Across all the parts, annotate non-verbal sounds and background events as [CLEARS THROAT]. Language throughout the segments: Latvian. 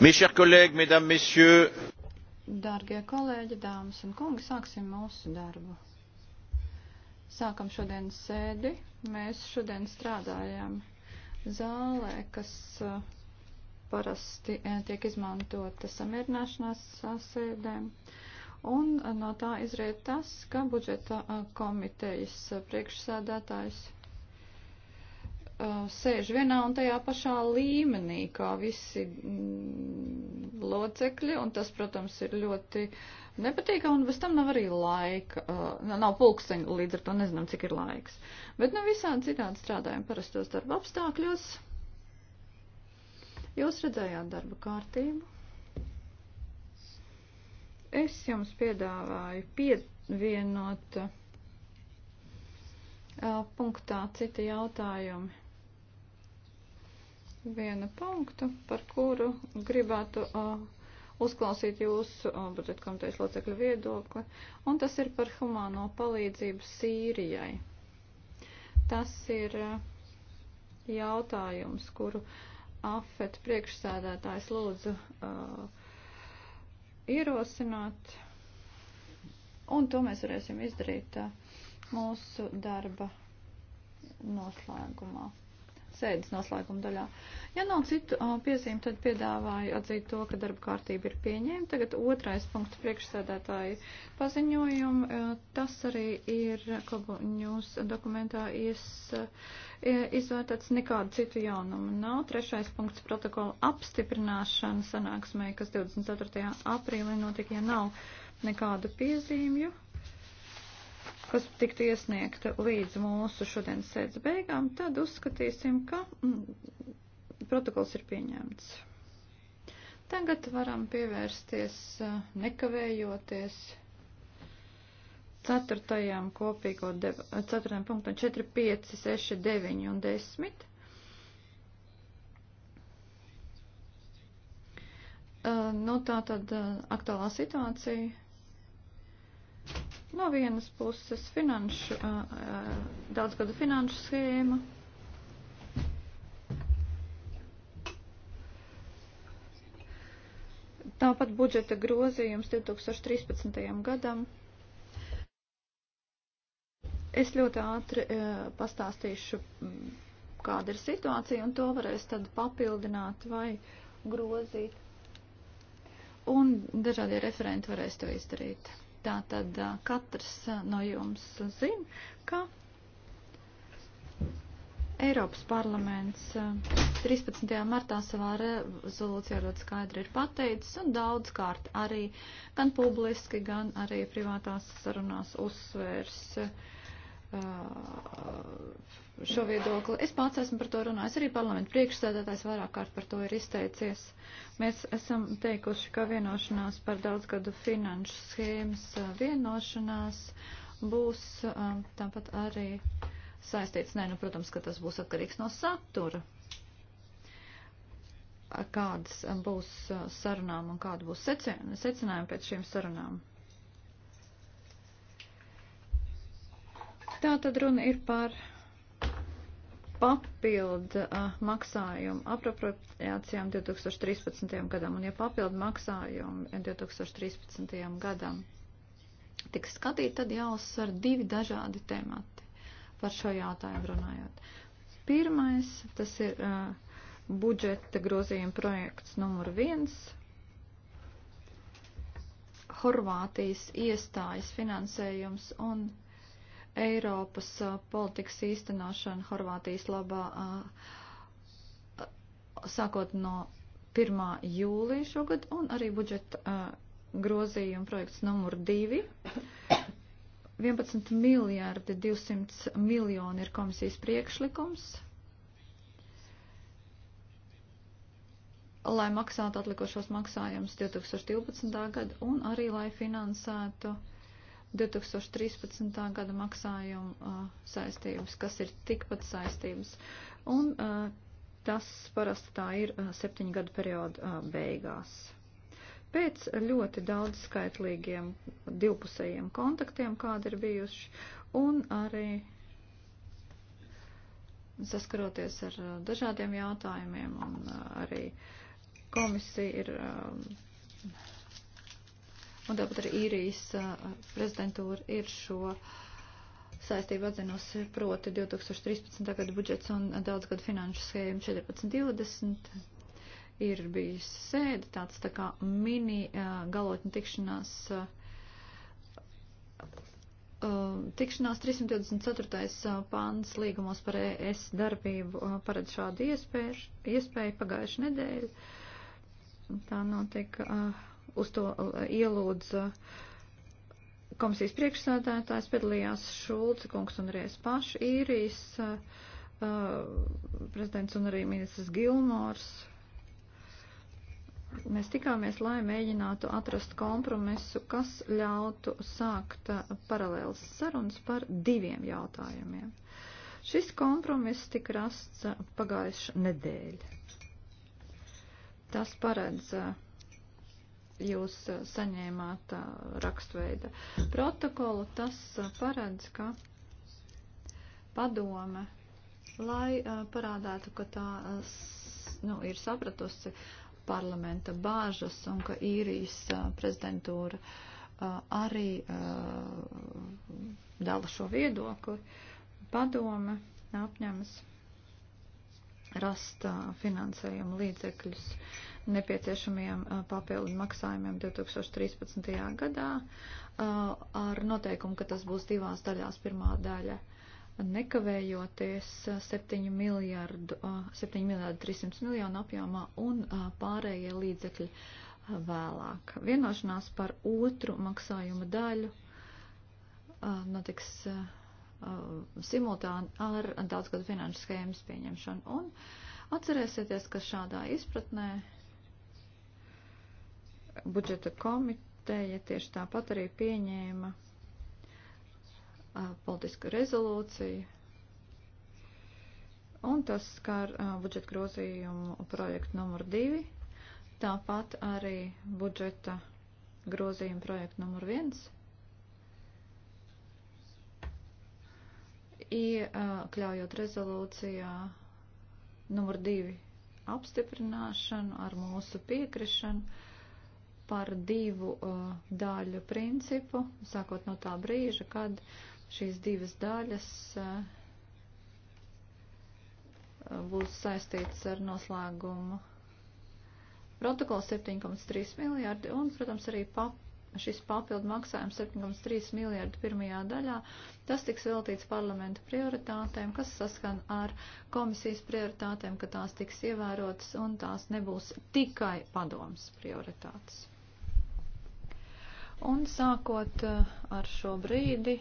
Mes chers collègues, mesdames, messieurs, Dārgie kolēģi, dāmas un kungi, sāksim mūsu darbu. Sākam šodien sēdi. Mēs šodien strādājam zālē, kas eh, parasti eh, tiek izmantota samierināšanās eh, sēdēm. Un no tā izriet tas, ka budžeta komitejas priekšsēdētājs Uh, sēž vienā un tajā pašā līmenī, kā visi mm, locekļi, un tas, protams, ir ļoti nepatīkami, un bez tam nav arī laika, uh, nav pulksteņa, līdz ar to nezinām, cik ir laiks. Bet nu visādi citādi strādājam parastos darba apstākļos. Jūs redzējāt darba kārtību. Es jums piedāvāju pievienot uh, punktā citi jautājumi vienu punktu, par kuru gribētu uh, uzklausīt jūsu uh, budžeta komitejas locekļu viedokli, un tas ir par humāno palīdzību Sīrijai. Tas ir uh, jautājums, kuru AFET priekšsēdētājs lūdzu uh, ierosināt, un to mēs varēsim izdarīt uh, mūsu darba noslēgumā sēdes noslēguma daļā. Ja nav citu piezīmu, tad piedāvāju atzīt to, ka darba kārtība ir pieņēma. Tagad otrais punkts priekšsēdētāji paziņojumu. Tas arī ir Kobu ņūs dokumentā ies, izvērtēts nekāda citu jaunuma nav. Trešais punkts protokola apstiprināšana sanāksmē, kas 24. aprīlī notika, ja nav nekādu piezīmju kas tiktu iesniegta līdz mūsu šodienas sēdes beigām, tad uzskatīsim, ka mm, protokols ir pieņemts. Tagad varam pievērsties nekavējoties ceturtajām kopīgo, ceturtajām punktam 4, 5, 6, 9 un 10. Nu, tā tad aktuālā situācija No vienas puses finanšu, daudzgadu finanšu schēma. Tāpat budžeta grozījums 2013. gadam. Es ļoti ātri pastāstīšu, kāda ir situācija, un to varēs tad papildināt vai grozīt. Un dažādie referenti varēs to izdarīt. Tātad katrs no jums zina, ka Eiropas parlaments 13. martā savā rezolūcijā ļoti skaidri ir pateicis un daudzkārt arī gan publiski, gan arī privātās sarunās uzsvērs uh, šo viedokli. Es pats esmu par to runājis, arī parlamentu priekšsēdētājs vairāk kārt par to ir izteicies. Mēs esam teikuši, ka vienošanās par daudzgadu finanšu schēmas vienošanās būs tāpat arī saistīts. Nē, nu, protams, ka tas būs atkarīgs no satura kādas būs sarunām un kāda būs secinājuma pēc šīm sarunām. Tā tad runa ir par papildu eh, maksājumu apropriācijām 2013. gadam, un ja papildu maksājumu 2013. gadam tiks skatīti, tad jāuzsver divi dažādi temati par šo jautājumu runājot. Pirmais, tas ir uh, budžeta grozījuma projekts numur viens. Horvātijas iestājas finansējums un Eiropas uh, politikas īstenošana Horvātijas labā uh, uh, sākot no 1. jūlija šogad un arī budžeta grozījuma projekts numur 2. 11 miljārdi 200 miljoni ir komisijas priekšlikums, lai maksātu atlikušos maksājumus 2012. gadu un arī lai finansētu uh, 2013. gada maksājumu uh, saistības, kas ir tikpat saistības. Un uh, tas parasti tā ir uh, septiņu gadu perioda uh, beigās. Pēc ļoti daudz skaitlīgiem divpusējiem kontaktiem, kādi ir bijuši, un arī saskaroties ar uh, dažādiem jautājumiem, un uh, arī komisija ir. Uh, un tāpat arī īrijas prezidentūra ir šo saistību atzinusi proti 2013. gada budžets un daudz gadu finanšu schēma 1420. Ir bijis sēde, tāds tā kā mini uh, galotņu tikšanās. Uh, tikšanās 324. pāns līgumos par ES darbību paredz šādu iespēju, iespēju pagājušu nedēļu. Tā notika uh, uz to uh, ielūdza uh, komisijas priekšsādātājs, piedalījās Šulca kungs un arī es paši, īrijas uh, uh, prezidents un arī ministrs Gilmors. Mēs tikāmies, lai mēģinātu atrast kompromisu, kas ļautu sākt paralēlas sarunas par diviem jautājumiem. Šis kompromiss tika rasts pagājuši nedēļa. Tas paredz uh, jūs saņēmāt rakstveida protokolu, tas paredz, ka padome, lai parādētu, ka tā nu, ir sapratusi parlamenta bāžas un ka īrijas prezidentūra arī dala šo viedokli, padome apņemas rast finansējumu līdzekļus nepieciešamajiem papildu maksājumiem 2013. gadā ar noteikumu, ka tas būs divās daļās. Pirmā daļa nekavējoties 7 miljardu, 7 miljardu 300 miljonu apjomā un pārējie līdzekļi vēlāk. Vienošanās par otru maksājuma daļu notiks simultāni ar daudzgadu finanšu schēmas pieņemšanu. Un atcerēsieties, ka šādā izpratnē budžeta komiteja tieši tāpat arī pieņēma politisku rezolūciju, un tas skar budžeta grozījumu projektu numur divi, tāpat arī budžeta grozījumu projektu numur viens. Iekļaujot rezolūcijā numur divi apstiprināšanu ar mūsu piekrišanu, par divu uh, daļu principu, sākot no tā brīža, kad šīs divas daļas uh, uh būs saistītas ar noslēgumu protokola 7,3 miljārdi un, protams, arī pap, šis papildu maksājums 7,3 miljārdi pirmajā daļā. Tas tiks veltīts parlamenta prioritātēm, kas saskan ar komisijas prioritātēm, ka tās tiks ievērotas un tās nebūs tikai padomas prioritātes. Un sākot eh, ar šo brīdi,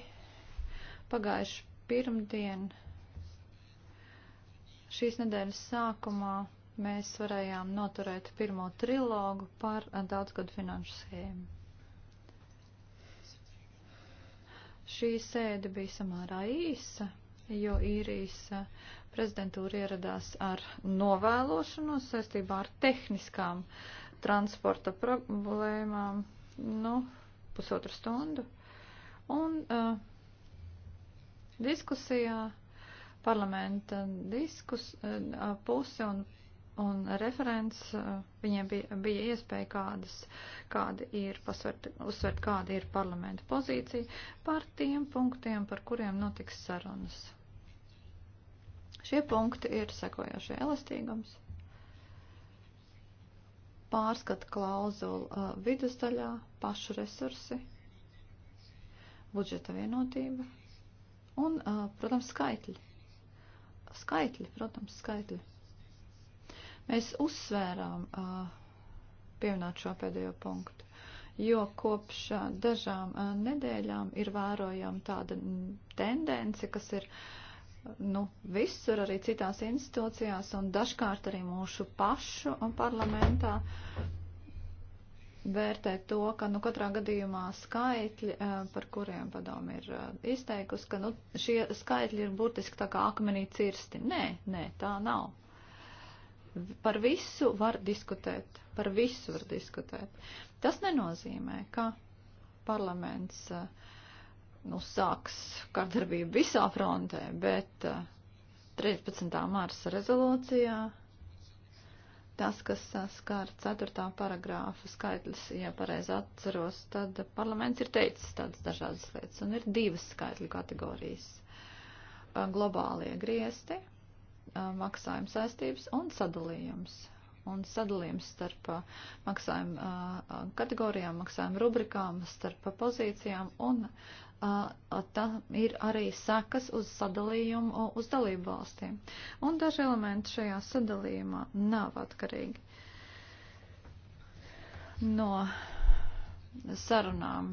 pagājuši pirmdien, šīs nedēļas sākumā mēs varējām noturēt pirmo trilogu par eh, daudzgadu finanšu schēmu. Šī sēde bija samērā īsa, jo īrijas eh, prezidentūra ieradās ar novēlošanos saistībā ar tehniskām transporta problēmām. Nu, pusotru stundu. Un uh, diskusijā parlamenta diskus, uh, puse un, un referents, uh, viņiem bija, bija iespēja kādas, kāda ir, pasvert, uzsvert, kāda ir parlamenta pozīcija par tiem punktiem, par kuriem notiks sarunas. Šie punkti ir sekojošie elastīgums pārskata klauzula uh, vidusdaļā, pašu resursi, budžeta vienotība un, uh, protams, skaitļi. Skaitļi, protams, skaitļi. Mēs uzsvērām uh, pieminēt šo pēdējo punktu, jo kopš dažām nedēļām ir vērojama tāda tendence, kas ir uh, nu, visur, arī citās institūcijās un dažkārt arī mūsu pašu parlamentā vērtēt to, ka nu, katrā gadījumā skaitļi, eh, par kuriem padomu ir eh, izteikusi, ka nu, šie skaitļi ir burtiski tā kā akmenī cirsti. Nē, nē, tā nav. Par visu var diskutēt. Par visu var diskutēt. Tas nenozīmē, ka parlaments uh, nu, sāks kārdarbību visā frontē, bet 13. Eh, mārsa rezolūcijā tas, kas eh, skar 4. paragrāfa skaitlis, ja pareizi atceros, tad parlaments ir teicis tādas dažādas lietas, un ir divas skaitļu kategorijas eh, - globālie griesti, maksājuma saistības un sadalījums un sadalījums starp maksājumu kategorijām, maksājumu rubrikām, starp pozīcijām un tā ir arī sekas uz sadalījumu uz dalību valstīm. Un daži elementi šajā sadalījumā nav atkarīgi no sarunām,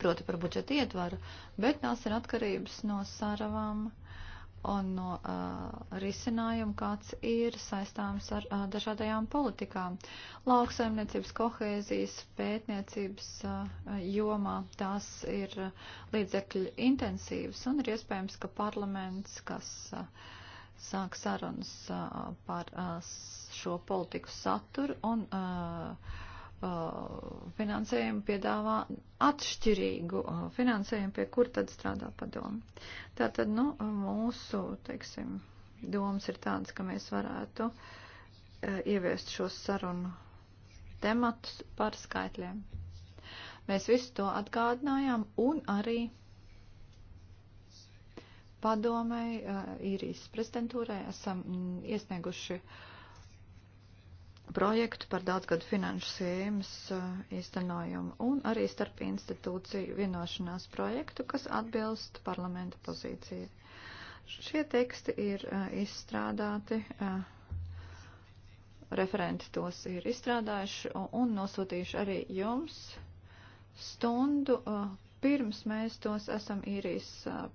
proti par budžeta ietvaru, bet tās ir atkarības no sarunām un no uh, risinājuma, kāds ir saistāms ar uh, dažādajām politikām. Lauksaimniecības kohēzijas pētniecības uh, jomā tās ir uh, līdzekļu intensīvas un ir iespējams, ka parlaments, kas uh, sāk sarunas uh, par uh, šo politiku saturu un uh, Uh, finansējumu piedāvā atšķirīgu uh, finansējumu, pie kur tad strādā padomu. Tātad, nu, mūsu, teiksim, domas ir tādas, ka mēs varētu uh, ieviest šos sarunu tematus par skaitļiem. Mēs visu to atgādinājām un arī padomēji, īrijas prezidentūrai esam mm, iesnieguši uh, projektu par daudzgadu finanšu sēmas uh, īstenojumu un arī starp institūciju vienošanās projektu, kas atbilst parlamenta pozīcijai. Šie teksti ir uh, izstrādāti, uh, referenti tos ir izstrādājuši un nosūtījuši arī jums stundu pirms mēs tos esam īrijas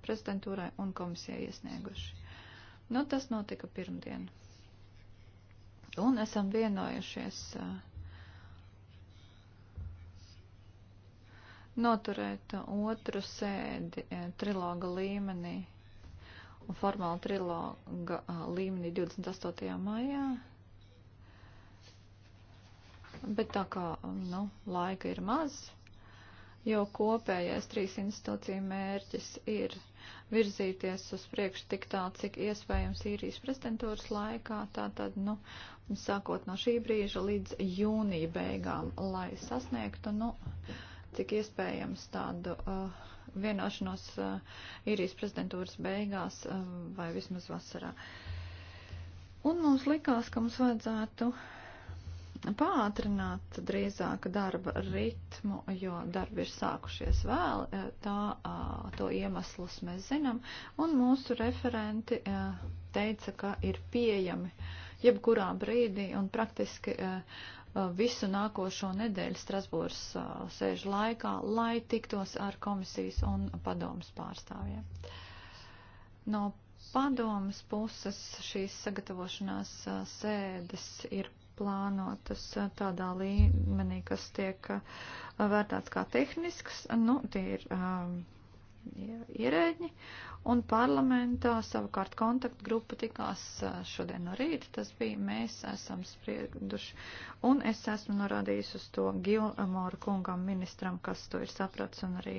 prezidentūrai un komisijai iesnieguši. Nu, tas notika pirmdien. Un esam vienojušies noturēt otru sēdi triloga līmenī un formāli triloga līmenī 28. maijā. Bet tā kā nu, laika ir maz, jo kopējais trīs institūciju mērķis ir virzīties uz priekšu tik tā, cik iespējams īrijas prezidentūras laikā, tātad, nu, sākot no šī brīža līdz jūnija beigām, lai sasniegtu, nu, cik iespējams tādu uh, vienošanos uh, īrijas prezidentūras beigās uh, vai vismaz vasarā. Un mums likās, ka mums vajadzētu pātrināt drīzāk darba ritmu, jo darbi ir sākušies vēl, uh, tā, uh, to iemeslus mēs zinām, un mūsu referenti uh, teica, ka ir pieejami uh, jebkurā brīdī un praktiski eh, eh, visu nākošo nedēļu Strasbūras eh, sēžu laikā, lai tiktos ar komisijas un padomas pārstāvjiem. No padomas puses šīs sagatavošanās sēdes ir plānotas tādā līmenī, kas tiek vērtāts kā tehnisks, nu, tie ir um, ierēģi, Un parlamentā savukārt kontaktgrupa tikās šodien no rīta, tas bija mēs esam sprieduši. Un es esmu norādījis uz to Gilmoru kungam ministram, kas to ir saprats un arī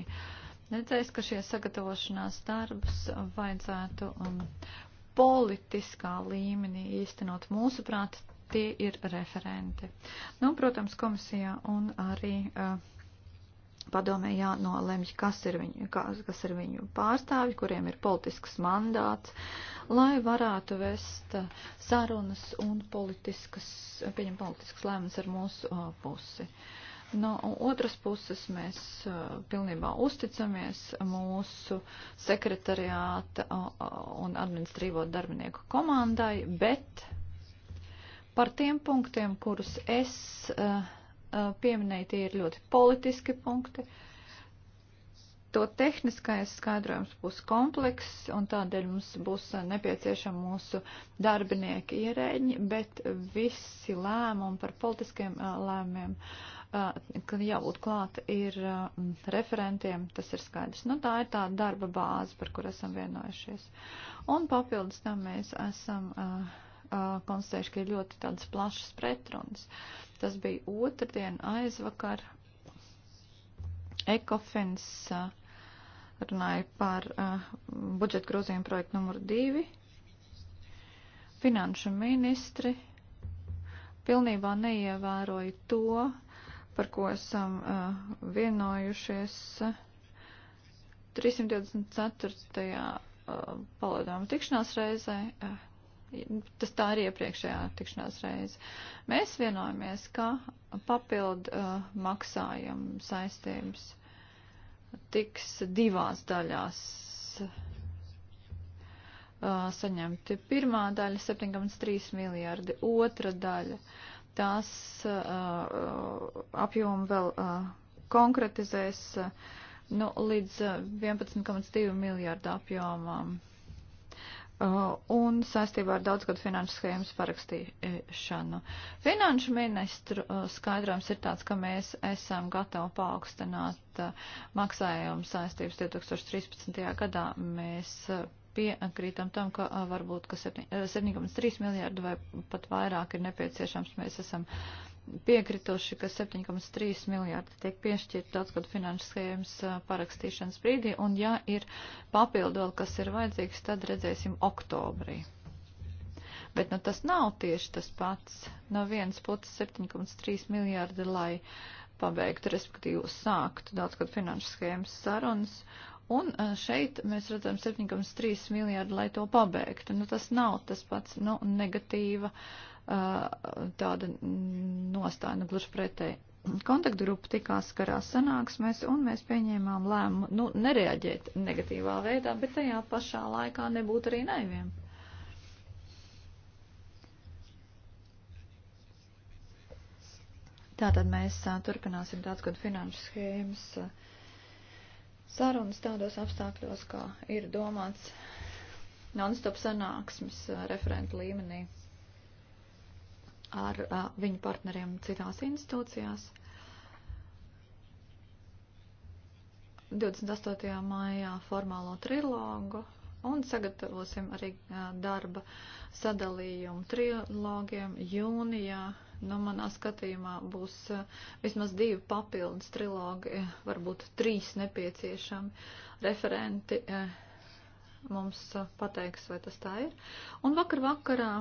redzējis, ka šie sagatavošanās darbus vajadzētu um, politiskā līmenī īstenot mūsuprāt, tie ir referenti. Nu, protams, komisijā un arī. Uh, padomē jānolemj, kas ir, viņu, kas, kas ir viņu pārstāvji, kuriem ir politisks mandāts, lai varētu vest sarunas un politiskas, pieņem politiskas lēmumus ar mūsu uh, pusi. No otras puses mēs uh, pilnībā uzticamies mūsu sekretariāta uh, un administrīvo darbinieku komandai, bet par tiem punktiem, kurus es uh, Eh, pieminēja, tie ir ļoti politiski punkti. To tehniskais skaidrojums būs komplekss, un tādēļ mums būs eh, nepieciešama mūsu darbinieki ierēģi, bet visi lēmumi par politiskiem eh, lēmumiem, kad jābūt klāt, ir referentiem, tas ir skaidrs. Nu, tā ir tā darba bāze, par kur esam vienojušies. Un papildus tam mēs esam. Uh, konstatējuši, ka ir ļoti tādas plašas pretrunas. Tas bija otrdien aizvakar. Ekofins runāja par budžeta grozījumu projektu numuru divi. Finanšu ministri pilnībā neievēroja to, par ko esam vienojušies 324. palādām tikšanās reizē tas tā arī iepriekšējā tikšanās reize. Mēs vienojamies, ka papildu uh, maksājumu saistības tiks divās daļās uh, saņemti. Pirmā daļa 7,3 miljārdi, otra daļa tās uh, uh, apjomu vēl uh, konkretizēs uh, nu, līdz 11,2 uh, miljārdu apjomām. Um, Uh, un saistībā ar daudzgadu finanšu schēmas parakstīšanu. Finanšu ministru uh, skaidrojums ir tāds, ka mēs esam gatavi paaugstināt uh, maksājumu saistības 2013. gadā. Mēs piekrītam tam, ka varbūt ka 7,3 miljārdu vai pat vairāk ir nepieciešams. Mēs esam uh, piekrituši, ka 7,3 miljārdi tiek piešķirti daudzgad finanšu schēmas parakstīšanas brīdī, un ja ir papildoli, kas ir vajadzīgs, tad redzēsim oktobrī. Bet nu, tas nav tieši tas pats. No vienas puses 7,3 miljārdi, lai pabeigtu, respektīvi sāktu daudzgad finanšu schēmas sarunas, Un šeit mēs redzam 7,3 miljārdu, lai to pabeigtu. Nu, tas nav tas pats nu, negatīva uh, tāda nostāja, nu, gluži pretēji. Kontaktgrupa tikās karā sanāksmēs, un mēs pieņēmām lēmumu, nu, nereaģēt negatīvā veidā, bet tajā pašā laikā nebūt arī naiviem. Tātad mēs a, turpināsim tāds, kad finanšu schēmas a, sarunas tādos apstākļos, kā ir domāts non-stop sanāksmes a, referentu līmenī ar a, viņu partneriem citās institūcijās. 28. maijā formālo trilogu un sagatavosim arī a, darba sadalījumu trilogiem jūnijā. Nu, manā skatījumā būs a, vismaz divi papildus trilogi, varbūt trīs nepieciešami referenti mums pateiks, vai tas tā ir. Un vakar vakarā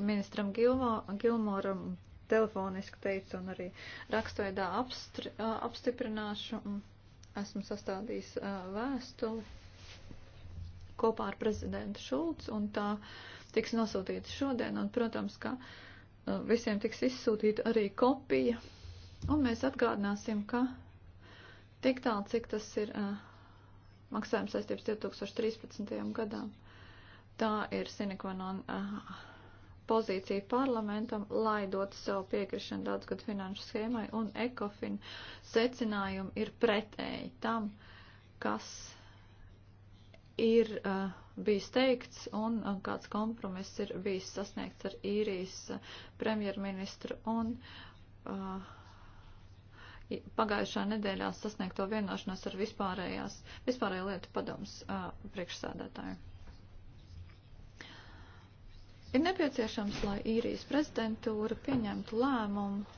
ministram Gilmo, Gilmoram telefoniski teicu un arī rakstveidā apstri, apstiprināšu. Esmu sastādījis vēstuli kopā ar prezidentu Šulcu un tā tiks nosūtīta šodien un, protams, ka visiem tiks izsūtīta arī kopija. Un mēs atgādināsim, ka tik tālu, cik tas ir maksājums saistības 2013. gadām, tā ir sinekvanon. Uh, pozīciju parlamentam, lai dotu savu piekrišanu daudzgad finanšu schēmai, un ECOFIN secinājumi ir pretēji tam, kas ir uh, bijis teikts un uh, kāds kompromiss ir bijis sasniegts ar īrijas uh, premjerministru un uh, pagājušā nedēļā sasniegto vienošanos ar vispārējās, vispārējo lietu padoms uh, priekšsādātāju. Ir nepieciešams, lai īrijas prezidentūra pieņemtu lēmumu,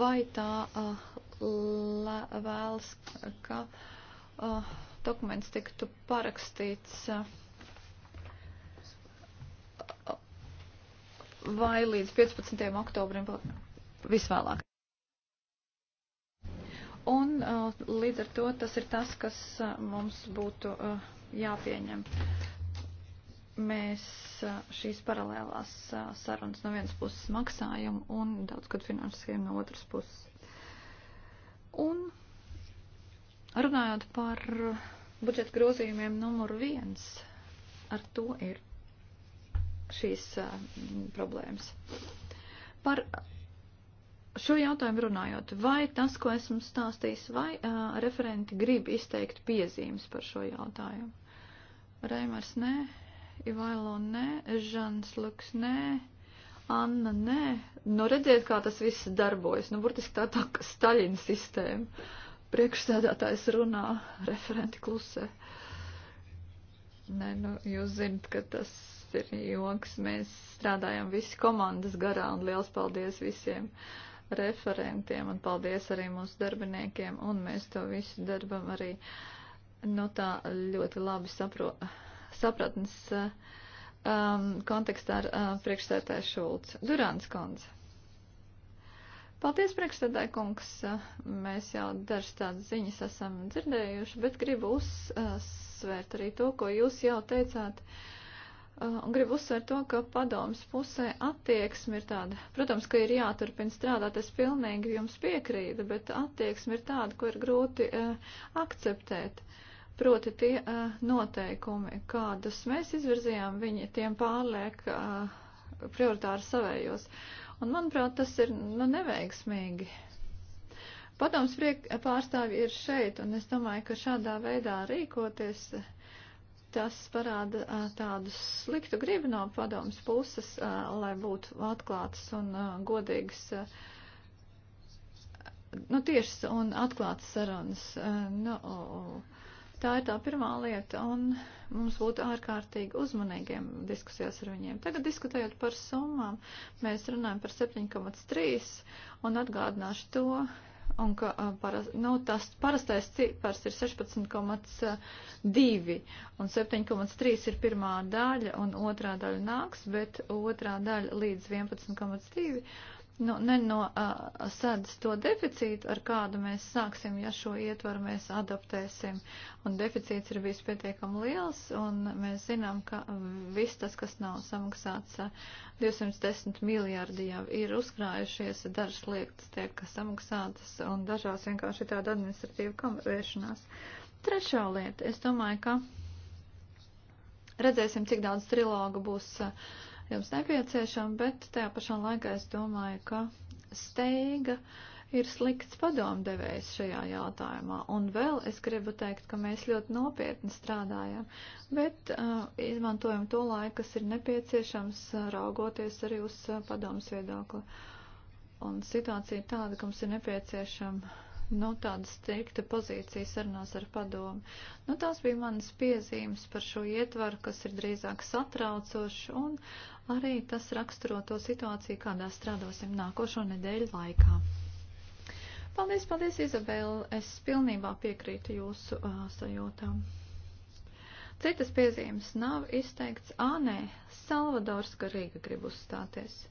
vai tā uh, lē, vēlas, ka uh, dokuments tiktu parakstīts uh, vai līdz 15. oktobrim visvēlāk. Un uh, līdz ar to tas ir tas, kas uh, mums būtu uh, jāpieņem. Uh, mēs šīs paralēlās sarunas no vienas puses maksājam un daudzgad finansējam no otras puses. Un runājot par budžeta grozījumiem numur viens, ar to ir šīs problēmas. Par šo jautājumu runājot, vai tas, ko esmu stāstījis, vai referenti grib izteikt piezīmes par šo jautājumu? Reimers, nē. Ivailo nē, Žans Luks nē, Anna nē. Nu redziet, kā tas viss darbojas. Nu, burtiski tā tā Staļina sistēma. Priekšsēdētājs runā, referenti klusē. Nē, nu, jūs zinat, ka tas ir joks. Mēs strādājam visi komandas garā un liels paldies visiem referentiem un paldies arī mūsu darbiniekiem un mēs to visu darbam arī, nu, tā ļoti labi saprotam sapratnes eh, um, kontekstā ar uh, eh, priekšsētāju Šulcu. Durāns Konze. Paldies, priekšsēdētāji kungs. Mēs jau dažas tādas ziņas esam dzirdējuši, bet gribu uzsvērt arī to, ko jūs jau teicāt. Eh, un gribu uzsvērt to, ka padomas pusē attieksme ir tāda. Protams, ka ir jāturpina strādāt, es pilnīgi jums piekrītu, bet attieksme ir tāda, ko ir grūti akceptēt. Uh, Proti tie uh, noteikumi, kādas mēs izvirzījām, viņi tiem pārliek uh, prioritāri savējos. Un, manuprāt, tas ir nu, neveiksmīgi. Padoms pārstāvji ir šeit, un es domāju, ka šādā veidā rīkoties, tas parāda uh, tādu sliktu gribu no padoms puses, uh, lai būtu atklātas un uh, godīgas. Uh, nu, tiešas un atklātas sarunas. Nu, Tā ir tā pirmā lieta, un mums būtu ārkārtīgi uzmanīgiem diskusijās ar viņiem. Tagad diskutējot par summām, mēs runājam par 7,3 un atgādināšu to, un ka paras, nu, tas parastais cipars ir 16,2 un 7,3 ir pirmā daļa un otrā daļa nāks, bet otrā daļa līdz 11,2 nu, nenosadz to deficītu, ar kādu mēs sāksim, ja šo ietvaru mēs adaptēsim. Un deficīts ir bijis pietiekami liels, un mēs zinām, ka viss tas, kas nav samaksāts, 210 miljārdi jau ir uzkrājušies, dažas lietas tiek samaksātas, un dažās vienkārši tāda administratīva kamerēšanās. Trešā lieta, es domāju, ka redzēsim, cik daudz trilogu būs. Uh, jums nepieciešama, bet tajā pašā laikā es domāju, ka steiga ir slikts padomdevējs šajā jautājumā. Un vēl es gribu teikt, ka mēs ļoti nopietni strādājam, bet uh, izmantojam to laiku, kas ir nepieciešams, uh, raugoties arī uz uh, padomas viedokli. Un situācija ir tāda, ka mums ir nepieciešama nu, tāda strikta pozīcija sarunās ar padomu. Nu, tās bija manas piezīmes par šo ietvaru, kas ir drīzāk satraucošs, un arī tas raksturo to situāciju, kādā strādāsim nākošo nedēļu laikā. Paldies, paldies, Izabela. Es pilnībā piekrītu jūsu uh, sajūtām. Citas piezīmes nav izteikts. Ā, nē, Salvadors Garīga grib uzstāties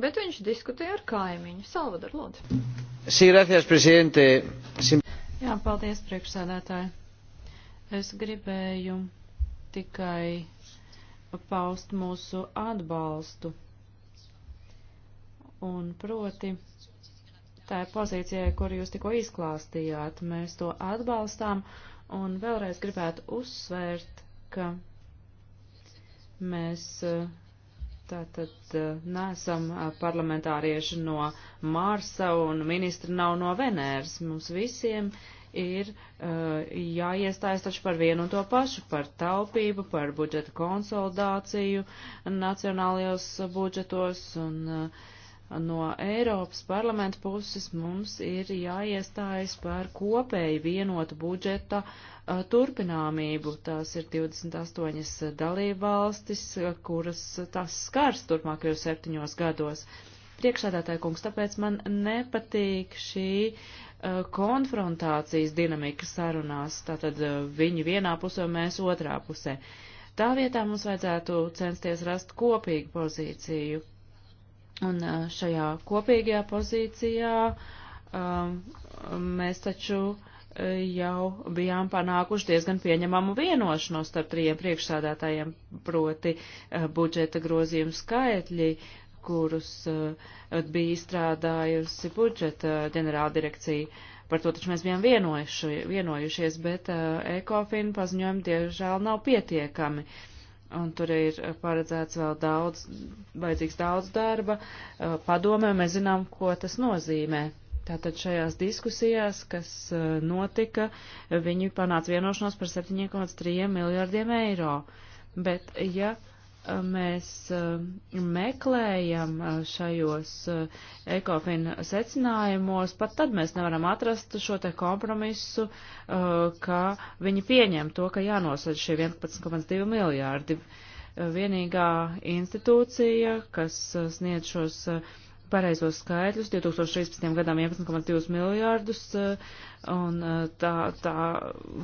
bet viņš diskutēja ar kaimiņu. Salvador, lūdzu. Sí, gracias, presidente. Sim... Jā, paldies, priekšsēdētāji. Es gribēju tikai paust mūsu atbalstu. Un proti, tā ir pozīcija, kuru jūs tikko izklāstījāt. Mēs to atbalstām un vēlreiz gribētu uzsvērt, ka mēs uh, Tātad neesam parlamentārieši no Marsa un ministri nav no Venēras. Mums visiem ir jāiestājas taču par vienu un to pašu, par taupību, par budžeta konsolidāciju nacionālajos budžetos un uh, no Eiropas parlamenta puses mums ir jāiestājas par kopēju vienotu budžeta a, turpināmību. Tās ir 28 dalībvalstis, kuras tas skars turpmākajos septiņos gados. Priekšādātāja kungs, tāpēc man nepatīk šī a, konfrontācijas dinamika sarunās, tātad a, viņi vienā pusē, mēs otrā pusē. Tā vietā mums vajadzētu censties rast kopīgu pozīciju, Un šajā kopīgajā pozīcijā um, mēs taču jau bijām panākuši diezgan pieņemamu vienošanos starp trījiem priekšsādātājiem, proti uh, budžeta grozījumu skaitļi, kurus uh, bija izstrādājusi budžeta ģenerāldirekcija. Par to taču mēs bijām vienojuši, vienojušies, bet uh, ECOFIN paziņojumi diemžēl nav pietiekami. Uh, un tur ir paredzēts vēl daudz, vajadzīgs daudz darba. Padomē mēs zinām, ko tas nozīmē. Tātad šajās diskusijās, kas notika, viņi panāca vienošanos par 7,3 miljardiem eiro. Bet, ja mēs e, meklējam e, šajos e, ekofina secinājumos, pat tad mēs nevaram atrast šo te kompromisu, ka viņi pieņem to, ka jānosēd šie 11,2 miljārdi. Vienīgā institūcija, kas sniedz šos pareizos skaitļus, 2013. gadam 11,2 miljārdus, un tā, tā,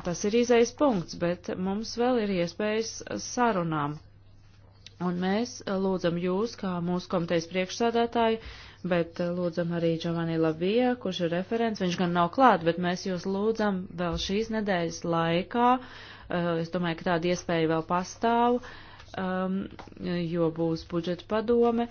tas ir izējas punkts, bet mums vēl ir iespējas sarunām Un mēs eh, lūdzam jūs, kā mūsu komitejas priekšsādātāju, bet eh, lūdzam arī Giovanni Lavija, kurš ir referents, viņš gan nav klāt, bet mēs jūs lūdzam vēl šīs nedēļas laikā, eh, es domāju, ka tāda iespēja vēl pastāv, ehm, jo būs budžeta padome,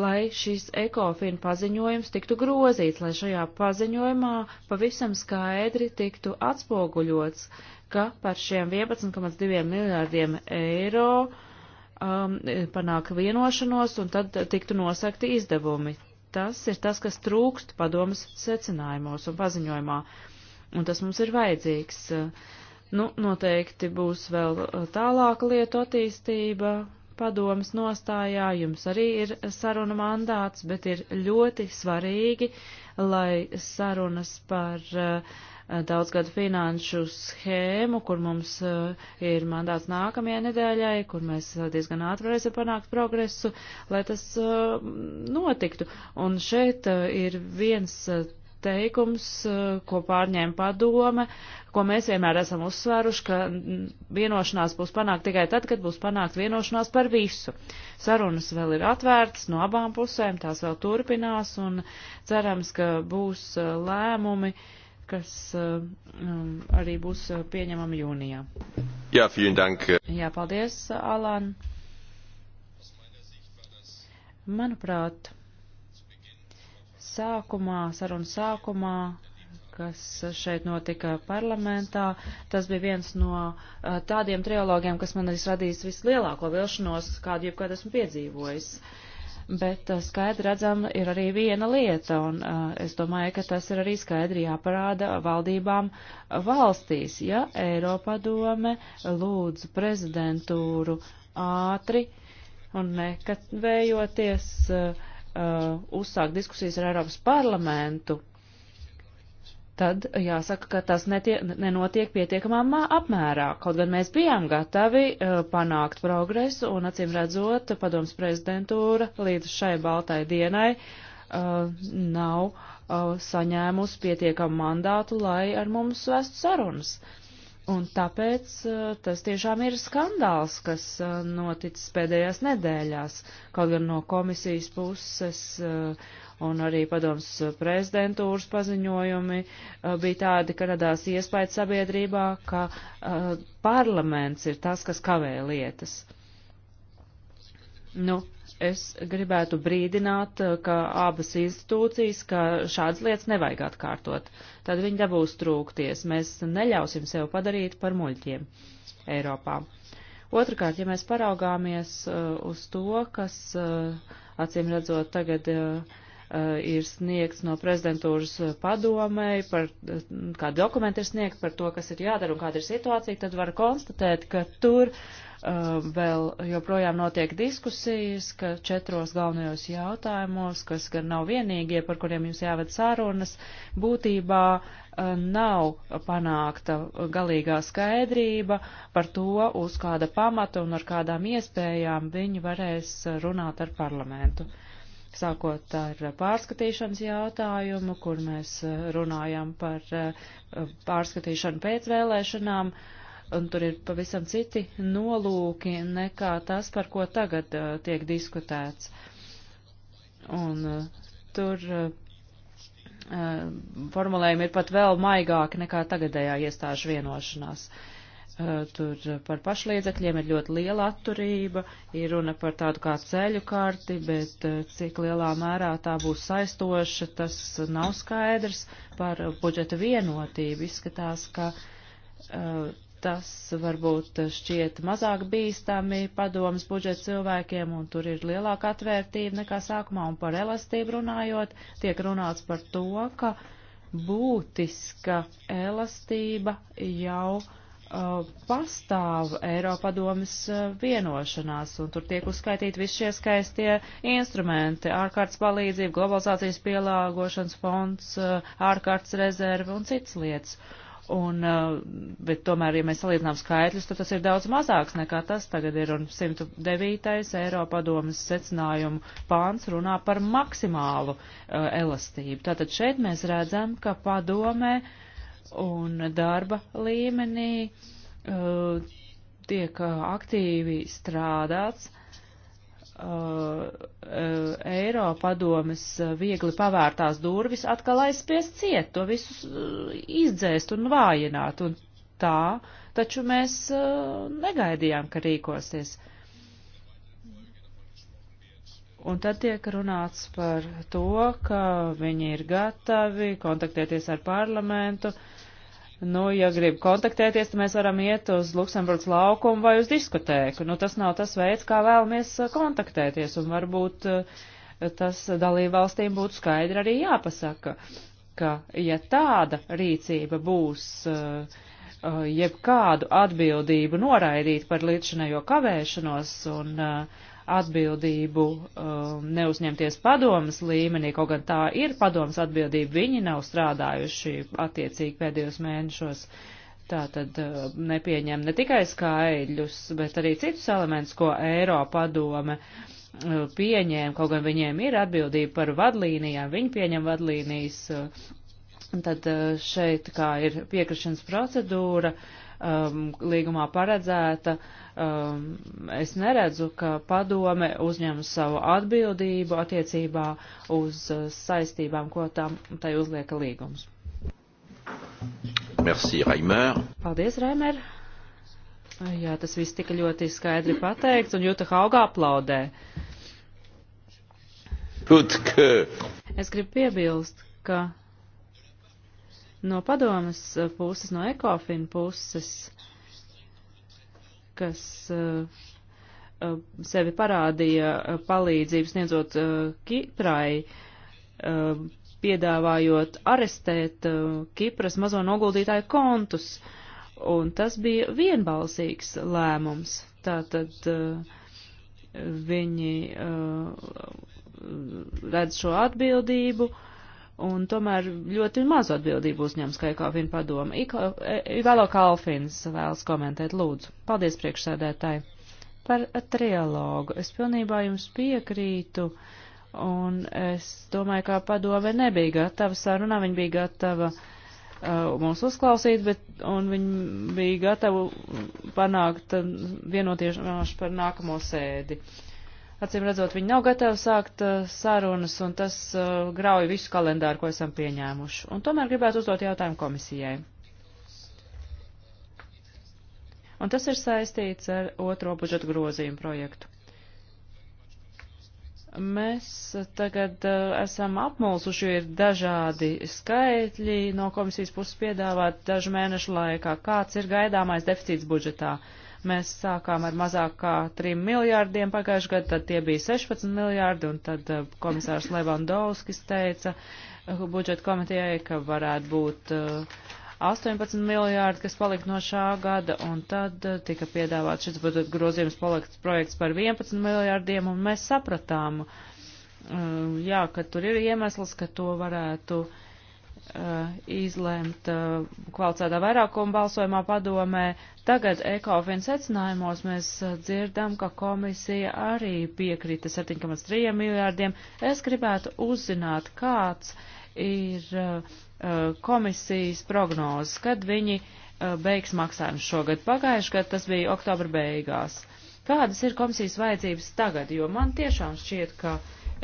lai šis ekofina paziņojums tiktu grozīts, lai šajā paziņojumā pavisam skaidri tiktu atspoguļots ka par šiem 11,2 miljārdiem eiro um, panāk vienošanos un tad tiktu nosakti izdevumi. Tas ir tas, kas trūkst padomas secinājumos un paziņojumā, un tas mums ir vajadzīgs. Nu, noteikti būs vēl uh, tālāka lietu attīstība padomas nostājā, jums arī ir saruna mandāts, bet ir ļoti svarīgi, lai sarunas par uh, Eh, daudzgadu finanšu schēmu, kur mums eh, ir mandāts nākamajai nedēļai, kur mēs eh, diezgan ātri varēsim panākt progresu, lai tas notiktu. Un šeit ir viens teikums, ko pārņēma padome, ko mēs vienmēr esam uzsvēruši, ka vienošanās būs panākt tikai tad, kad būs panākt vienošanās par visu. Sarunas vēl ir atvērtas no abām pusēm, tās vēl turpinās un cerams, ka būs lēmumi uh, kas eh, um, arī būs eh, pieņemama jūnijā. Jā, vielen dank. Jā, paldies, Alan. Manuprāt, sākumā, sarunu sākumā kas šeit notika parlamentā. Tas bija viens no eh, tādiem trilogiem, kas man ir radījis vislielāko vilšanos, kādu jebkad esmu piedzīvojis. Uh, bet eh, skaidri redzam ir arī viena lieta, un eh, es domāju, ka tas ir arī skaidri jāparāda valdībām valstīs, ja Eiropadome lūdz prezidentūru ātri un nekatvējoties uh, eh, uzsākt diskusijas ar Eiropas parlamentu tad jāsaka, ka tas netie, nenotiek pietiekamā apmērā. Kaut gan mēs bijām gatavi uh, panākt progresu un, acīm redzot, padoms prezidentūra līdz šai baltai dienai uh, nav uh, saņēmusi pietiekamu mandātu, lai ar mums vestu sarunas. Un tāpēc uh, tas tiešām ir skandāls, kas uh, noticis pēdējās nedēļās, kaut gan no komisijas puses uh, un arī padoms prezidentūras paziņojumi uh, bija tādi, ka radās iespējas sabiedrībā, ka uh, parlaments ir tas, kas kavē lietas. Nu, es gribētu brīdināt, uh, ka abas institūcijas, ka šādas lietas nevajag atkārtot. Tad viņi dabūs trūkties. Mēs neļausim sev padarīt par muļķiem Eiropā. Otrakārt, ja mēs paraugāmies uh, uz to, kas uh, acīm redzot tagad uh, Eh, ir sniegts no prezidentūras padomēji, par eh, kā dokumenti ir sniegti par to, kas ir jādara un kāda ir situācija, tad var konstatēt, ka tur eh, vēl joprojām notiek diskusijas, ka četros galvenajos jautājumos, kas gan nav vienīgie, par kuriem jums jāved sārunas, būtībā nav panākta galīgā skaidrība par to, uz kāda pamata un ar kādām iespējām viņi varēs runāt ar parlamentu sākot ar pārskatīšanas jautājumu, kur mēs eh, runājam par eh, pārskatīšanu pēc vēlēšanām, un tur ir pavisam citi nolūki nekā tas, par ko tagad eh, tiek diskutēts. Un tur formulējumi ir pat vēl maigāki nekā tagadējā iestāžu vienošanās. Uh, Eh, tur par pašliedzekļiem ir ļoti liela atturība, ir runa par tādu kā ceļu karti, bet eh, cik lielā mērā tā būs saistoša, tas nav skaidrs par budžeta vienotību. Izskatās, ka uh, tas varbūt šķiet mazāk bīstami padomas budžeta cilvēkiem, un tur ir lielāka atvērtība nekā sākumā, un par elastību runājot, tiek runāts par to, ka būtiska elastība jau Uh, pastāv Eiropadomas uh, vienošanās, un tur tiek uzskaitīti visi šie skaistie instrumenti - ārkārtas palīdzība, globalizācijas pielāgošanas fonds, uh, ārkārtas rezerve un citas lietas. Un, bet tomēr, ja mēs salīdzinām skaitļus, tad tas ir daudz mazāks nekā tas tagad ir, un 109. Eiropadomas secinājumu pāns runā par maksimālu uh, elastību. Tātad šeit mēs redzam, ka padomē uh, un darba līmenī uh, tiek uh, aktīvi strādāts. Uh, uh, Eiropadomes uh, viegli pavērtās durvis atkal aizspiest ciet, to visu uh, izdzēst un vājināt, un tā, taču mēs negaidījām, ka rīkosies. Un tad tiek runāts par to, ka viņi ir gatavi kontaktēties ar parlamentu, uh, Nu, ja grib kontaktēties, tad mēs varam iet uz Luksemburgas laukumu vai uz diskotēku. Nu, tas nav tas veids, kā vēlamies uh, kontaktēties, un varbūt uh, tas dalībvalstīm būtu skaidri arī jāpasaka, ka ja tāda rīcība būs uh, jebkādu atbildību noraidīt par līdzinējo kavēšanos un uh, atbildību um, neuzņemties padomas līmenī, kaut gan tā ir padomas atbildība, viņi nav strādājuši attiecīgi pēdējos mēnešos. Tā tad uh, nepieņem ne tikai skaidļus, bet arī citus elementus, ko Eiropa padome uh, pieņēma, kaut gan viņiem ir atbildība par vadlīnijām, viņi pieņem vadlīnijas. Uh, tad uh, šeit kā ir piekrišanas procedūra, uh, um, līgumā paredzēta, um, es neredzu, ka padome uzņem savu atbildību attiecībā uz uh, saistībām, ko tam tai uzlieka līgums. Merci, Raimer. Paldies, Raimer. Jā, tas viss tika ļoti skaidri pateikts, un Jūta Haugā aplaudē. Good, good. Es gribu piebilst, ka No padomas eh, puses, no ekofina puses, kas eh, eh, sevi parādīja palīdzību sniedzot Kiprai, piedāvājot arestēt Kipras mazo noguldītāju kontus. Un tas bija vienbalsīgs lēmums. Tātad viņi redz šo atbildību un tomēr ļoti mazu atbildību uzņems, kā Ekofina padoma. E, Ivalo Kalfins vēlas komentēt, lūdzu. Paldies priekšsēdētāji par trialogu. Es pilnībā jums piekrītu, un es domāju, kā padome nebija gatava sarunā, viņa bija gatava uh, e, mums uzklausīt, bet, un viņi bija gatavi panākt e, vienoties par nākamo sēdi. Uh, Acīm redzot, viņi nav gatavi sākt uh, sarunas, un tas uh, grauj visu kalendāru, ko esam pieņēmuši. Un tomēr gribētu uzdot jautājumu komisijai. Un tas ir saistīts ar otro budžeta grozījumu projektu. Mēs tagad uh, esam apmulsuši, ir dažādi skaitļi no komisijas puses piedāvāt dažu mēnešu laikā. Kāds ir gaidāmais deficīts budžetā? Uh, Mēs sākām ar mazāk kā 3 miljārdiem pagājušajā gadā, tad tie bija 16 miljārdi, un tad uh, komisārs Levandovskis teica uh, budžeta komitejai, ka varētu būt 18 uh, miljārdi, kas palika no šā gada, un tad tika piedāvāts šis budžeta grozījums projekts par 11 miljārdiem, un mēs sapratām, jā, ka tur ir iemesls, ka to varētu uh, Uh, izlemt uh, kvalificētā vairākuma balsojumā padomē. Tagad ECOFIN secinājumos mēs uh, dzirdam, ka komisija arī piekrita 7,3 miljārdiem. Es gribētu uzzināt, kāds ir komisijas prognozes, kad viņi beigs maksājumus šogad. Pagājuši gadu tas bija oktobra beigās. Kādas ir komisijas vajadzības tagad? Jo man tiešām šķiet, ka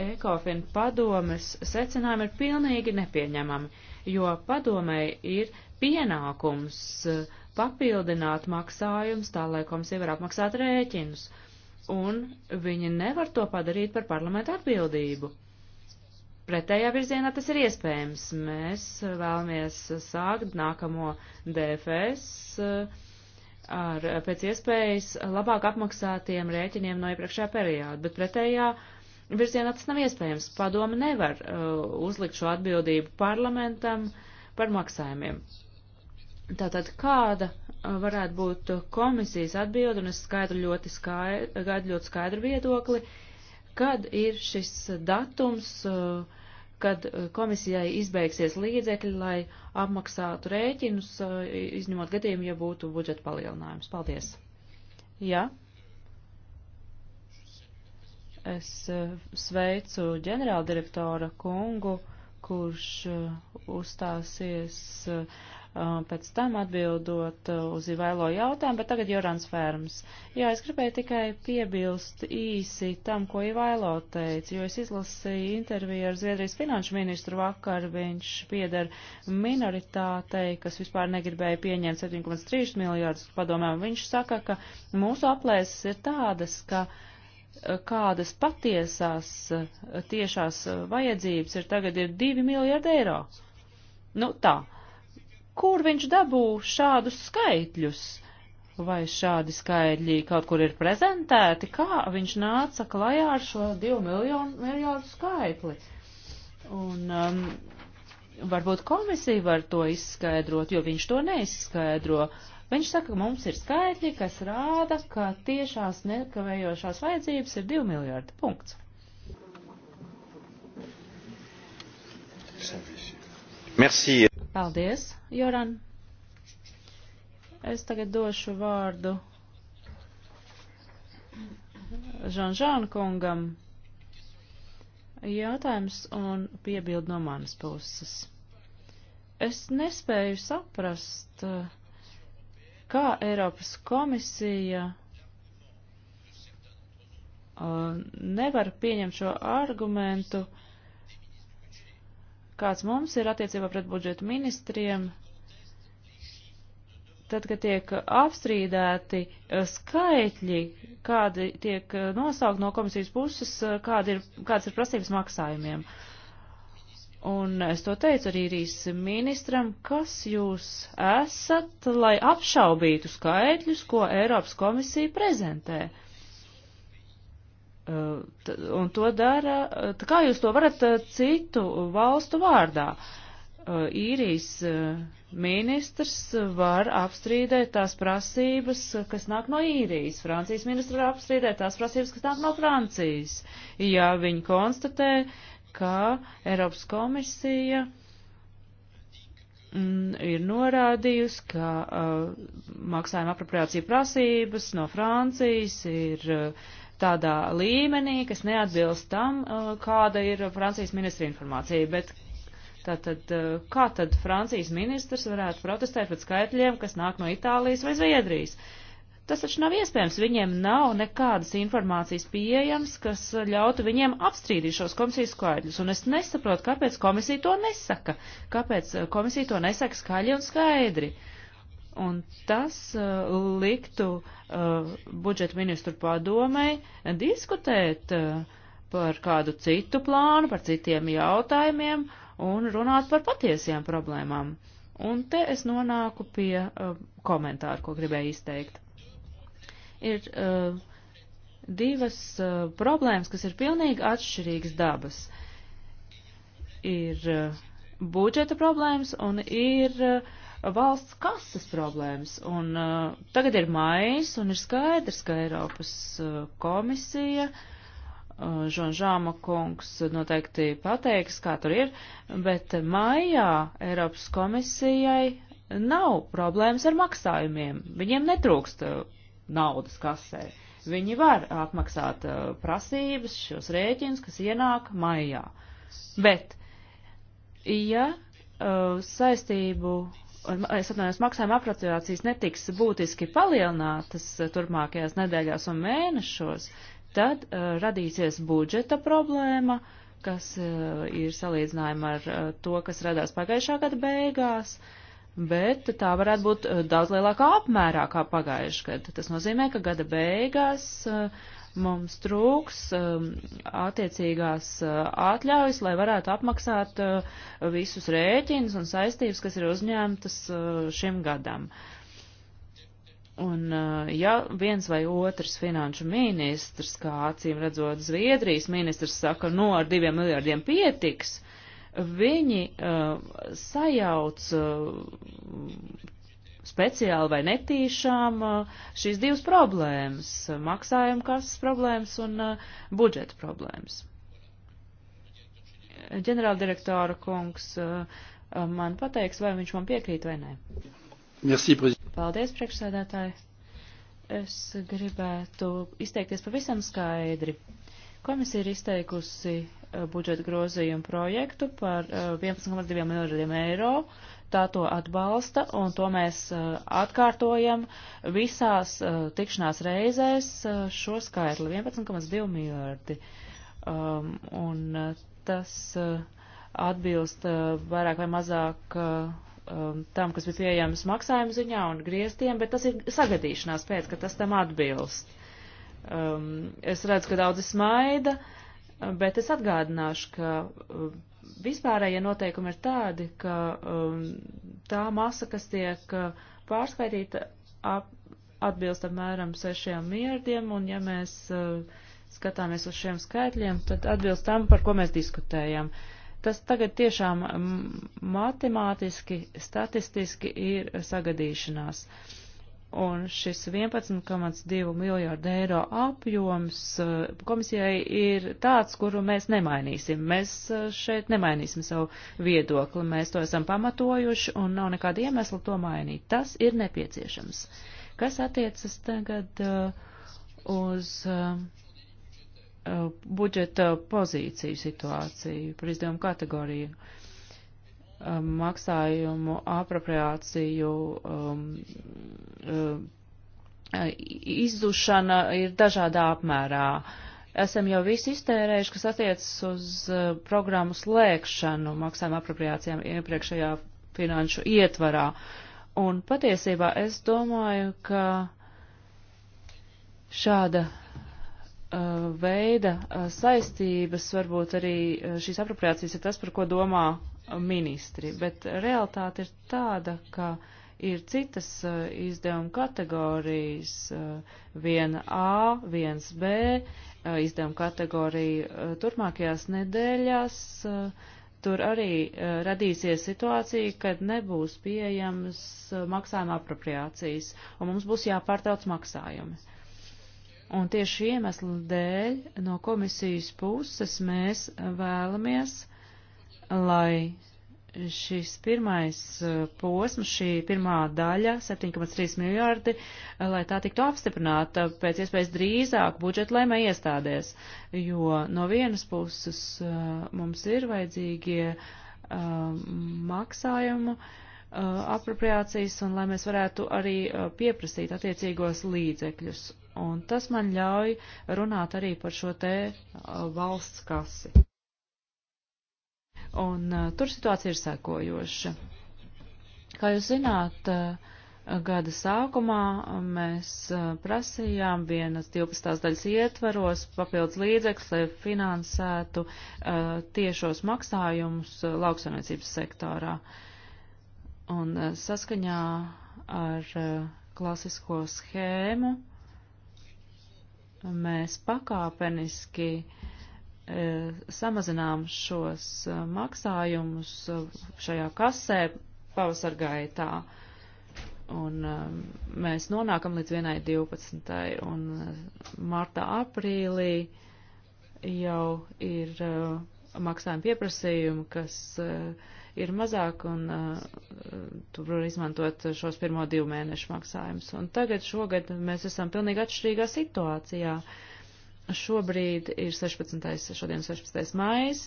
ECOFIN padomes secinājumi ir pilnīgi nepieņemami jo padomēji ir pienākums eh, papildināt maksājums tā, lai komisija var apmaksāt rēķinus, un viņi nevar to padarīt par parlamentu atbildību. Pretējā virzienā tas ir iespējams. Mēs eh, vēlamies sākt nākamo DFS eh, ar pēc iespējas labāk apmaksātiem rēķiniem no iepriekšējā perioda, bet pretējā uh, virzienā tas nav iespējams. Padoma nevar uh, uzlikt šo atbildību parlamentam par maksājumiem. Tātad kāda uh, varētu būt komisijas atbildi, un es skaidru ļoti skaidru, ļoti skaidru viedokli, kad ir šis datums, uh, kad uh, komisijai izbeigsies līdzekļi, lai apmaksātu rēķinus, izņemot gadījumu, ja būtu budžeta palielinājums. Paldies! Jā, Es eh, sveicu ģenerāldirektora kungu, kurš eh, uzstāsies eh, pēc tam atbildot uz Ivailo jautājumu, bet tagad Jorans Fērms. Jā, es gribēju tikai piebilst īsi tam, ko Ivailo teica, jo es izlasīju interviju ar Zviedrijas finanšu ministru vakar, viņš pieder minoritātei, kas vispār negribēja pieņemt 7,3 miljārdus padomēm. Viņš saka, ka mūsu aplēses ir tādas, ka uh, kādas patiesās tiešās vajadzības ir tagad ir 2 miljardi eiro. Nu tā, kur viņš dabū šādus skaitļus? Vai šādi skaidļi kaut kur ir prezentēti, kā viņš nāca klajā ar šo 2 miljonu miljardu skaitli? Un um, varbūt komisija var to izskaidrot, jo viņš to neizskaidro. Uh, Viņš saka, ka mums ir skaitļi, kas rāda, ka tiešās nekavējošās vajadzības ir 2 miljārdi. Punkts. Merci. Paldies, Joran. Es tagad došu vārdu Žanžāna kungam jautājums un piebildi no manas puses. Es nespēju saprast, uh, kā Eiropas komisija uh, nevar pieņemt šo argumentu, kāds mums ir attiecībā pret budžetu ministriem, tad, kad tiek apstrīdēti uh, skaitļi, kādi tiek uh, nosaukt no komisijas puses, uh, kādi ir, kādas ir prasības maksājumiem. Uh, Un es to teicu arī Rīs ministram, kas jūs esat, lai apšaubītu skaitļus, ko Eiropas komisija prezentē. Uh, un to dara, uh, tā kā jūs to varat uh, citu valstu vārdā. Īrijas ministrs var apstrīdēt tās prasības, kas nāk no Īrijas. Francijas ministra var apstrīdēt tās prasības, kas nāk no Francijas. Ja viņi konstatē, uh, ka Eiropas komisija mm, ir norādījusi, ka uh, maksājuma apropriācija prasības no Francijas ir uh, tādā līmenī, kas neatbilst tam, uh, kāda ir Francijas ministra informācija, bet Tātad, uh, kā tad Francijas ministrs varētu protestēt pret skaitļiem, kas nāk no Itālijas vai Zviedrijas? Uh, Tas taču nav iespējams, viņiem nav nekādas informācijas pieejams, kas ļautu viņiem apstrīdīt šos komisijas skaidrus, un es nesaprotu, kāpēc komisija to nesaka, kāpēc eh, komisija to nesaka skaļi un skaidri. Un tas uh, liktu uh, budžeta ministru padomei diskutēt uh, par kādu citu plānu, par citiem jautājumiem un runāt par patiesajām problēmām. Un te es nonāku pie uh, komentāru, ko gribēju izteikt ir uh, divas uh, problēmas, kas ir pilnīgi atšķirīgas dabas. Ir uh, budžeta problēmas un ir uh, valsts kases problēmas. Un uh, tagad ir mājas un ir skaidrs, ka Eiropas uh, komisija uh, Žonžāma kungs noteikti pateiks, kā tur ir, bet maijā Eiropas komisijai nav problēmas ar maksājumiem. Viņiem netrūkst uh, naudas kasē. Viņi var apmaksāt uh, prasības, šos rēķinus, kas ienāk maijā. Bet, ja uh, saistību, es atvainojos, maksājuma apropriācijas netiks būtiski palielinātas uh, turpmākajās nedēļās un mēnešos, tad uh, radīsies budžeta problēma, kas uh, ir salīdzinājuma ar uh, to, kas radās pagājušā gada beigās. Uh, bet tā varētu būt eh, daudz lielākā apmērā kā pagājuši gadu. Tas nozīmē, ka gada beigās eh, mums trūks eh, attiecīgās atļaujas, lai varētu apmaksāt visus rēķinus un saistības, kas ir uzņemtas šim gadam. Un, ja viens vai otrs finanšu ministrs, kā acīm redzot Zviedrijas ministrs, saka, no nu, ar diviem miljardiem pietiks, uh, viņi uh, sajauc uh, speciāli vai netīšām eh, šīs divas problēmas - maksājuma kasas problēmas un budžeta problēmas. Ģenerāldirektora kungs man pateiks, vai viņš man piekrīt vai nē. Merci, Paldies, priekšsēdētāji. Es gribētu izteikties pavisam skaidri. Komisija ir izteikusi Eh, budžeta grozījumu projektu par 11,2 eh, miljardiem eiro. Tā to atbalsta, un to mēs eh, atkārtojam visās tikšanās reizēs šo skaitli - 11,2 miljardi. Um, un tas atbilst vairāk vai mazāk um, tam, kas bija pieejams maksājumu ziņā un grieztiem, bet tas ir sagadīšanās pēc, ka tas tam atbilst. Um, es redzu, ka daudzi smaida, uh, bet es atgādināšu, ka uh, vispārējie noteikumi ir tādi, ka um, tā masa, kas tiek uh, pārskaitīta, ap, atbilst apmēram 6 miljardiem, un ja mēs uh, skatāmies uz šiem skaitļiem, tad atbilst tam, par ko mēs diskutējam. Tas tagad tiešām mm, matemātiski, statistiski ir sagadīšanās. Uh, un šis 11,2 miljārdu eiro apjoms eh, komisijai ir tāds, kuru mēs nemainīsim. Mēs eh, šeit nemainīsim savu viedokli, mēs to esam pamatojuši un nav nekāda iemesla to mainīt. Tas ir nepieciešams. Kas attiecas tagad eh, uz budžeta pozīciju situāciju par izdevumu kategoriju? Um, maksājumu apropriāciju um, um, izdušana ir dažādā apmērā. Esam jau visu iztērējuši, kas attiecas uz uh, programmu slēgšanu maksājuma apropriācijām iepriekšējā finanšu ietvarā. Un patiesībā es domāju, ka šāda uh, veida uh, saistības, varbūt arī šīs apropriācijas ir tas, par ko domā ministri, bet realitāte ir tāda, ka ir citas eh, izdevuma kategorijas, 1A, eh, 1B eh, izdevuma kategorija turpmākajās nedēļās. Tur arī radīsies situācija, kad nebūs pieejams maksājuma apropriācijas, un mums būs jāpārtrauc maksājumi. Un tieši iemeslu dēļ no komisijas puses mēs vēlamies, lai šis pirmais uh, posms, šī pirmā daļa, 7,3 miljārdi, uh, lai tā tiktu apstiprināta pēc iespējas drīzāk budžeta lēmē iestādēs, jo no vienas puses uh, mums ir vajadzīgie maksājumu apropriācijas un lai mēs varētu arī pieprasīt attiecīgos līdzekļus. Un tas man ļauj runāt arī par šo te valsts kasi. Un uh, tur situācija ir sekojoša. Kā jūs zināt, uh, gada sākumā mēs uh, prasījām vienas 12. daļas ietvaros papildus līdzekļus, lai finansētu uh, tiešos maksājumus uh, lauksaimniecības sektorā. Un uh, saskaņā ar uh, klasisko schēmu mēs pakāpeniski uh, E, samazinām šos e, maksājumus e, šajā kasē pavasar gaitā. Un mēs nonākam līdz 1.12. un martā aprīlī jau ir maksājuma pieprasījumi, kas ir mazāk, un uh, tu vari izmantot šos pirmo divu mēnešu maksājumus. Un tagad šogad mēs esam pilnīgi atšķirīgā situācijā. Uh, Šobrīd ir 16. šodien 16. mājas,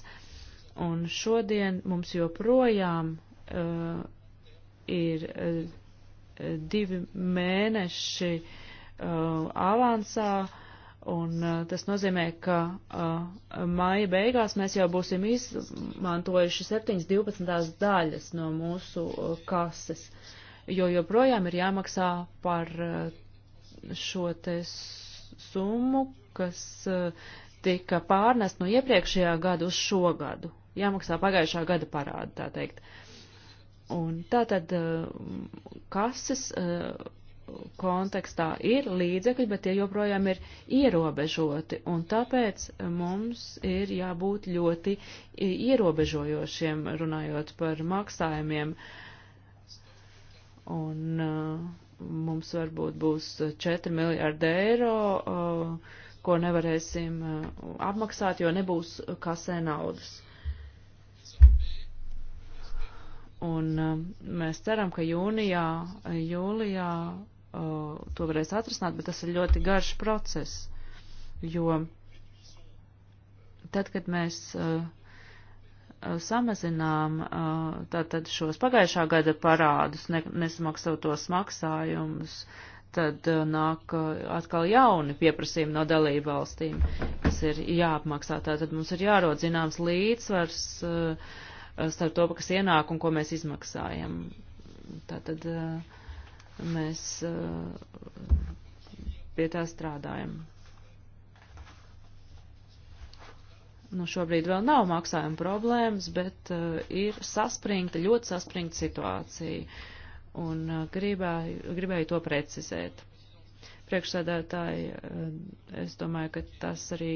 un šodien mums joprojām uh, ir uh, divi mēneši uh, avansā, un uh, tas nozīmē, ka uh, māja beigās mēs jau būsim izmantojuši 7.12. daļas no mūsu uh, kases, jo joprojām ir jāmaksā par uh, šo te summu, kas eh, tika pārnest no iepriekšējā gada uz šo gadu. Jāmaksā pagājušā gada parādu, tā teikt. Un tā tad eh, kases eh, kontekstā ir līdzekļi, bet tie joprojām ir ierobežoti, un tāpēc mums ir jābūt ļoti ierobežojošiem runājot par maksājumiem. Un mums varbūt būs 4 miljārdi eiro. Uh, ko nevarēsim uh, apmaksāt, jo nebūs kasē naudas. Un um, mēs ceram, ka jūnijā, jūlijā uh, to varēs atrasināt, bet tas ir ļoti garš process, jo tad, kad mēs uh, samazinām tātad šos pagājušā gada parādus, ne, nesmaksātos maksājumus, tad uh, nāk uh, atkal jauni pieprasījumi no dalību valstīm, kas ir jāapmaksā. Tātad mums ir jārod zināms līdzsvars uh, starp to, kas ienāk un ko mēs izmaksājam. Tātad mēs pie tā strādājam. Nu, šobrīd vēl nav maksājuma problēmas, bet uh, ir saspringta, ļoti saspringta situācija. Uh, un uh, gribēju, gribēju to precizēt. Priekšsēdētāji, uh, es domāju, ka tas arī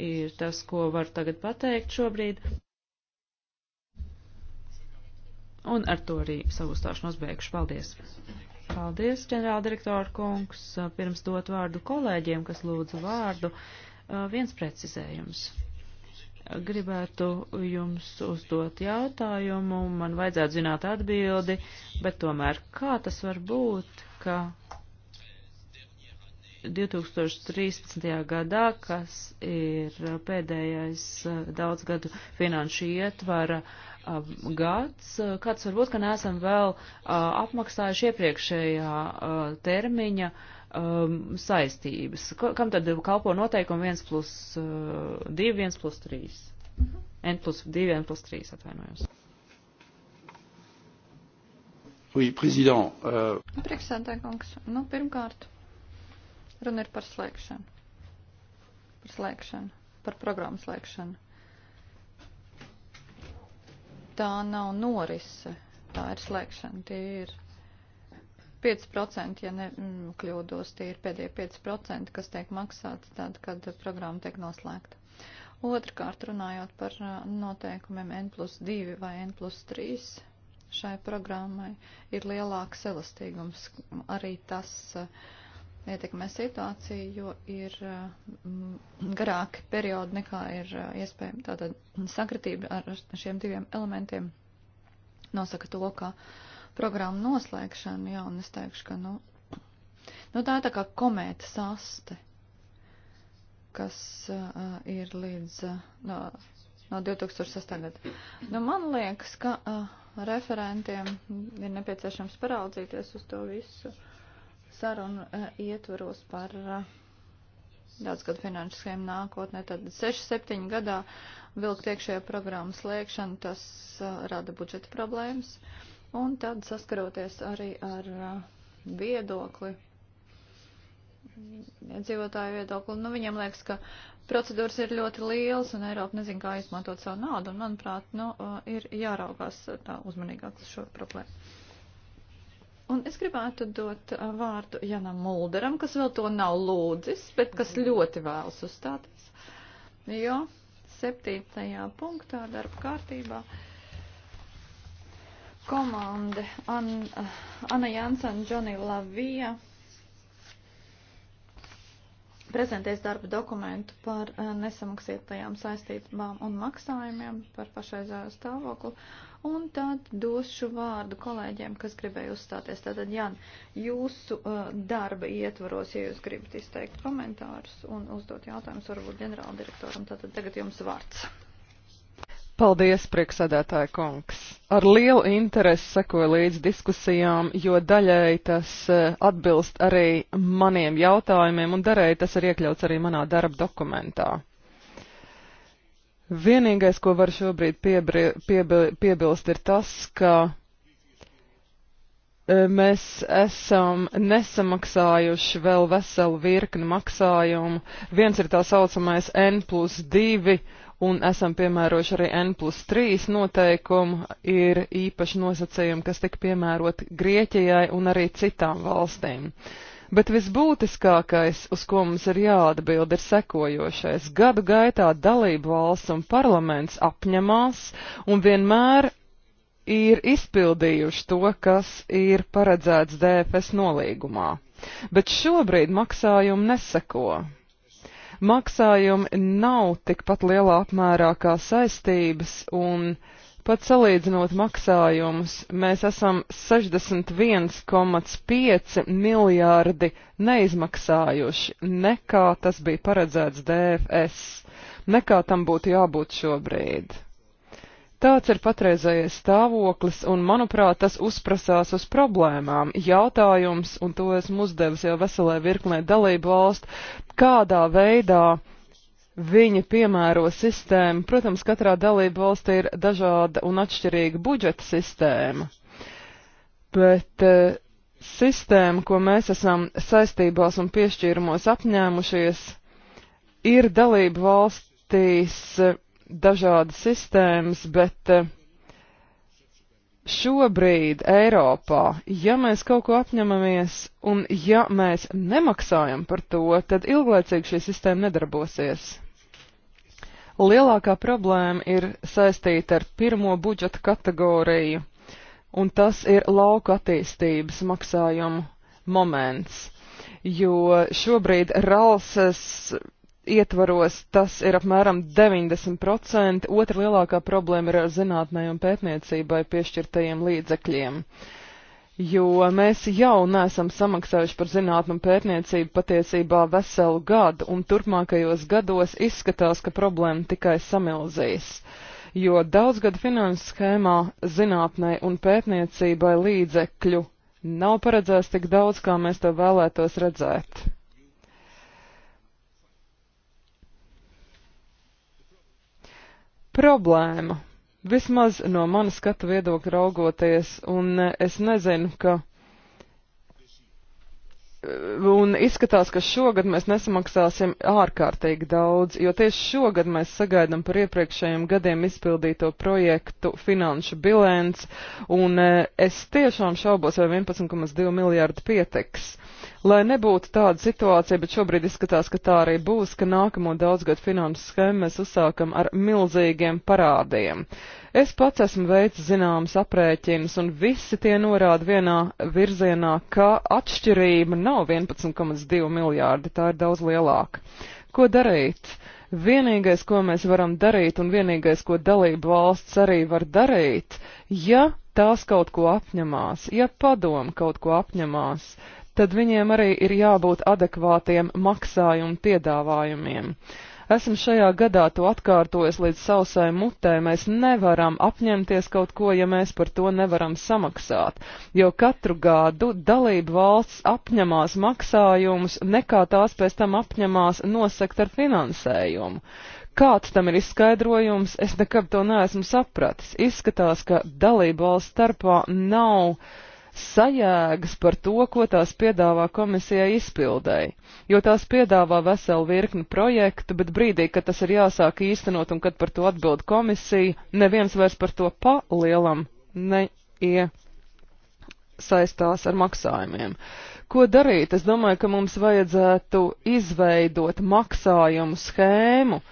ir tas, ko varu tagad pateikt šobrīd. Un ar to arī savu stāšanos beigšu. Paldies! Paldies, ģenerāldirektora kungs. Pirms dot vārdu kolēģiem, kas lūdzu vārdu, uh, viens precizējums gribētu jums uzdot jautājumu, man vajadzētu zināt atbildi, bet tomēr kā tas var būt, ka 2013. gadā, kas ir pēdējais eh, daudzgadu finanšu ietvara eh, gads, eh, kāds varbūt, ka neesam vēl apmaksājuši iepriekšējā termiņa uh, um, saistības. Ko, kam tad kalpo noteikumi 1 plus uh, 2, 1 plus 3? N plus 2, N plus 3, atvainojos. Oui, président. Uh... Priekšsēdētāj, kungs. Nu, pirmkārt, runa ir par slēgšanu. Par slēgšanu. Par programmu slēgšanu. Tā nav norise. Tā ir slēgšana. Tie ir 5%, ja nekļūdos, mm, tie ir pēdējie 5%, kas tiek maksāts tad, kad programma tiek noslēgta. Otrkārt, runājot par uh, noteikumiem N plus 2 vai N plus 3, šai programmai ir lielāks elastīgums. Arī tas uh, ietekmē situāciju, jo ir uh, garāki periodi nekā ir iespējama tāda sakritība ar šiem diviem elementiem. Nosaka to, ka uh, programmu noslēgšanu, jā, un es teikšu, ka, nu, nu tā ir tā kā komēta saste, kas uh, ir līdz uh, no, no 2008. gada. Nu, man liekas, ka uh, referentiem ir nepieciešams paraudzīties uz to visu sarunu uh, ietvaros par. Uh, daudz gadu finanšu schēmu nākotnē, tad 6-7 gadā vilkt iekšējā programmas lēkšana, tas uh, rada budžeta problēmas. Un tad saskaroties arī ar uh, viedokli, iedzīvotāju viedokli, nu viņiem liekas, ka procedūras ir ļoti lielas un Eiropa nezin, kā izmantot savu naudu. Un, manuprāt, nu, uh, ir jāraugās uh, tā uzmanīgāk uz šo problēmu. Un es gribētu dot vārdu Janam Mulderam, kas vēl to nav lūdzis, bet kas mhm. ļoti vēlas uzstāties. Jo septītajā punktā darba kārtībā. Uh, komanda An, eh, Anna Jansen, Džonija Lavija prezentēs darba dokumentu par eh, nesamaksātajām saistībām un maksājumiem par pašreizējo stāvokli. Un tad došu vārdu kolēģiem, kas gribēja uzstāties. Tātad, Jan, jūsu uh, darba ietvaros, ja jūs gribat izteikt komentārus un uzdot jautājumus varbūt ģenerāldirektoram, tātad tagad jums vārds. Paldies, prieksēdētāja kungs! Ar lielu interesi sekoju līdz diskusijām, jo daļēji tas eh, atbilst arī maniem jautājumiem, un darēji tas ir iekļauts arī manā darba dokumentā. Vienīgais, ko var šobrīd piebri, piebi, piebilst, ir tas, ka eh, mēs esam nesamaksājuši vēl veselu virkni maksājumu. Viens ir tā saucamais N plus 2, un esam piemēroši arī N plus 3 noteikumu, ir īpaši nosacījumi, kas tika piemēroti Grieķijai un arī citām valstīm. Bet visbūtiskākais, uz ko mums ir jāatbild, ir sekojošais. Gadu gaitā dalību valsts un parlaments apņemās un vienmēr ir izpildījuši to, kas ir paredzēts DFS nolīgumā. Bet šobrīd maksājumi neseko. Maksājumi nav tikpat lielā apmērā kā saistības, un pat salīdzinot maksājumus, mēs esam 61,5 miljārdi neizmaksājuši, nekā tas bija paredzēts DFS, nekā tam būtu jābūt šobrīd. Tāds ir patreizējais stāvoklis, un, manuprāt, tas uzprasās uz problēmām. Jautājums, un to esmu uzdevis jau veselē virknē dalību valstu, kādā veidā viņi piemēro sistēmu. Protams, katrā dalību valstī ir dažāda un atšķirīga budžeta sistēma, bet e, sistēma, ko mēs esam saistībās un piešķīrumos apņēmušies, ir dalību valstīs dažādas sistēmas, bet eh, šobrīd Eiropā, ja mēs kaut ko apņemamies un ja mēs nemaksājam par to, tad ilglaicīgi šī sistēma nedarbosies. Lielākā problēma ir saistīta ar pirmo budžeta kategoriju, un tas ir lauka attīstības maksājumu moments, jo šobrīd RALSES ietvaros tas ir apmēram 90%, otra lielākā problēma ir ar zinātnē un pētniecībai piešķirtajiem līdzekļiem jo mēs jau nesam samaksājuši par zinātnu un pētniecību patiesībā veselu gadu, un turpmākajos gados izskatās, ka problēma tikai samilzīs. Jo daudzgada finanses schēmā zinātnē un pētniecībai līdzekļu nav paredzēts tik daudz, kā mēs to vēlētos redzēt. problēma, vismaz no manas skatu viedokļa raugoties, un e, es nezinu, ka. E, un izskatās, ka šogad mēs nesamaksāsim ārkārtīgi daudz, jo tieši šogad mēs sagaidām par iepriekšējiem gadiem izpildīto projektu finanšu bilēns, un e, es tiešām šaubos, vai 11,2 miljārdi pietiks. Uh, Lai nebūtu tāda situācija, bet šobrīd izskatās, ka tā arī būs, ka nākamo daudzgadu finanšu schēmu mēs uzsākam ar milzīgiem parādiem. Es pats esmu veicis zināmas aprēķinas, un visi tie norāda vienā virzienā, ka atšķirība nav 11,2 miljārdi, tā ir daudz lielāka. Ko darīt? Vienīgais, ko mēs varam darīt, un vienīgais, ko dalību valsts arī var darīt, ja tās kaut ko apņemās, ja padoma kaut ko apņemās, tad viņiem arī ir jābūt adekvātiem maksājumu piedāvājumiem. Esam šajā gadā to atkārtojas līdz sausai mutē, mēs nevaram apņemties kaut ko, ja mēs par to nevaram samaksāt, jo katru gadu dalību valsts apņemās maksājumus, nekā tās pēc tam apņemās nosekt ar finansējumu. Kāds tam ir izskaidrojums, es nekad to neesmu sapratis. Izskatās, ka dalību valsts starpā nav uh, sajēgas par to, ko tās piedāvā komisijai izpildēji, jo tās piedāvā veselu virkni projektu, bet brīdī, kad tas ir jāsāk īstenot un kad par to atbild komisija, neviens vairs par to pa lielam neiesaistās ar maksājumiem. Ko darīt? Es domāju, ka mums vajadzētu izveidot maksājumu schēmu, uh,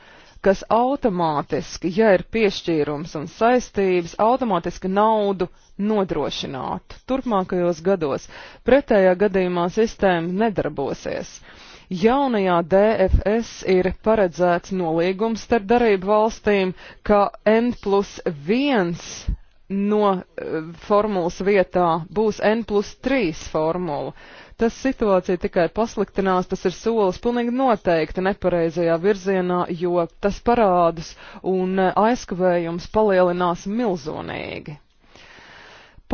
kas automātiski, ja ir piešķīrums un saistības, automātiski naudu nodrošinātu turpmākajos gados. Pretējā gadījumā sistēma nedarbosies. Jaunajā DFS ir paredzēts nolīgums starp darību valstīm, ka N plus 1 no eh, formulas vietā būs N plus 3 formula. Tas situācija tikai pasliktinās, tas ir solis pilnīgi noteikti nepareizajā virzienā, jo tas parādus un e, aizkavējums palielinās milzonīgi.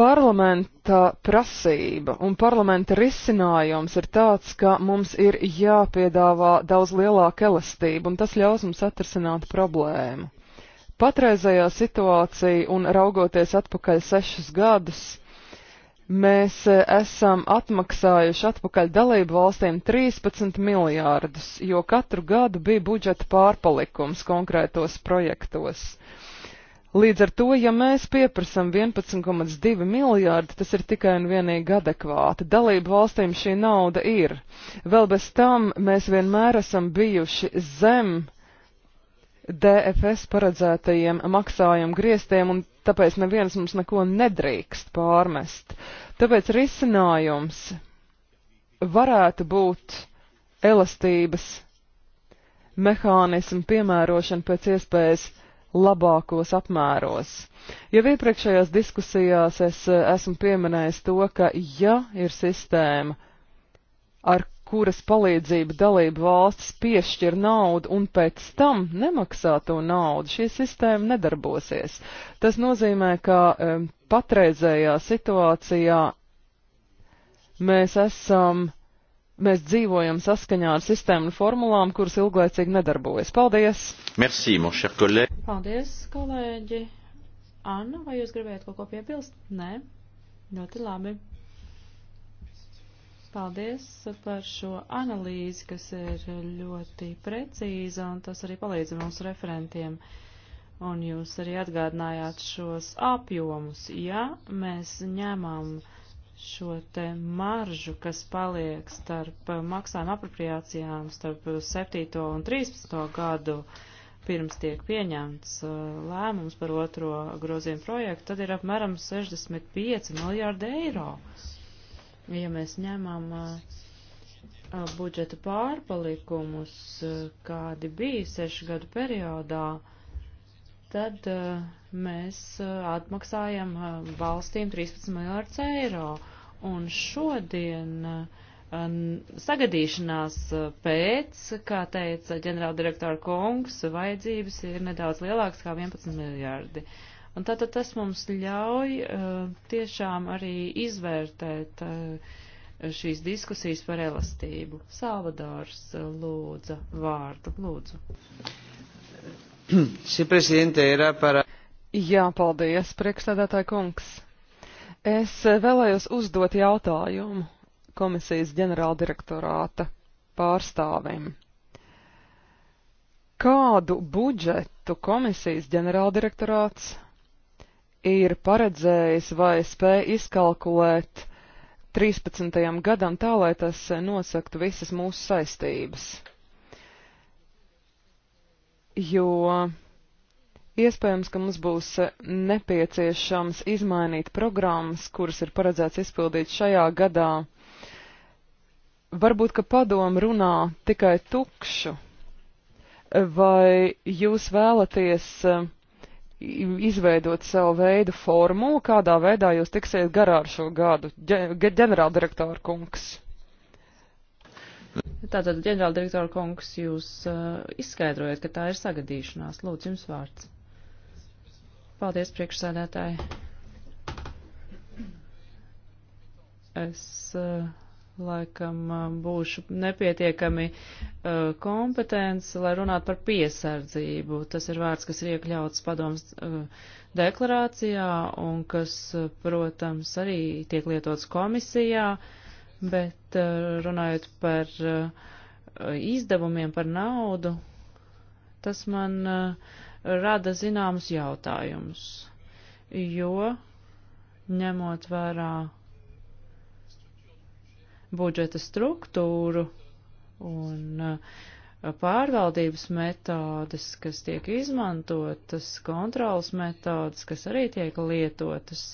Parlamenta prasība un parlamenta risinājums ir tāds, ka mums ir jāpiedāvā daudz lielāka elastība, un tas ļaus mums atrisināt problēmu. Patreizējā situācija un raugoties atpakaļ sešus gadus, Mēs e, esam atmaksājuši atpakaļ dalību valstīm 13 miljārdus, jo katru gadu bija budžeta pārpalikums konkrētos projektos. Līdz ar to, ja mēs pieprasam 11,2 miljārdi, tas ir tikai un vienīgi adekvāti. Dalību valstīm šī nauda ir. Vēl bez tam mēs vienmēr esam bijuši zem DFS paredzētajiem maksājumu griestiem, un tāpēc neviens mums neko nedrīkst pārmest. Tāpēc risinājums varētu būt elastības mehānismu piemērošana pēc iespējas labākos apmēros. Jau iepriekšējās diskusijās es eh, esmu pieminējis to, ka ja ir sistēma, ar kuras palīdzību dalību valstis piešķir naudu un pēc tam nemaksā to naudu, šī sistēma nedarbosies. Tas nozīmē, ka um, patreizējā situācijā mēs esam, mēs dzīvojam saskaņā ar sistēmu un formulām, kuras ilglaicīgi nedarbojas. Paldies! Merci, mon cher collègue! Paldies, kolēģi! Anna, vai jūs gribējāt kaut ko piebilst? Nē? Ļoti labi. Paldies par šo analīzi, kas ir ļoti precīza, un tas arī palīdz mūsu referentiem. Un jūs arī atgādinājāt šos apjomus. Ja mēs ņemam šo te maržu, kas paliek starp maksājuma apropriācijām starp 7. un 13. gadu, pirms tiek pieņemts uh, lēmums par otro grozījumu projektu, tad ir apmēram 65 miljārdi eiro ja mēs ņemam budžeta pārpalikumus, kādi bija sešu gadu periodā, tad mēs atmaksājam valstīm 13 miljārdus eiro. Un šodien sagadīšanās pēc, kā teica ģenerāldirektora kungs, vajadzības ir nedaudz lielākas kā 11 miljārdi. Uh, Un tātad tas mums ļauj uh, tiešām arī izvērtēt uh, šīs diskusijas par elastību. Salvadors uh, lūdza vārdu. Lūdzu. Sí, presidente, era para... Jā, paldies, priekšsēdētāji kungs. Es vēlējos uzdot jautājumu komisijas ģenerāldirektorāta pārstāvim. Kādu budžetu komisijas ģenerāldirektorāts ir paredzējis vai spēj izkalkulēt 13. gadam tā, lai tas nosaktu visas mūsu saistības. Jo iespējams, ka mums būs nepieciešams izmainīt programmas, kuras ir paredzēts izpildīt šajā gadā. Varbūt, ka padomu runā tikai tukšu, vai jūs vēlaties uh, izveidot savu veidu formulu, kādā veidā jūs tiksiet garā ar šo gadu, ģenerāldirektora kungs. Tātad, ģenerāldirektora kungs, jūs uh, izskaidrojat, ka tā ir sagadīšanās. Lūdzu, jums vārds. Paldies, priekšsēdētāji. Es uh, laikam būšu nepietiekami uh, kompetents, lai runātu par piesardzību. Tas ir vārds, kas ir iekļauts padoms uh, deklarācijā un kas, protams, arī tiek lietots komisijā, bet uh, runājot par izdevumiem, par naudu, tas man rada zināmus jautājumus, jo ņemot vērā budžeta struktūru un uh, pārvaldības metodas, kas tiek izmantotas, kontrolas metodas, kas arī tiek lietotas.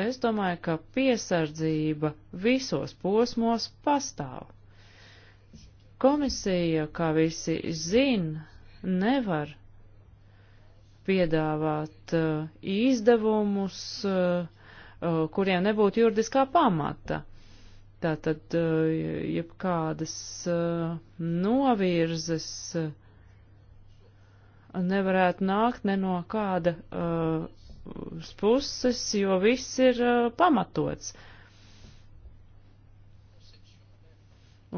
Es domāju, ka piesardzība visos posmos pastāv. Komisija, kā visi zina, nevar piedāvāt uh, izdevumus, uh, uh kuriem nebūtu juridiskā pamata. Tātad eh, jebkādas eh, novirzes eh, nevarētu nākt ne no kāda puses, jo viss ir pamatots.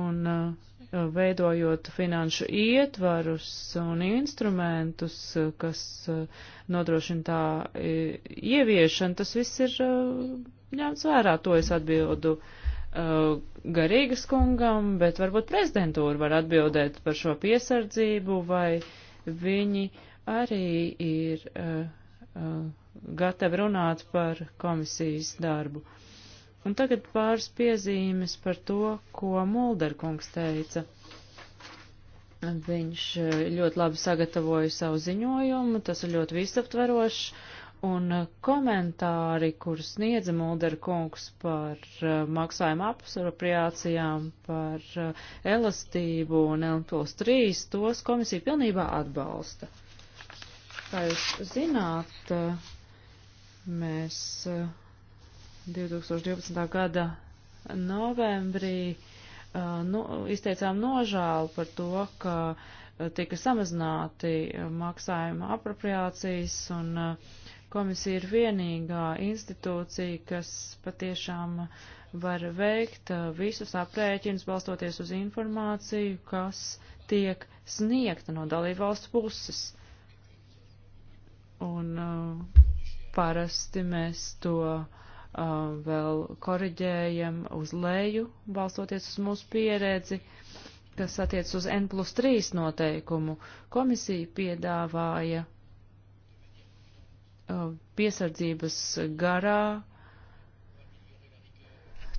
Un veidojot finanšu ietvarus un instrumentus, kas nodrošina tā ieviešanu, tas viss ir ņemts vērā, to es atbildu uh, Uh, garīgas kungam, bet varbūt prezidentūra var atbildēt par šo piesardzību, vai viņi arī ir uh, uh, gatavi runāt par komisijas darbu. Un tagad pāris piezīmes par to, ko Mulderkungs teica. Viņš uh, ļoti labi sagatavoja savu ziņojumu, tas ir ļoti visaptverošs, un komentāri, kurus sniedza Muldera kungs par uh, maksājuma apapropriācijām, par uh, elastību un N plus 3, tos komisija pilnībā atbalsta. Kā jūs zināt, uh, mēs 2012. Uh, gada novembrī uh, nu, izteicām nožēlu par to, ka uh, tika samazināti maksājuma apropriācijas un uh, Komisija ir vienīgā institūcija, kas patiešām var veikt uh, visus aprēķinus balstoties uz informāciju, kas tiek sniegta no dalībvalstu puses. Un uh, parasti mēs to uh, vēl koriģējam uz leju, balstoties uz mūsu pieredzi, kas attiec uz N plus 3 noteikumu. Komisija piedāvāja Uh, piesardzības garā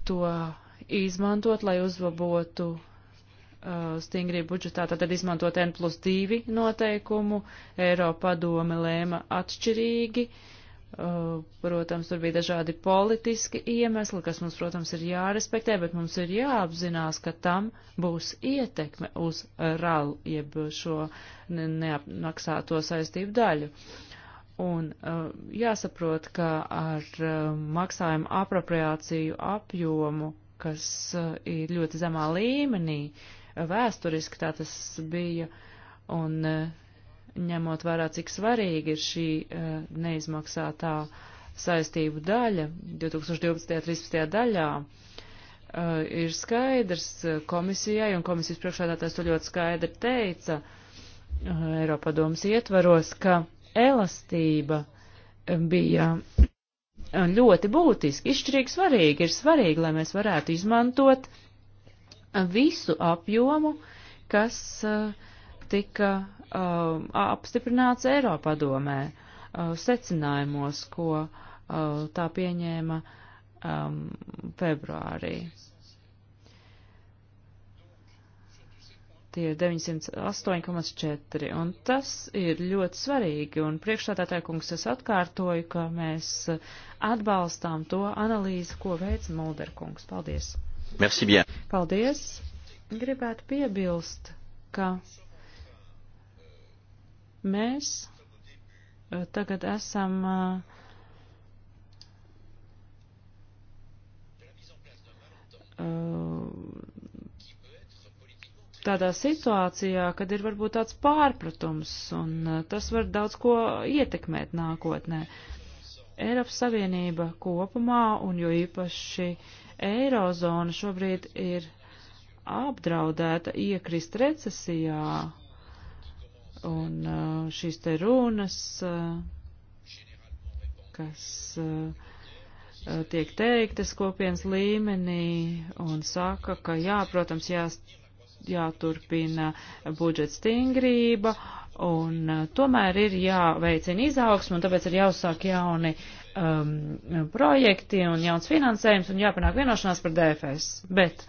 to izmantot, lai uzlabotu uh, stingrību budžetā, tad izmantot N plus 2 noteikumu, Eiropa padome lēma atšķirīgi, uh, protams, tur bija dažādi politiski iemesli, kas mums, protams, ir jārespektē, bet mums ir jāapzinās, ka tam būs ietekme uz RAL, jeb šo neapmaksāto saistību daļu. Uh, Un uh, jāsaprot, ka ar uh, maksājumu apropriāciju apjomu, kas uh, ir ļoti zemā līmenī, uh, vēsturiski tā tas bija, un uh, ņemot vērā, cik svarīgi ir šī uh, neizmaksātā saistību daļa 2012. un 2013. daļā, ir skaidrs komisijai, un komisijas priekšādātājs to ļoti skaidri teica Eiropadomas ietvaros, ka elastība bija ļoti būtiski, izšķirīgi svarīgi. Ir svarīgi, lai mēs varētu izmantot visu apjomu, kas uh, tika um, apstiprināts Eiropadomē uh, secinājumos, ko uh, tā pieņēma um, februārī. tie ir 908,4, un tas ir ļoti svarīgi, un priekšstādātāja kungs es atkārtoju, ka mēs atbalstām to analīzi, ko veic Mulder kungs. Paldies! Merci bien! Paldies! Gribētu piebilst, ka mēs uh, tagad esam uh, uh tādā situācijā, kad ir varbūt tāds pārpratums, un eh, tas var daudz ko ietekmēt nākotnē. Eiropas Savienība kopumā, un jo īpaši Eirozona šobrīd ir apdraudēta iekrist recesijā, un eh, šīs te runas, eh, kas tiek teiktas kopienas līmenī un saka, ka jā, protams, jāstāv jāturpina budžeta stingrība, un uh, tomēr ir jāveicina izaugsmu, un tāpēc ir jāuzsāk jauni um, projekti un jauns finansējums, un jāpanāk vienošanās par DFS. Bet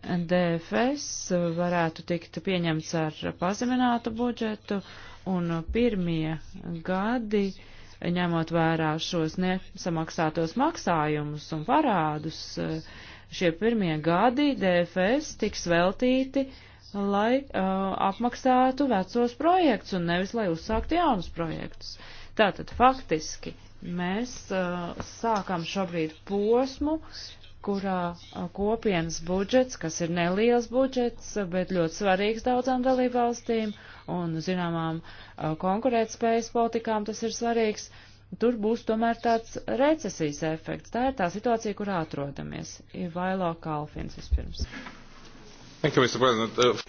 DFS varētu tikt pieņemts ar pazeminātu budžetu, un pirmie gadi ņemot vērā šos nesamaksātos maksājumus un parādus, uh, šie pirmie gadi DFS tiks veltīti, lai uh, apmaksātu vecos projektus un nevis, lai uzsāktu jaunus projektus. Tātad faktiski mēs uh, sākam šobrīd posmu, kurā uh, kopienas budžets, kas ir neliels budžets, uh, bet ļoti svarīgs daudzām dalībvalstīm un zināmām uh, konkurētspējas politikām tas ir svarīgs, uh, tur būs tomēr tāds recesijas efekts. Tā ir tā situācija, kurā atrodamies. Ir vailo kalfins vispirms. Uh,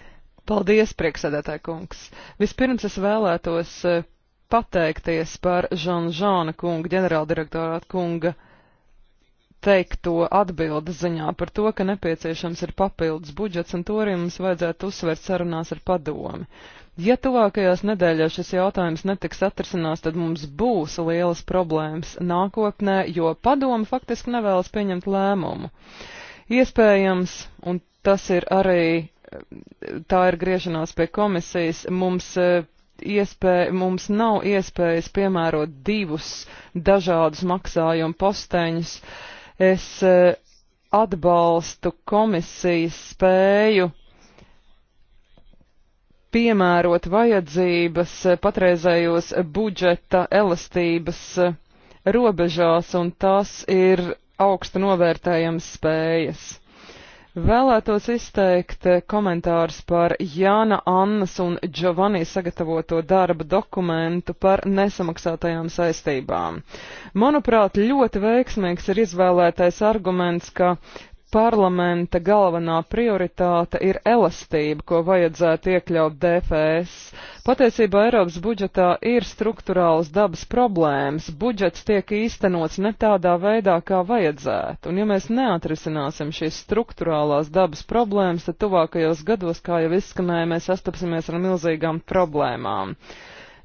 Paldies, prieksēdētāji kungs. Vispirms es vēlētos uh, pateikties par Žanžāna kunga, ģenerāldirektorāta kunga teikto atbildes ziņā par to, ka nepieciešams ir papildus budžets, un to arī mums vajadzētu uzsvērt sarunās ar padomi. Uh, Ja tuvākajās nedēļās šis jautājums netiks atrisinās, tad mums būs lielas problēmas nākotnē, jo padoma faktiski nevēlas pieņemt lēmumu. Iespējams, un tas ir arī, tā ir griešanās pie komisijas, mums e, iespēja, mums nav iespējas piemērot divus dažādus maksājumu posteņus. Es e, atbalstu komisijas spēju piemērot vajadzības eh, patreizējos budžeta elastības eh, robežās, un tas ir augstu novērtējams spējas. Vēlētos izteikt eh, komentārus par Jāna Annas un Giovanni sagatavoto darba dokumentu par nesamaksātajām saistībām. Manuprāt, ļoti veiksmīgs ir izvēlētais arguments, ka parlamenta galvenā prioritāte ir elastība, ko vajadzētu iekļaut DFS. Patiesībā Eiropas budžetā ir struktūrāls dabas problēmas. Budžets tiek īstenots ne tādā veidā, kā vajadzētu. Un ja mēs neatrisināsim šīs struktūrālās dabas problēmas, tad tuvākajos gados, kā jau izskanēja, mēs sastapsimies ar milzīgām problēmām.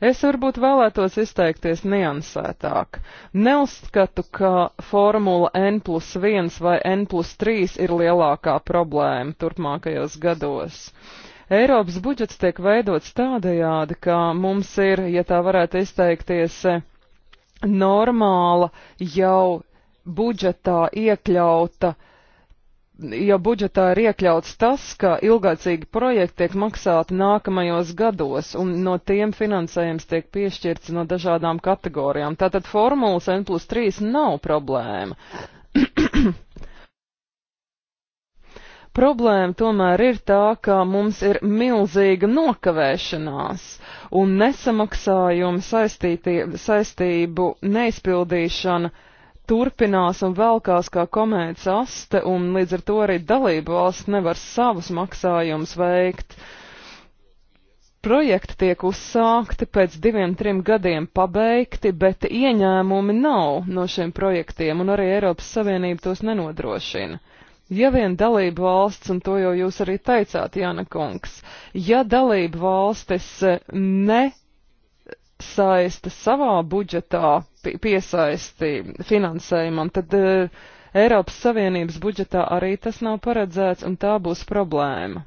Es varbūt vēlētos izteikties niansētāk. Neuzskatu, ka formula N plus 1 vai N plus 3 ir lielākā problēma turpmākajos gados. Eiropas budžets tiek veidots tādajādi, ka mums ir, ja tā varētu izteikties, normāla jau budžetā iekļauta uh, jo budžetā ir iekļauts tas, ka ilgācīgi projekti tiek maksāti nākamajos gados, un no tiem finansējums tiek piešķirts no dažādām kategorijām. Tātad formulas N plus 3 nav problēma. [CLEARS THROAT] Problēma tomēr ir tā, ka mums ir milzīga nokavēšanās un nesamaksājuma saistību neizpildīšana uh, turpinās un velkās kā komētas aste, un līdz ar to arī dalību valsts nevar savus maksājumus veikt. Projekti tiek uzsākti, pēc diviem, trim gadiem pabeigti, bet ieņēmumi nav no šiem projektiem, un arī Eiropas Savienība tos nenodrošina. Ja vien dalību valsts, un to jau jūs arī teicāt, Jāna Kungs, ja dalību valstis ne saista savā budžetā piesaisti finansējumam, tad uh, Eiropas Savienības budžetā arī tas nav paredzēts, un tā būs problēma.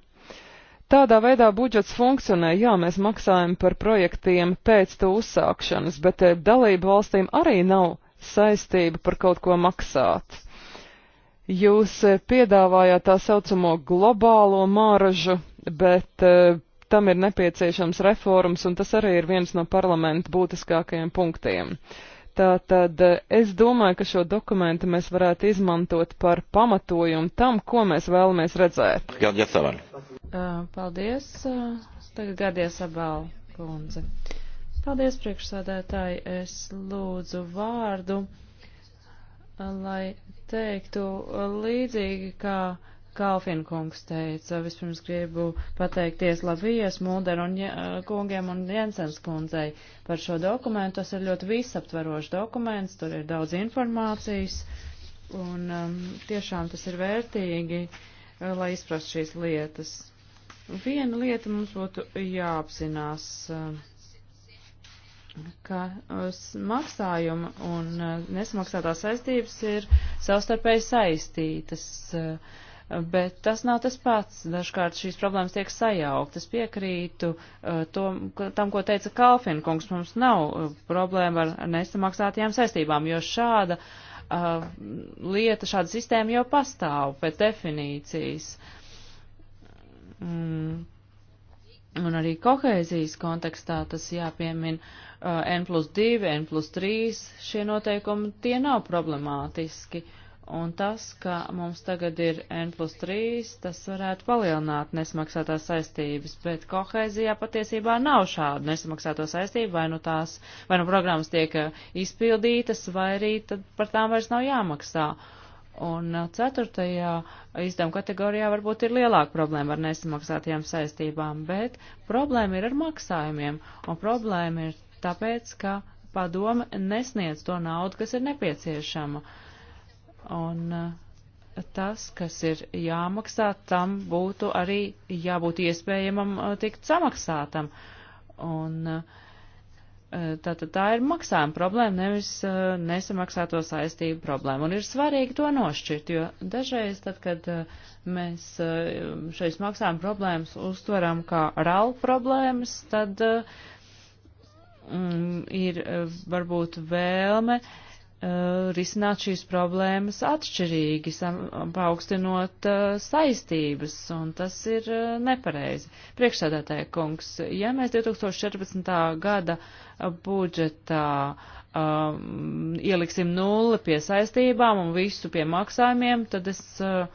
Tādā veidā budžets funkcionē, jā, mēs maksājam par projektiem pēc to uzsākšanas, bet eh, dalību valstīm arī nav saistība par kaut ko maksāt. Jūs eh, piedāvājāt tā saucamo globālo māražu, bet tam ir nepieciešams reformas, un tas arī ir viens no parlamenta būtiskākajiem punktiem. Uh, Tātad eh, es domāju, ka šo dokumentu mēs varētu izmantot par pamatojumu tam, ko mēs vēlamies redzēt. Gadies Abal. Paldies. Tagad Gadies Abal kundze. Paldies, priekšsādētāji. Es lūdzu vārdu, lai teiktu līdzīgi, kā Kalfin kungs teica. Vispirms gribu pateikties Lavijas, Mulder un kungiem un Jensens kundzei par šo dokumentu. Tas ir ļoti visaptverošs dokuments, tur ir daudz informācijas un um, tiešām tas ir vērtīgi, uh, lai izprast šīs lietas. Viena lieta mums būtu jāapzinās, uh, ka uh, maksājuma un nesmaksātās saistības ir savstarpēji saistītas. Uh, bet tas nav tas pats. Dažkārt šīs problēmas tiek sajauktas. Piekrītu uh, to, tam, ko teica Kalfinkungs, mums nav uh, problēma ar nesamaksātajām saistībām, jo šāda uh, lieta, šāda sistēma jau pastāv pēc definīcijas. Mm. Un arī kohēzijas kontekstā tas jāpiemin uh, N plus 2, N plus 3, šie noteikumi tie nav problemātiski. Uh, Un tas, ka mums tagad ir N plus 3, tas varētu palielināt nesmaksātās saistības, bet kohēzijā patiesībā nav šādu nesmaksāto saistību, vai nu tās, vai nu programmas tiek eh, izpildītas, vai arī tad par tām vairs nav jāmaksā. Un eh, ceturtajā izdevuma kategorijā varbūt ir lielāka problēma ar nesamaksātajām saistībām, bet problēma ir ar maksājumiem, un problēma ir tāpēc, ka padome nesniedz to naudu, kas ir nepieciešama. Uh, Un eh, tas, kas ir jāmaksā, tam būtu arī jābūt iespējamam eh, tikt samaksātam. Un eh, tātad tā ir maksājuma problēma, nevis nesamaksāto saistību problēma. Un ir svarīgi to nošķirt, jo dažreiz, tad, kad mēs šeit maksājuma problēmas uztveram kā RAL problēmas, tad mm, ir varbūt vēlme uh, Eh, risināt šīs problēmas atšķirīgi, paaugstinot eh, saistības, un tas ir eh, nepareizi. Priekšsēdētāja kungs, ja mēs 2014. gada budžetā um, ieliksim nulli pie saistībām un visu pie maksājumiem, tad es uh,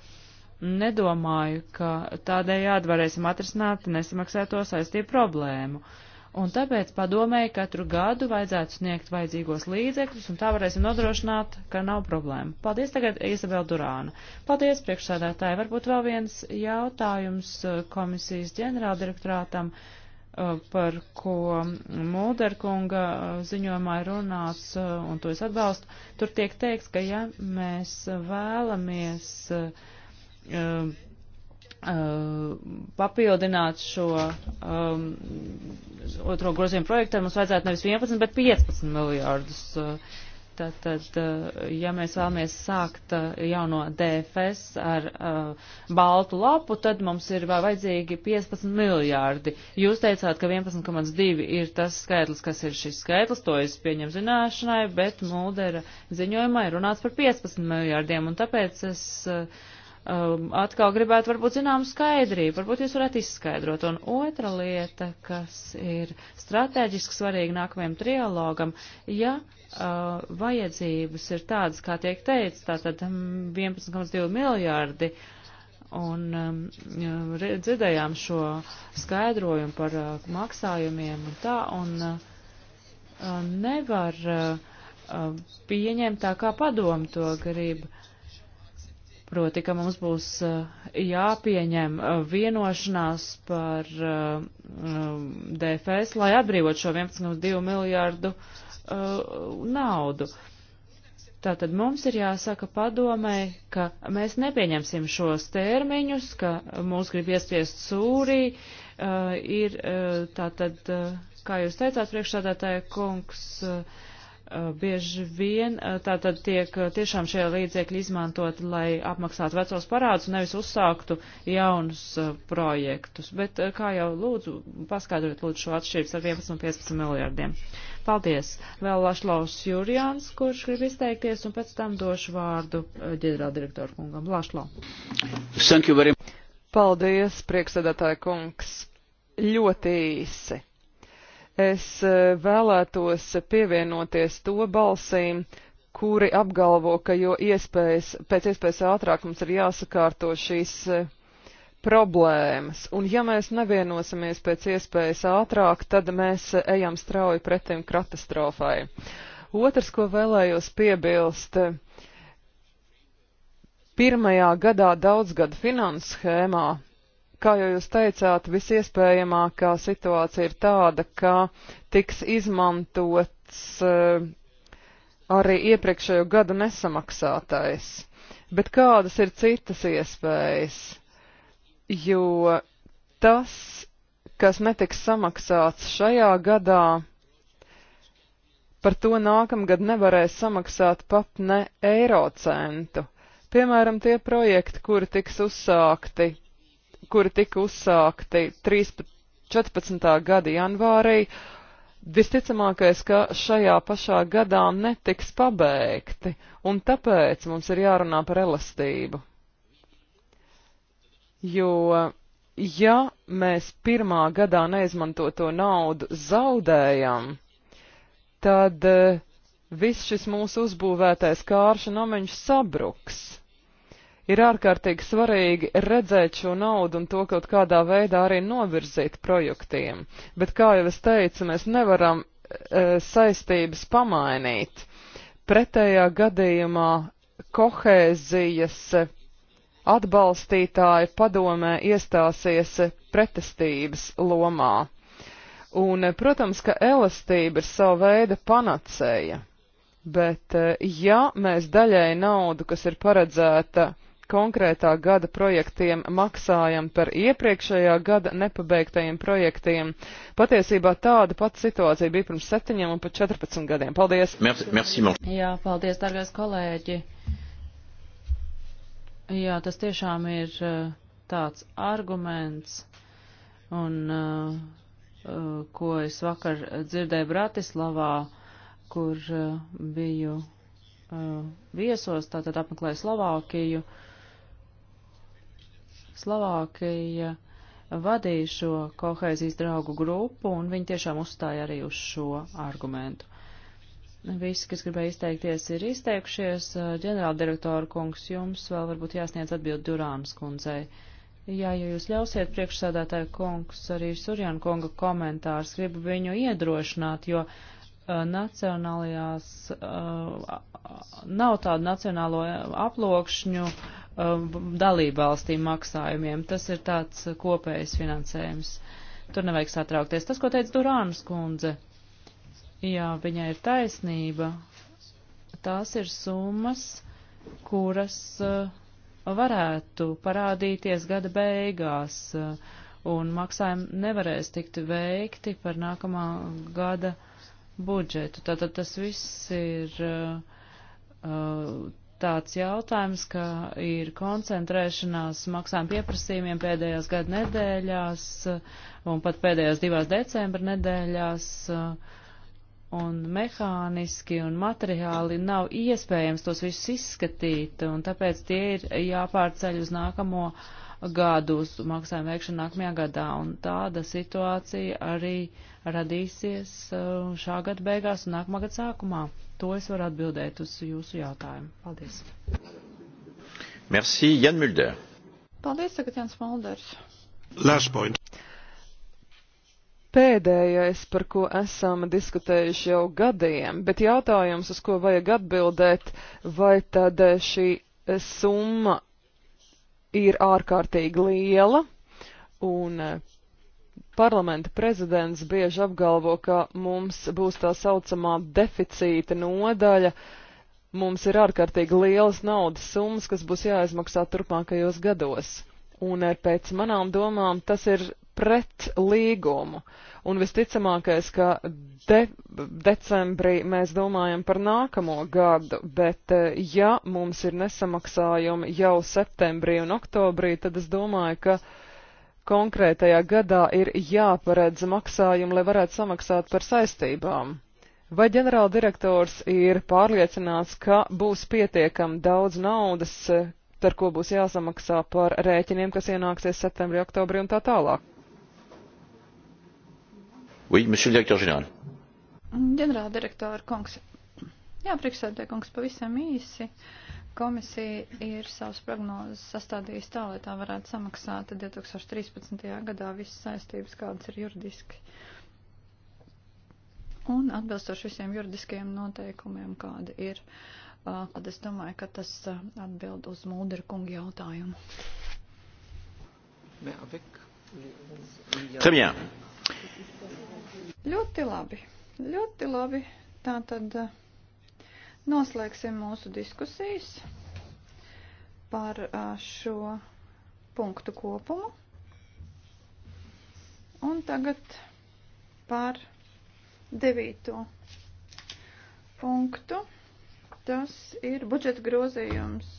nedomāju, ka tādējādi varēsim atrisināt nesamaksēto saistību problēmu. Uh, Un tāpēc padomēji katru gadu vajadzētu sniegt vajadzīgos līdzekļus, un tā varēsim nodrošināt, ka nav problēma. Paldies tagad Izabela Durāna. Paldies priekšsādātāji. Varbūt vēl viens jautājums uh, komisijas ģenerāldirektorātam, uh, par ko Mulderkunga uh, ziņojumā ir runāts, un to es atbalstu. Tur tiek teikts, ka ja mēs vēlamies Uh, papildināt šo um, otro grozījumu projektu, mums vajadzētu nevis 11, bet 15 miljārdus. Tātad, uh, uh, ja mēs vēlamies sākt jauno DFS ar uh, baltu lapu, tad mums ir vajadzīgi 15 miljārdi. Jūs teicāt, ka 11,2 ir tas skaitlis, kas ir šis skaitlis, to es pieņem zināšanai, bet Muldera ziņojumā ir runāts par 15 miljārdiem, un tāpēc es uh, um, atkal gribētu varbūt zinām skaidrību, varbūt jūs varētu izskaidrot. Un otra lieta, kas ir strateģiski svarīga nākamajam trialogam, ja uh, vajadzības ir tādas, kā tiek teicis, tātad 11,2 mm, miljārdi, un um, dzirdējām šo skaidrojumu par uh, maksājumiem un tā, un uh, nevar uh, uh pieņemt tā, kā padomu to grib. Uh, Proti, ka mums būs eh, jāpieņem eh, vienošanās par eh, DFS, lai atbrīvot šo 11,2 miljārdu naudu. Tātad mums ir jāsaka padomai, ka mēs nepieņemsim šos termiņus, ka mūs grib iespiest sūrī, uh, ir uh, tātad, uh, kā jūs teicāt, priekšsādātāja kungs, uh, Eh, bieži vien eh, tātad tiek eh, tiešām šie līdzekļi izmantot, lai apmaksātu vecos parādus, nevis uzsāktu jaunus projektus. Bet kā jau lūdzu, paskaidrot lūdzu šo atšķirības ar 11 un 15 miljardiem. Paldies. Vēl Lašlaus Jurjāns, kurš grib izteikties, un pēc tam došu vārdu ģenerāldirektoru kungam. Lašlau. Paldies, priekšsēdētāja kungs. Ļoti īsi Es e, vēlētos pievienoties to balsīm, kuri apgalvo, ka jo iespējas, pēc iespējas ātrāk mums ir jāsakārto šīs e, problēmas, un ja mēs nevienosimies pēc iespējas ātrāk, tad mēs ejam strauji pretim katastrofai. Otrs, ko vēlējos piebilst, pirmajā gadā daudzgada finanses schēmā kā jau jūs teicāt, visiespējamākā situācija ir tāda, ka tiks izmantots eh, arī iepriekšējo gadu nesamaksātais. Bet kādas ir citas iespējas? Jo tas, kas netiks samaksāts šajā gadā, par to nākamgad nevarēs samaksāt pat ne eiro centu. Piemēram, tie projekti, kuri tiks uzsākti kuri tika uzsākti 13, 14. gada janvārī, visticamākais, ka šajā pašā gadā netiks pabeigti, un tāpēc mums ir jārunā par elastību. Jo, ja mēs pirmā gadā neizmantoto naudu zaudējam, tad eh, viss šis mūsu uzbūvētais kārša nomiņš sabruks ir ārkārtīgi svarīgi redzēt šo naudu un to kaut kādā veidā arī novirzīt projektiem. Bet, kā jau es teicu, mēs nevaram e, saistības pamainīt. Pretējā gadījumā kohēzijas atbalstītāji padomē iestāsies pretestības lomā. Un, protams, ka elastība ir sava veida panacēja, bet e, ja mēs daļai naudu, kas ir paredzēta konkrētā gada projektiem maksājam par iepriekšējā gada nepabeigtajiem projektiem. Patiesībā tāda pati situācija bija pirms septiņiem un pat 14 gadiem. Paldies! Merci, merci, Jā, paldies, dargais kolēģi! Jā, tas tiešām ir eh, tāds arguments, un eh, eh, ko es vakar dzirdēju Bratislavā, kur biju viesos, tātad apmeklēju Slovākiju. Slovākija vadīja šo kohēzijas draugu grupu, un viņi tiešām uzstāja arī uz šo argumentu. Visi, kas gribēja izteikties, ir izteikušies. ģenerāldirektora kungs, jums vēl varbūt jāsniedz atbild Durāmas kundzei. Jā, ja jūs ļausiet priekšsādātāju kungs, arī Surjana kunga komentārs, gribu viņu iedrošināt, jo uh, nacionālajās, uh, nav tādu nacionālo uh, aplokšņu Um, dalībvalstīm maksājumiem. Tas ir tāds kopējs finansējums. Tur nevajag satraukties. Tas, ko teica Durānas kundze, jā, viņai ir taisnība. Tās ir summas, kuras uh, varētu parādīties gada beigās, uh, un maksājumi nevarēs tikt veikti par nākamā gada budžetu. Tātad tas viss ir. Uh, uh tāds jautājums, ka ir koncentrēšanās maksājuma pieprasījumiem pēdējās gada nedēļās uh, un pat pēdējās divās decembra nedēļās, uh, un mehāniski un materiāli nav iespējams tos visus izskatīt, un tāpēc tie ir jāpārceļ uz nākamo uh, gadus maksājumu veikšanu nākamajā gadā, un tāda situācija arī radīsies uh, šā gada beigās un nākamā gada sākumā. To es varu atbildēt uz jūsu jautājumu. Paldies. Merci, Jan Mulder. Paldies, tagad Jans Mulders. Last point pēdējais, par ko esam diskutējuši jau gadiem, bet jautājums, uz ko vajag atbildēt, vai tad šī summa ir ārkārtīgi liela, un eh, parlamenta prezidents bieži apgalvo, ka mums būs tā saucamā deficīta nodaļa, mums ir ārkārtīgi lielas naudas summas, kas būs jāizmaksā turpmākajos gados. Un eh, pēc manām domām tas ir pret līgumu. Un visticamākais, ka de, decembrī mēs domājam par nākamo gadu, bet eh, ja mums ir nesamaksājumi jau septembrī un oktobrī, tad es domāju, ka konkrētajā gadā ir jāparedz maksājumi, lai varētu samaksāt par saistībām. Vai ģenerāldirektors ir pārliecināts, ka būs pietiekami daudz naudas, eh, ar ko būs jāsamaksā par rēķiniem, kas ienāksies septembrī, oktobrī un tā tālāk? Oui, monsieur le directeur général. Ģenerāldirektora kungs. Jā, priekšsēdētāj kungs, pavisam īsi. Komisija ir savus prognozes sastādījusi tā, lai tā varētu samaksāt 2013. gadā visas saistības, kādas ir juridiski. Un atbilstoši visiem juridiskajiem noteikumiem, kāda ir. Tad es domāju, ka tas atbild uz Mūdera kunga jautājumu. Très bien. Ļoti labi. Ļoti labi. Tā tad eh, noslēgsim mūsu diskusijas par eh, šo punktu kopumu. Un tagad par devīto punktu. Tas ir budžeta grozījums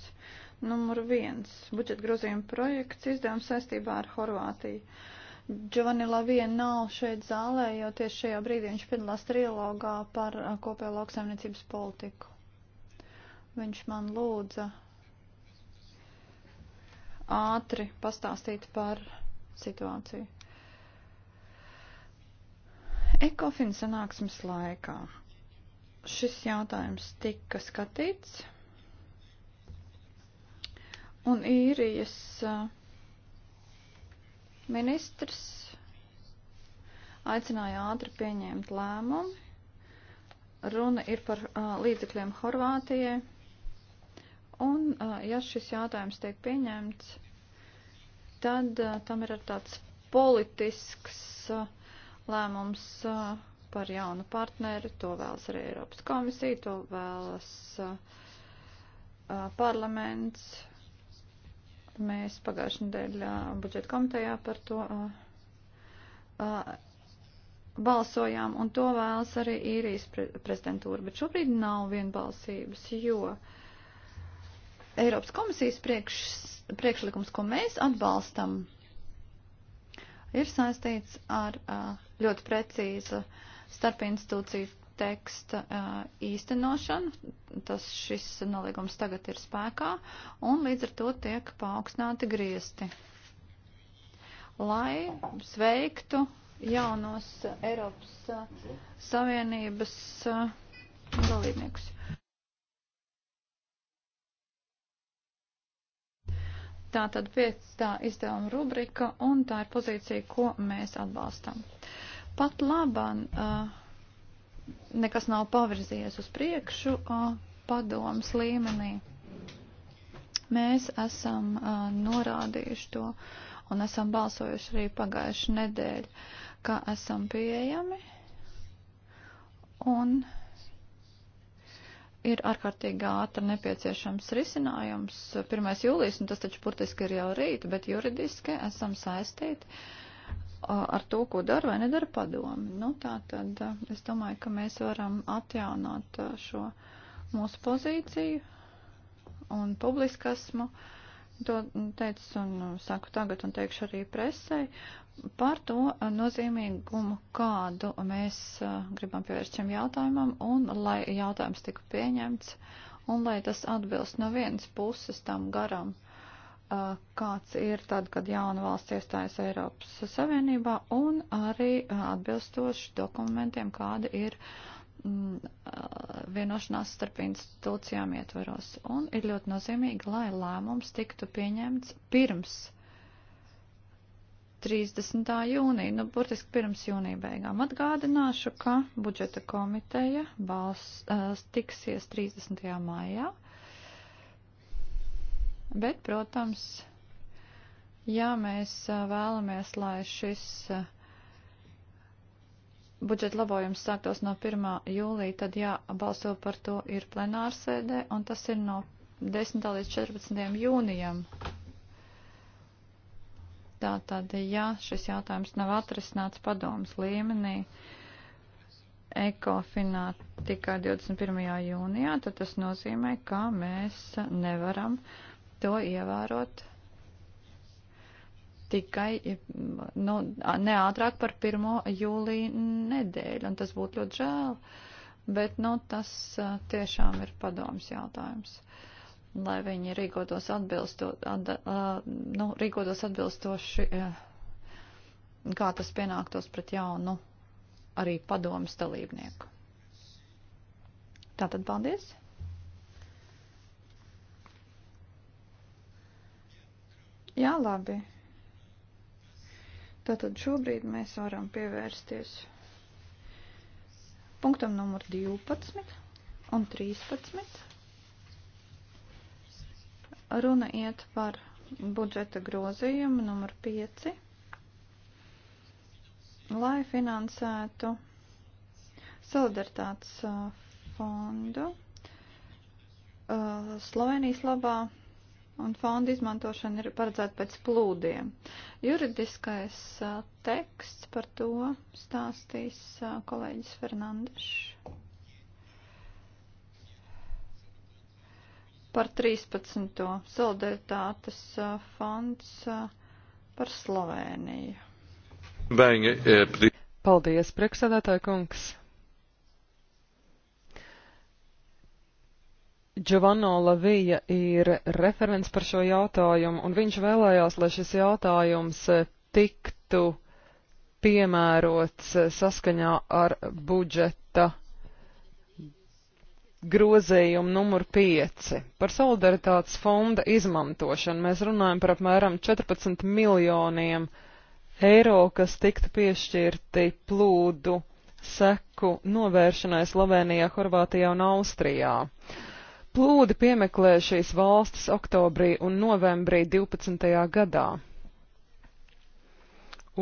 numur viens. Budžeta grozījuma projekts izdevums saistībā ar Horvātiju. Uh, Giovanni Lavija nav šeit zālē, jo tieši šajā brīdī viņš piedalās trilogā par uh, kopējo lauksaimniecības politiku. Viņš man lūdza ātri pastāstīt par situāciju. Ekofin sanāksmes laikā šis jautājums tika skatīts, un īrijas uh, Ministrs aicināja ātri pieņemt lēmumu. Runa ir par uh, līdzekļiem Horvātijai. Un, uh, ja šis jautājums tiek pieņemts, tad uh, tam ir tāds politisks uh, lēmums uh, par jaunu partneri. To vēlas arī Eiropas komisija, to vēlas uh, uh, parlaments. Uh, Mēs pagājušajā nedēļā budžeta komitejā par to uh, uh, balsojām, un to vēlas arī īrijas pre prezidentūra, bet šobrīd nav vienbalsības, jo Eiropas komisijas priekš, priekšlikums, ko mēs atbalstam, ir saistīts ar uh, ļoti precīzu starpinstitūciju teksta īstenošanu. Tas šis nolīgums tagad ir spēkā un līdz ar to tiek paaugstināti griesti. Lai sveiktu jaunos Eiropas Savienības dalībniekus. Tā tad piecā izdevuma rubrika, un tā ir pozīcija, ko mēs atbalstam. Pat labam uh, nekas nav pavirzies uz priekšu padomas līmenī. Mēs esam norādījuši to un esam balsojuši arī pagājuši nedēļu, ka esam pieejami un ir ārkārtīgi ātri nepieciešams risinājums 1. jūlijas, un tas taču burtiski ir jau rīt, bet juridiski esam saistīti uh, ar to, ko dara vai nedara padomi. Nu, tā tad es domāju, ka mēs varam atjaunot šo mūsu pozīciju un publiskasmu. To teicu un saku tagad un teikšu arī presai par to nozīmīgumu, kādu mēs gribam pievērst šim jautājumam un lai jautājums tika pieņemts un lai tas atbilst no vienas puses tam garam, kāds ir tad, kad jauna valsts iestājas Eiropas Savienībā un arī atbilstoši dokumentiem, kāda ir mm, vienošanās starp institūcijām ietveros. Un ir ļoti nozīmīgi, lai lēmums tiktu pieņemts pirms 30. jūnija, nu, burtiski pirms jūnija beigām. Atgādināšu, ka budžeta komiteja balss tiksies 30. maijā Bet, protams, ja mēs vēlamies, lai šis budžeta labojums sāktos no 1. jūlija, tad jābalso par to ir plenārsēdē, un tas ir no 10. līdz 14. jūnijam. Tātad, ja šis jautājums nav atrisināts padomas līmenī, ekofinā tikai 21. jūnijā, tad tas nozīmē, ka mēs nevaram uh, to ievērot tikai nu, ne ātrāk par 1. jūliju nedēļu, un tas būtu ļoti žēl, bet nu, tas eh, tiešām ir padoms jautājums, lai viņi rīkotos, atbilsto, ad, eh, nu, rīkotos atbilstoši, eh, kā tas pienāktos pret jaunu arī padomas dalībnieku. Tātad paldies! Jā, labi. Tātad šobrīd mēs varam pievērsties punktam numur 12 un 13. Runa iet par budžeta grozījumu numur 5, lai finansētu solidaritātes uh, fondu uh, Slovenijas labā un fonda izmantošana ir paredzēta pēc plūdiem. Juridiskais a, teksts par to stāstīs a, kolēģis Fernandešs. Par 13. solidaritātes a, fonds par Slovēniju. Paldies, priekšsēdētāja kungs! Giovanno Lavija ir referents par šo jautājumu, un viņš vēlējās, lai šis jautājums eh, tiktu piemērots eh, saskaņā ar budžeta grozījumu numur 5. Par solidaritātes fonda izmantošanu mēs runājam par apmēram 14 miljoniem eiro, kas tiktu piešķirti plūdu seku novēršanai Slovenijā, Horvātijā un Austrijā. Uh, plūdi piemeklē šīs valstis oktobrī un novembrī 12. gadā.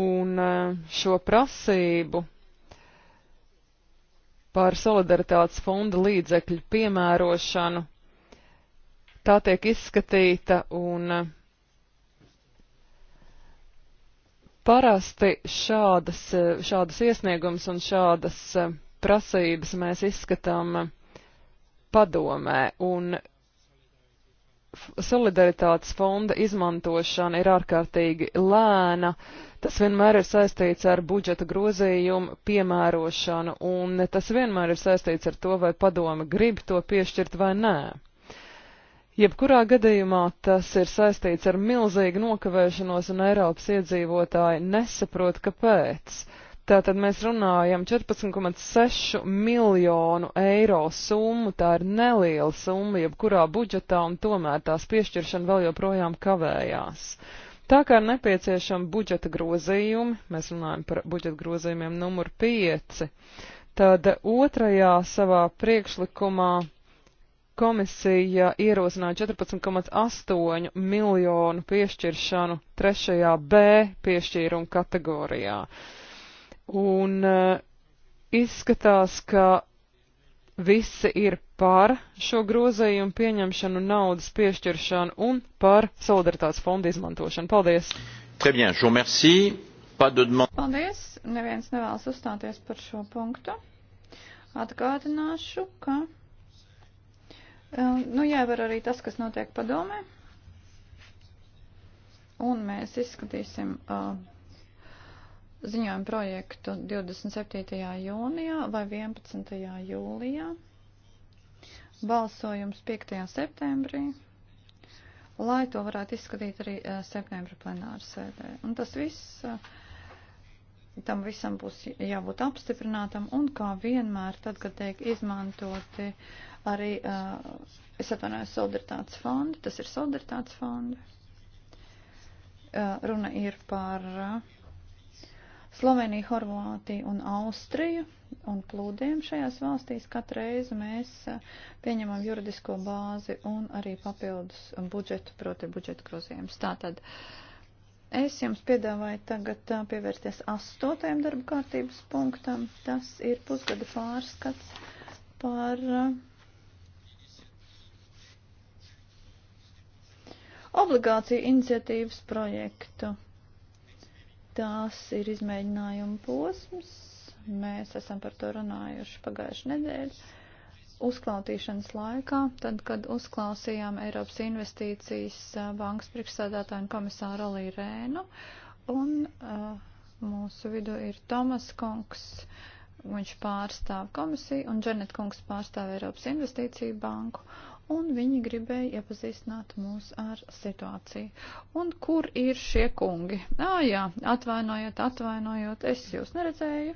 Un e, šo prasību par solidaritātes fonda līdzekļu piemērošanu. Tā tiek izskatīta un e, parasti šādas, e, šādas iesniegums un šādas prasības mēs izskatām padomē, un solidaritātes fonda izmantošana ir ārkārtīgi lēna. Tas vienmēr ir saistīts ar budžeta grozījumu piemērošanu, un tas vienmēr ir saistīts ar to, vai padome grib to piešķirt vai nē. Jebkurā gadījumā tas ir saistīts ar milzīgu nokavēšanos, un Eiropas iedzīvotāji nesaprot, kāpēc. Ka Tātad mēs runājam 14,6 miljonu eiro summu, tā ir neliela summa jebkurā budžetā, un tomēr tās piešķiršana vēl joprojām kavējās. Tā kā ir nepieciešama budžeta grozījumi, mēs runājam par budžeta grozījumiem numur 5, tad otrajā savā priekšlikumā komisija ierosināja 14,8 miljonu piešķiršanu trešajā B piešķīrumu kategorijā. Uh, un eh, izskatās, ka visi ir par šo grozējumu pieņemšanu, naudas piešķiršanu un par solidaritātes fondu izmantošanu. Paldies! Très bien, je vous remercie. Pas de demande. Paldies! Neviens nevēlas uzstāties par šo punktu. Atgādināšu, ka. Eh, nu, jāievēr arī tas, kas notiek padomē. Un mēs izskatīsim uh, ziņojumu projektu 27. jūnijā vai 11. jūlijā, balsojums 5. septembrī, lai to varētu izskatīt arī eh, septembra plenāra sēdē. Un tas viss eh, tam visam būs jābūt apstiprinātam, un kā vienmēr, tad, kad tiek izmantoti arī, uh, es atvainojos, solidaritātes fondi, tas ir solidaritātes fondi. Uh, runa ir par uh, Sloveniju, Horvātiju un Austriju un plūdiem šajās valstīs katru reizi mēs eh, pieņemam juridisko bāzi un arī papildus budžetu, proti budžetu grozījumus. Tātad es jums piedāvāju tagad eh, pievērsties astotajam darba kārtības punktam. Tas ir pusgada pārskats par eh, obligāciju iniciatīvas projektu Tās ir izmēģinājuma posms. Mēs esam par to runājuši pagājuši nedēļu. Uzklausīšanas laikā, tad, kad uzklausījām Eiropas investīcijas eh, bankas priekšsādātāju un komisāru Alī Rēnu, un uh, mūsu vidu ir Tomas Kungs, viņš pārstāv komisiju, un Dženet Kungs pārstāv Eiropas investīciju banku, un viņi gribēja iepazīstināt mūs ar situāciju. Un kur ir šie kungi? Ā, jā, atvainojiet, atvainojiet, es jūs neredzēju,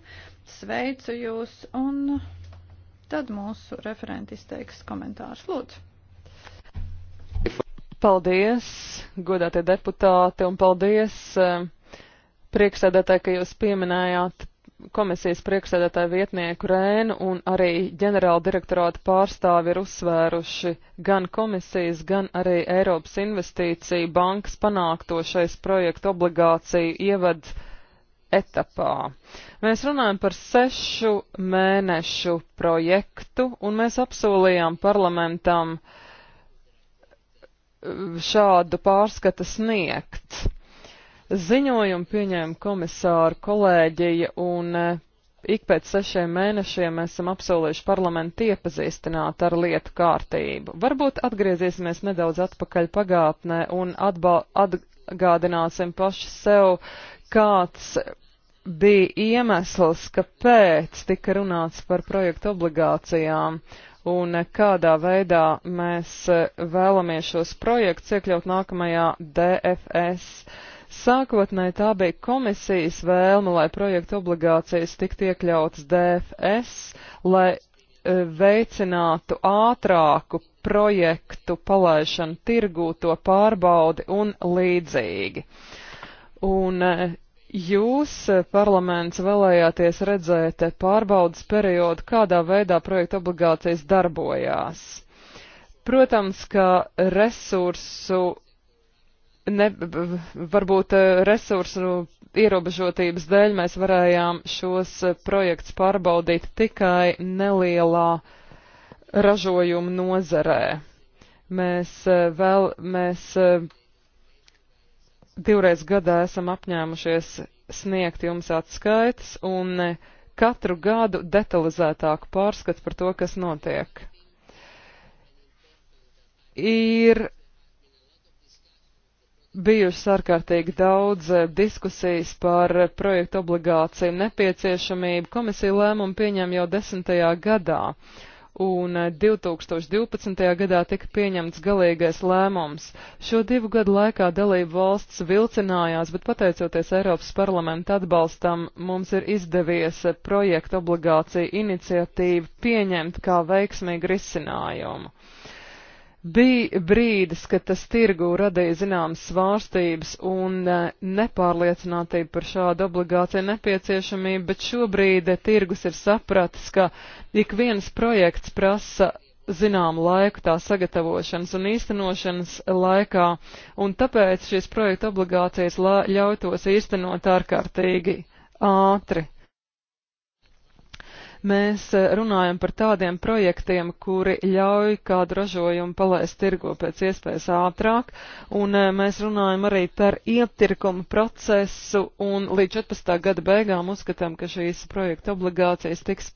sveicu jūs, un tad mūsu referenti izteiks komentārus. Lūdzu! Paldies, godātie deputāti, un paldies eh, priekšsēdētāji, ka jūs pieminējāt komisijas priekšsēdētāju vietnieku Rēnu un arī ģenerāla direktorāta pārstāvi ir uzsvēruši gan komisijas, gan arī Eiropas investīcija bankas panāktošais projektu obligāciju ievad etapā. Mēs runājam par sešu mēnešu projektu un mēs apsolījām parlamentam šādu pārskatu sniegt Ziņojumu pieņēma komisāra kolēģija un e, ik pēc sešiem mēnešiem mēs esam apsolījuši parlamentu iepazīstināt ar lietu kārtību. Varbūt atgriezīsimies nedaudz atpakaļ pagātnē un atgādināsim paši sev, kāds bija iemesls, kāpēc tika runāts par projektu obligācijām un e, kādā veidā mēs e, vēlamies šos projektus iekļaut nākamajā DFS. Uh, Sākotnēji tā bija komisijas vēlme, lai projektu obligācijas tiktu iekļautas DFS, lai e, veicinātu ātrāku projektu palaišanu tirgū, to pārbaudi un līdzīgi. Un e, Jūs, e, parlaments, vēlējāties redzēt pārbaudas periodu, kādā veidā projekta obligācijas darbojās. Protams, ka resursu ne, varbūt eh, resursu ierobežotības dēļ mēs varējām šos eh, projekts pārbaudīt tikai nelielā ražojuma nozarē. Mēs eh, vēl, mēs divreiz gadā esam apņēmušies sniegt jums atskaitas un katru gadu detalizētāku pārskatu par to, kas notiek. Ir bijušas ārkārtīgi daudz eh, diskusijas par eh, projektu obligāciju nepieciešamību. Komisija lēmumu pieņem jau desmitajā gadā, un 2012. Eh, gadā tika pieņemts galīgais lēmums. Šo divu gadu laikā dalību valsts vilcinājās, bet pateicoties Eiropas parlamenta atbalstam, mums ir izdevies projektu obligāciju iniciatīvu pieņemt kā veiksmīgu risinājumu. Uh, Bija brīdis, kad tas tirgu radīja zināmas svārstības un e, nepārliecinātību par šādu obligāciju nepieciešamību, bet šobrīd e, tirgus ir sapratis, ka ik viens projekts prasa zināmu laiku tā sagatavošanas un īstenošanas laikā, un tāpēc šīs projekta obligācijas ļauj tos īstenot ārkārtīgi ātri. Mēs eh, runājam par tādiem projektiem, kuri ļauj kādu ražojumu palaist tirgo pēc iespējas ātrāk, un eh, mēs runājam arī par iepirkumu procesu, un līdz 14. gada beigām uzskatām, ka šīs projekta obligācijas tiks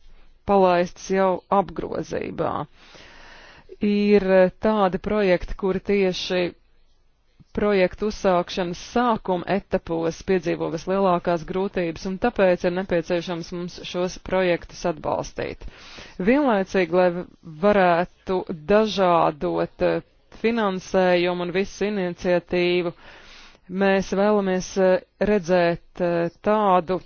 palaists jau apgrozībā. Ir eh, tādi projekti, kuri tieši projektu uzsākšanas sākuma etapos piedzīvo vislielākās grūtības, un tāpēc ir nepieciešams mums šos projektus atbalstīt. Vienlaicīgi, lai varētu dažādot eh, finansējumu un visu iniciatīvu, mēs vēlamies eh, redzēt eh, tādu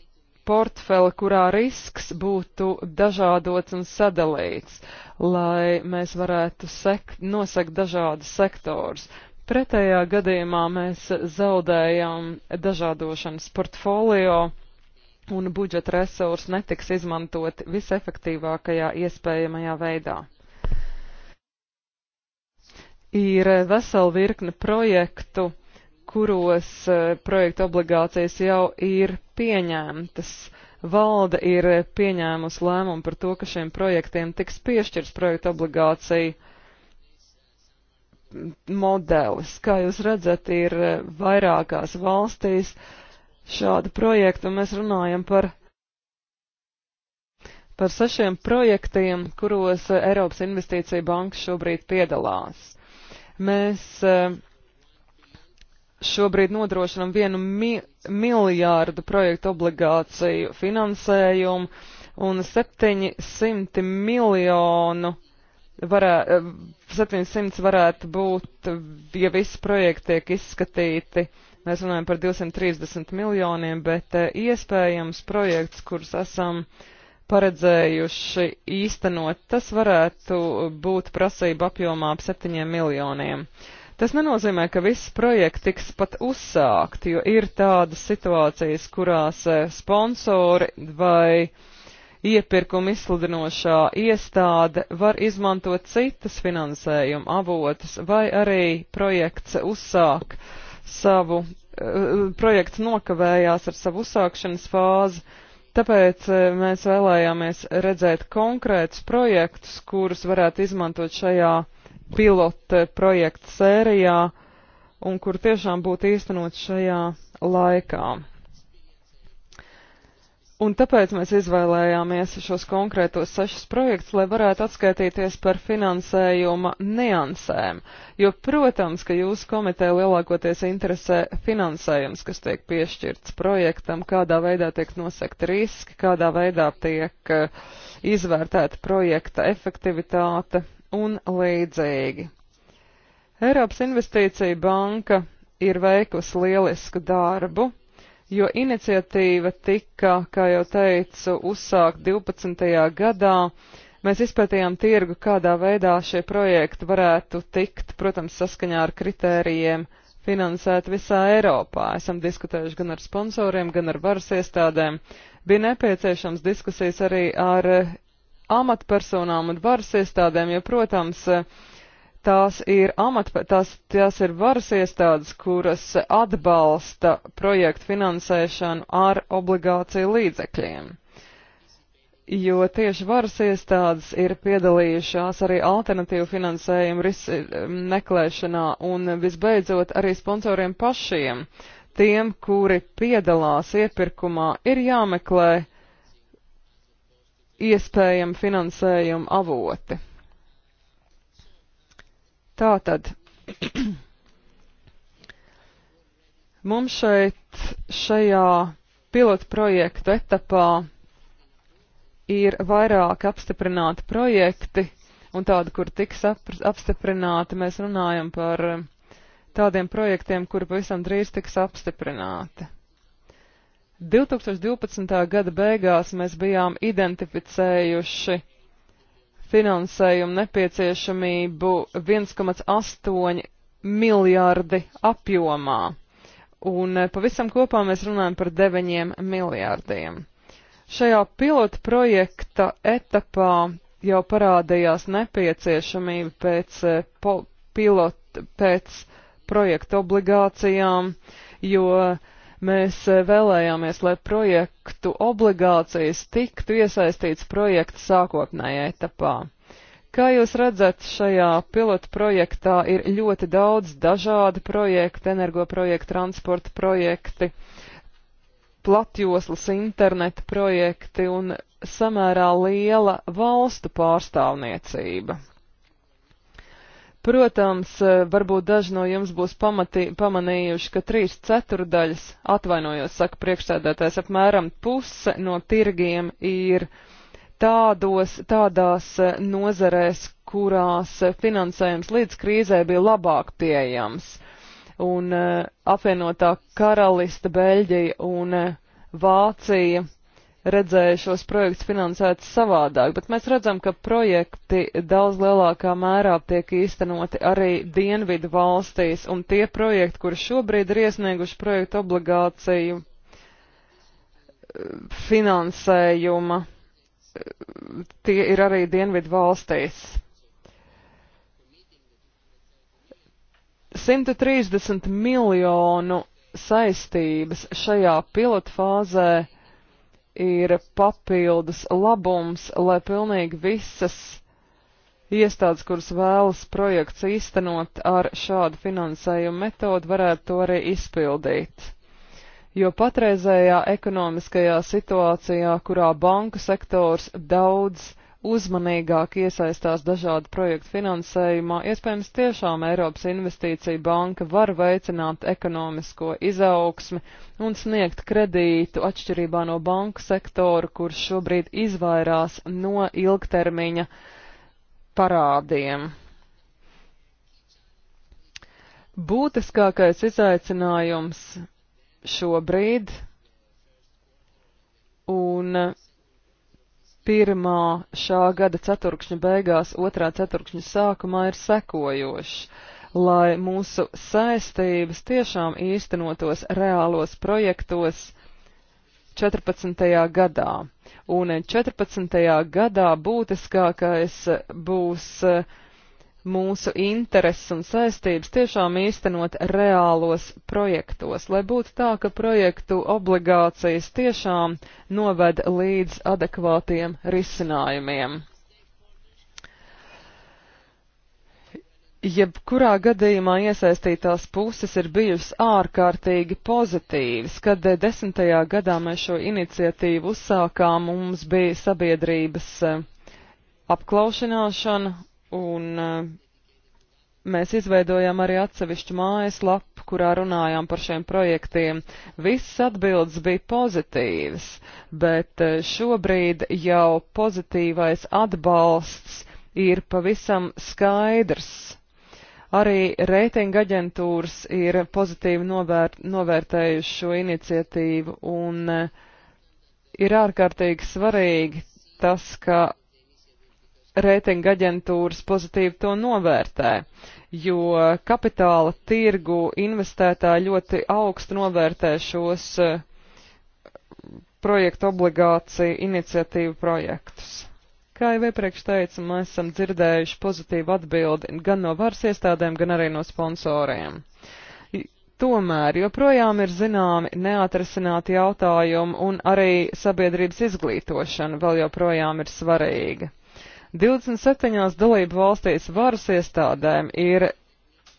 portfeli, kurā risks būtu dažādots un sadalīts, lai mēs varētu sekt, nosekt dažādas sektors. Pretējā gadījumā mēs zaudējam dažādošanas portfolio un budžeta resursi netiks izmantoti visefektīvākajā iespējamajā veidā. Ir vesela virkne projektu, kuros eh, projektu obligācijas jau ir pieņemtas. Valde ir pieņēmusi lēmumu par to, ka šiem projektiem tiks piešķirs projektu obligācija modelis. Kā jūs redzat, ir e, vairākās valstīs šādi projekti, un mēs runājam par, par sešiem projektiem, kuros e, Eiropas Investīcija Banka šobrīd piedalās. Mēs e, šobrīd nodrošinam vienu mi miljārdu projektu obligāciju finansējumu un 700 miljonu varē, 700 eh, varētu būt, eh, ja visi projekti tiek izskatīti. Mēs runājam par 230 miljoniem, bet eh, iespējams projekts, kurus esam paredzējuši īstenot, tas varētu būt prasība apjomā ap 7 miljoniem. Tas nenozīmē, ka viss projekts tiks pat uzsākt, jo ir tādas situācijas, kurās sponsori vai uh, iepirkuma izsludinošā iestāde var izmantot citas finansējuma avotus, vai arī projekts uzsāk savu, eh, projekts nokavējās ar savu uzsākšanas fāzi. Tāpēc eh, mēs vēlējāmies redzēt konkrētus projektus, kurus varētu izmantot šajā pilota projekta sērijā un kur tiešām būtu īstenot šajā laikā. Un tāpēc mēs izvēlējāmies šos konkrētos sešus projektus, lai varētu atskaitīties par finansējuma niansēm. Jo, protams, ka jūsu komiteja lielākoties interesē finansējums, kas tiek piešķirts projektam, kādā veidā tiek nosekta riski, kādā veidā tiek eh, izvērtēta projekta efektivitāte un līdzīgi. Eiropas Investīcija banka ir veikusi lielisku darbu jo iniciatīva tika, kā jau teicu, uzsākt 12. gadā. Mēs izpētījām tirgu, kādā veidā šie projekti varētu tikt, protams, saskaņā ar kritērijiem finansēt visā Eiropā. Esam diskutējuši gan ar sponsoriem, gan ar varas iestādēm. Bija nepieciešams diskusijas arī ar eh, amatpersonām un varas iestādēm, jo, protams, uh, Tās ir, amat, tās, tās ir varas iestādes, kuras atbalsta projektu finansēšanu ar obligāciju līdzekļiem jo tieši varas iestādes ir piedalījušās arī alternatīvu finansējumu risi, meklēšanā un visbeidzot arī sponsoriem pašiem. Tiem, kuri piedalās iepirkumā, ir jāmeklē iespējami finansējuma avoti. Tātad mums šeit šajā pilotprojektu etapā ir vairāk apstiprināti projekti un tādi, kur tiks apstiprināti, mēs runājam par eh, tādiem projektiem, kuri pavisam drīz tiks apstiprināti. 2012. gada beigās mēs bijām identificējuši finansējumu nepieciešamību 1,8 miljārdi apjomā. Un eh, pavisam kopā mēs runājam par 9 miljārdiem. Šajā pilota projekta etapā jau parādījās nepieciešamība pēc eh, po, pilota, pēc projekta obligācijām, jo uh, Mēs eh, vēlējāmies, lai projektu obligācijas tiktu iesaistīts projekta sākotnējā etapā. Kā jūs redzat, šajā pilotu projektā ir ļoti daudz dažādi projekti, energoprojekti, transporta projekti, platjoslas interneta projekti un samērā liela valstu pārstāvniecība. Protams, e, varbūt daži no jums būs pamatī, pamanījuši, ka trīs ceturdaļas, atvainojos, saka priekšsēdētājs, apmēram puse no tirgiem ir tādos, tādās e, nozarēs, kurās finansējums līdz krīzē bija labāk pieejams. Un e, apvienotā karalista, Beļģija un Vācija redzēju šos projektus finansētus savādāk, bet mēs redzam, ka projekti daudz lielākā mērā tiek īstenoti arī dienvidu valstīs, un tie projekti, kuri šobrīd ir iesnieguši projektu obligāciju eh, finansējuma, eh, tie ir arī dienvidu valstīs. 130 miljonu saistības šajā pilotfāzē ir papildus labums, lai pilnīgi visas iestādes, kuras vēlas projekts īstenot ar šādu finansējumu metodu, varētu to arī izpildīt. Jo patreizējā ekonomiskajā situācijā, kurā banku sektors daudz uzmanīgāk iesaistās dažādu projektu finansējumā, iespējams tiešām Eiropas investīcija banka var veicināt ekonomisko izaugsmi un sniegt kredītu atšķirībā no banku sektora, kurš šobrīd izvairās no ilgtermiņa parādiem. Būtiskākais izaicinājums šobrīd un pirmā šā gada ceturkšņa beigās, otrā ceturkšņa sākumā ir sekojošs, lai mūsu saistības tiešām īstenotos reālos projektos 14. gadā. Un 14. gadā būtiskākais būs uh, mūsu intereses un saistības tiešām īstenot reālos projektos, lai būtu tā, ka projektu obligācijas tiešām noved līdz adekvātiem risinājumiem. jebkurā gadījumā iesaistītās puses ir bijusi ārkārtīgi pozitīvas. Kad desmitajā gadā mēs šo iniciatīvu uzsākām, mums bija sabiedrības eh, apklaušanāšana Un eh, mēs izveidojām arī atsevišķu mājaslapu, kurā runājām par šiem projektiem. Viss atbildes bija pozitīvas, bet eh, šobrīd jau pozitīvais atbalsts ir pavisam skaidrs. Arī reitinga aģentūras ir pozitīvi novērt, novērtējuši šo iniciatīvu un eh, ir ārkārtīgi svarīgi tas, ka reitinga aģentūras pozitīvi to novērtē, jo kapitāla tirgu investētāji ļoti augstu novērtē šos eh, projektu obligāciju iniciatīvu projektus. Kā jau iepriekš teicu, mēs esam dzirdējuši pozitīvu atbildi gan no varas iestādēm, gan arī no sponsoriem. Tomēr joprojām ir zināmi neatrisināti jautājumi, un arī sabiedrības izglītošana vēl joprojām ir svarīga. 27 dalību valstīs varas iestādēm ir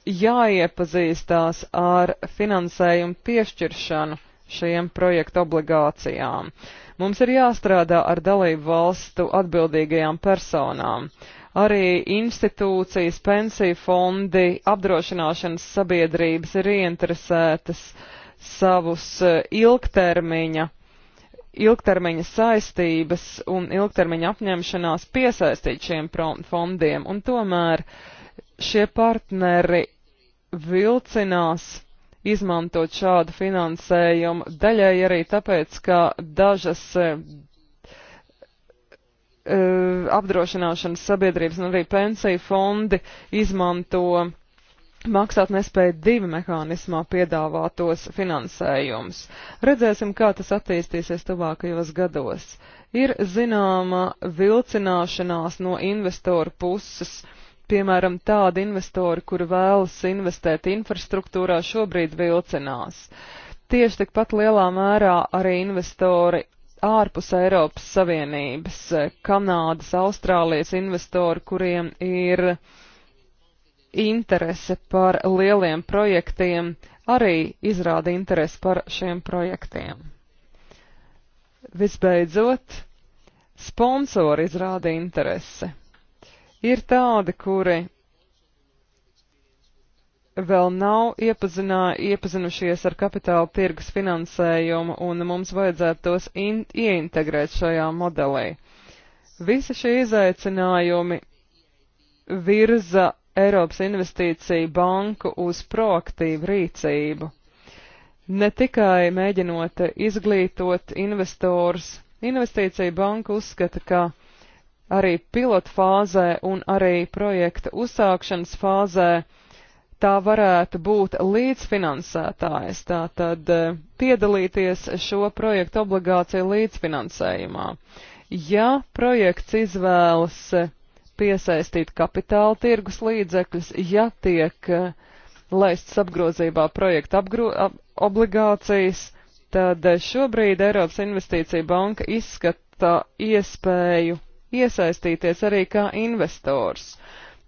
jāiepazīstās ar finansējumu piešķiršanu šiem projektu obligācijām. Mums ir jāstrādā ar dalību valstu atbildīgajām personām. Arī institūcijas, pensiju fondi, apdrošināšanas sabiedrības ir ieinteresētas savus eh, ilgtermiņa ilgtermiņa saistības un ilgtermiņa apņemšanās piesaistīt šiem fondiem, un tomēr šie partneri vilcinās izmantot šādu finansējumu, daļai arī tāpēc, ka dažas e, e, apdrošināšanas sabiedrības un arī pensiju fondi izmanto maksātnespēja divi mehānismā piedāvātos finansējums. Redzēsim, kā tas attīstīsies tuvākajos gados. Ir zināma vilcināšanās no investoru puses. Piemēram, tādi investori, kuri vēlas investēt infrastruktūrā, šobrīd vilcinās. Tieši tikpat lielā mērā arī investori ārpus Eiropas Savienības, Kanādas, Austrālijas investori, kuriem ir uh, interese par lieliem projektiem arī izrāda interesi par šiem projektiem. Visbeidzot, sponsori izrāda interesi. Ir tādi, kuri vēl nav iepazinā, iepazinušies ar kapitāla tirgus finansējumu, un mums vajadzētu tos in, ieintegrēt šajā modelī. Visi šie izaicinājumi virza Eiropas investīciju banku uz proaktīvu rīcību. Ne tikai mēģinot izglītot investors, investīcija banka uzskata, ka arī pilotfāzē un arī projekta uzsākšanas fāzē tā varētu būt līdzfinansētājs, tātad eh, piedalīties šo projektu obligāciju līdzfinansējumā. Ja projekts izvēlas piesaistīt kapitāla tirgus līdzekļus, ja tiek eh, laists apgrozībā projekta apgro, ab, obligācijas, tad eh, šobrīd Eiropas Investīcija banka izskata iespēju iesaistīties arī kā investors.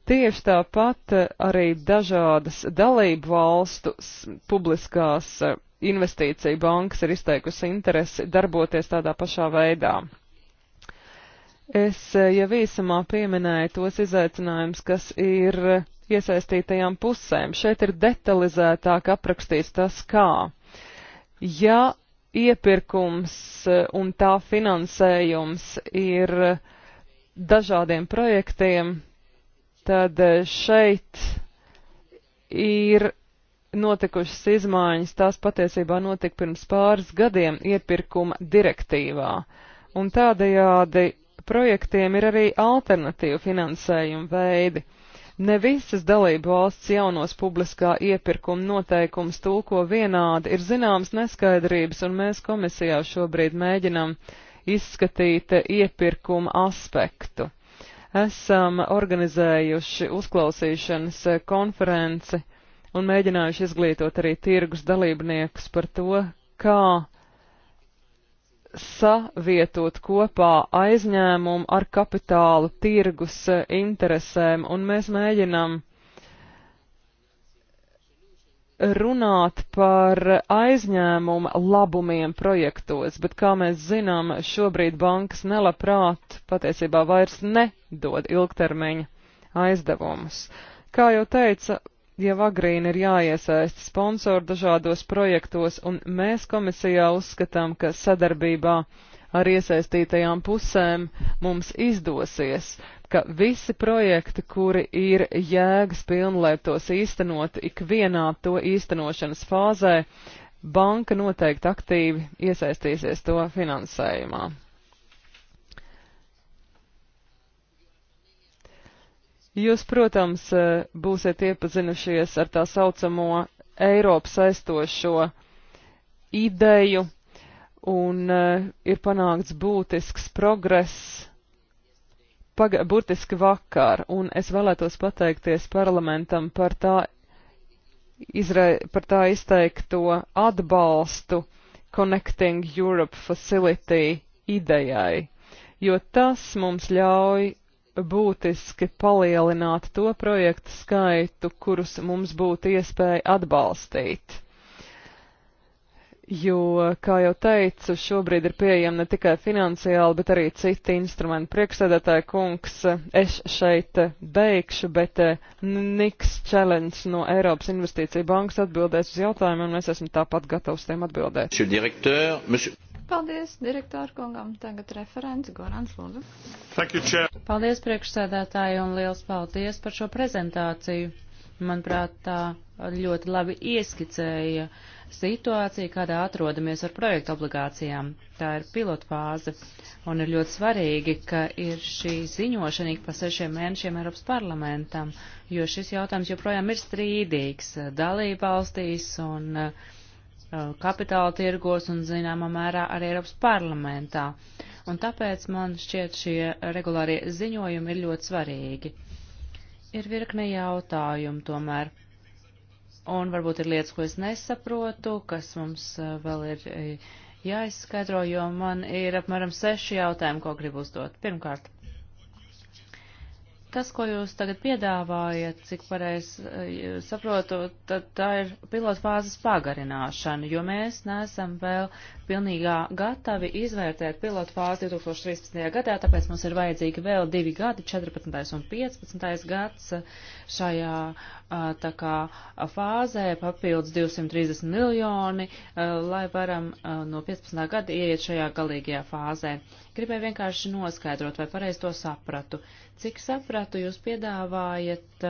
Tieši tāpat eh, arī dažādas dalību valstu publiskās investīcija bankas ir izteikusi interesi darboties tādā pašā veidā. Es eh, jau īsumā pieminēju tos izaicinājumus, kas ir eh, iesaistītajām pusēm. Šeit ir detalizētāk aprakstīts tas, kā. Ja iepirkums eh, un tā finansējums ir dažādiem projektiem, tad šeit ir notikušas izmaiņas, tās patiesībā notika pirms pāris gadiem iepirkuma direktīvā. Un tādējādi projektiem ir arī alternatīva finansējuma veidi. Ne visas dalību valsts jaunos publiskā iepirkuma noteikums tulko vienādi, ir zināmas neskaidrības, un mēs komisijā šobrīd mēģinam izskatīt iepirkuma aspektu. Esam organizējuši uzklausīšanas konferenci un mēģinājuši izglītot arī tirgus dalībniekus par to, kā savietot kopā aizņēmumu ar kapitālu tirgus e, interesēm, un mēs mēģinam runāt par aizņēmumu labumiem projektos, bet, kā mēs zinām, šobrīd bankas nelabprāt patiesībā vairs nedod ilgtermiņa aizdevumus. Kā jau teica jau agrīni ir jāiesaista sponsori dažādos projektos, un mēs komisijā uzskatām, ka sadarbībā ar iesaistītajām pusēm mums izdosies, ka visi projekti, kuri ir jēgas pilni, lai tos īstenot ikvienā to īstenošanas fāzē, banka noteikti aktīvi iesaistīsies to finansējumā. Jūs, protams, e, būsiet iepazinušies ar tā saucamo Eiropas aizstošo ideju, un e, ir panākts būtisks progress paga, burtiski vakar, un es vēlētos pateikties parlamentam par tā, izra, par tā izteikto atbalstu Connecting Europe Facility idejai, jo tas mums ļauj būtiski palielināt to projektu skaitu, kurus mums būtu iespēja atbalstīt. Jo, kā jau teicu, šobrīd ir pieejama ne tikai finansiāli, bet arī citi instrumenti. Priekšsēdētāja kungs, es šeit beigšu, bet eh, Niks Čelens no Eiropas Investīcija bankas atbildēs uz jautājumiem, un mēs esam tāpat gatavi uz tiem atbildēt. Monsieur direktor, monsieur... Paldies direktoru kungam. Tagad referents Gorans Lūdzu. Thank you, chair. Paldies priekšsēdētāji un liels paldies par šo prezentāciju. Manuprāt, tā ļoti labi ieskicēja situāciju, kādā atrodamies ar projektu obligācijām. Tā ir pilotfāze un ir ļoti svarīgi, ka ir šī ziņošana ik pa sešiem mēnešiem Eiropas parlamentam, jo šis jautājums joprojām ir strīdīgs dalībvalstīs un uh, Uh, kapitāla tirgos un zināmā mērā arī Eiropas parlamentā. Un tāpēc man šķiet šie regulārie ziņojumi ir ļoti svarīgi. Ir virkne jautājumu tomēr. Un varbūt ir lietas, ko es nesaprotu, kas mums uh, vēl ir uh, jāizskaidro, jo man ir apmēram seši jautājumi, ko gribu uzdot. Pirmkārt, Tas, ko jūs tagad piedāvājat, cik pareizi eh, saprotu, tad tā ir pilots fāzes pagarināšana, jo mēs neesam vēl pilnīgā gatavi izvērtēt pilotu fāzi 2013. gadā, tāpēc mums ir vajadzīgi vēl divi gadi, 14. un 15. gads eh, šajā uh, tā kā fāzē papildus 230 miljoni, lai varam no 15. gada ieiet šajā galīgajā fāzē. Gribēju vienkārši noskaidrot, vai pareiz to sapratu. Cik sapratu, jūs piedāvājat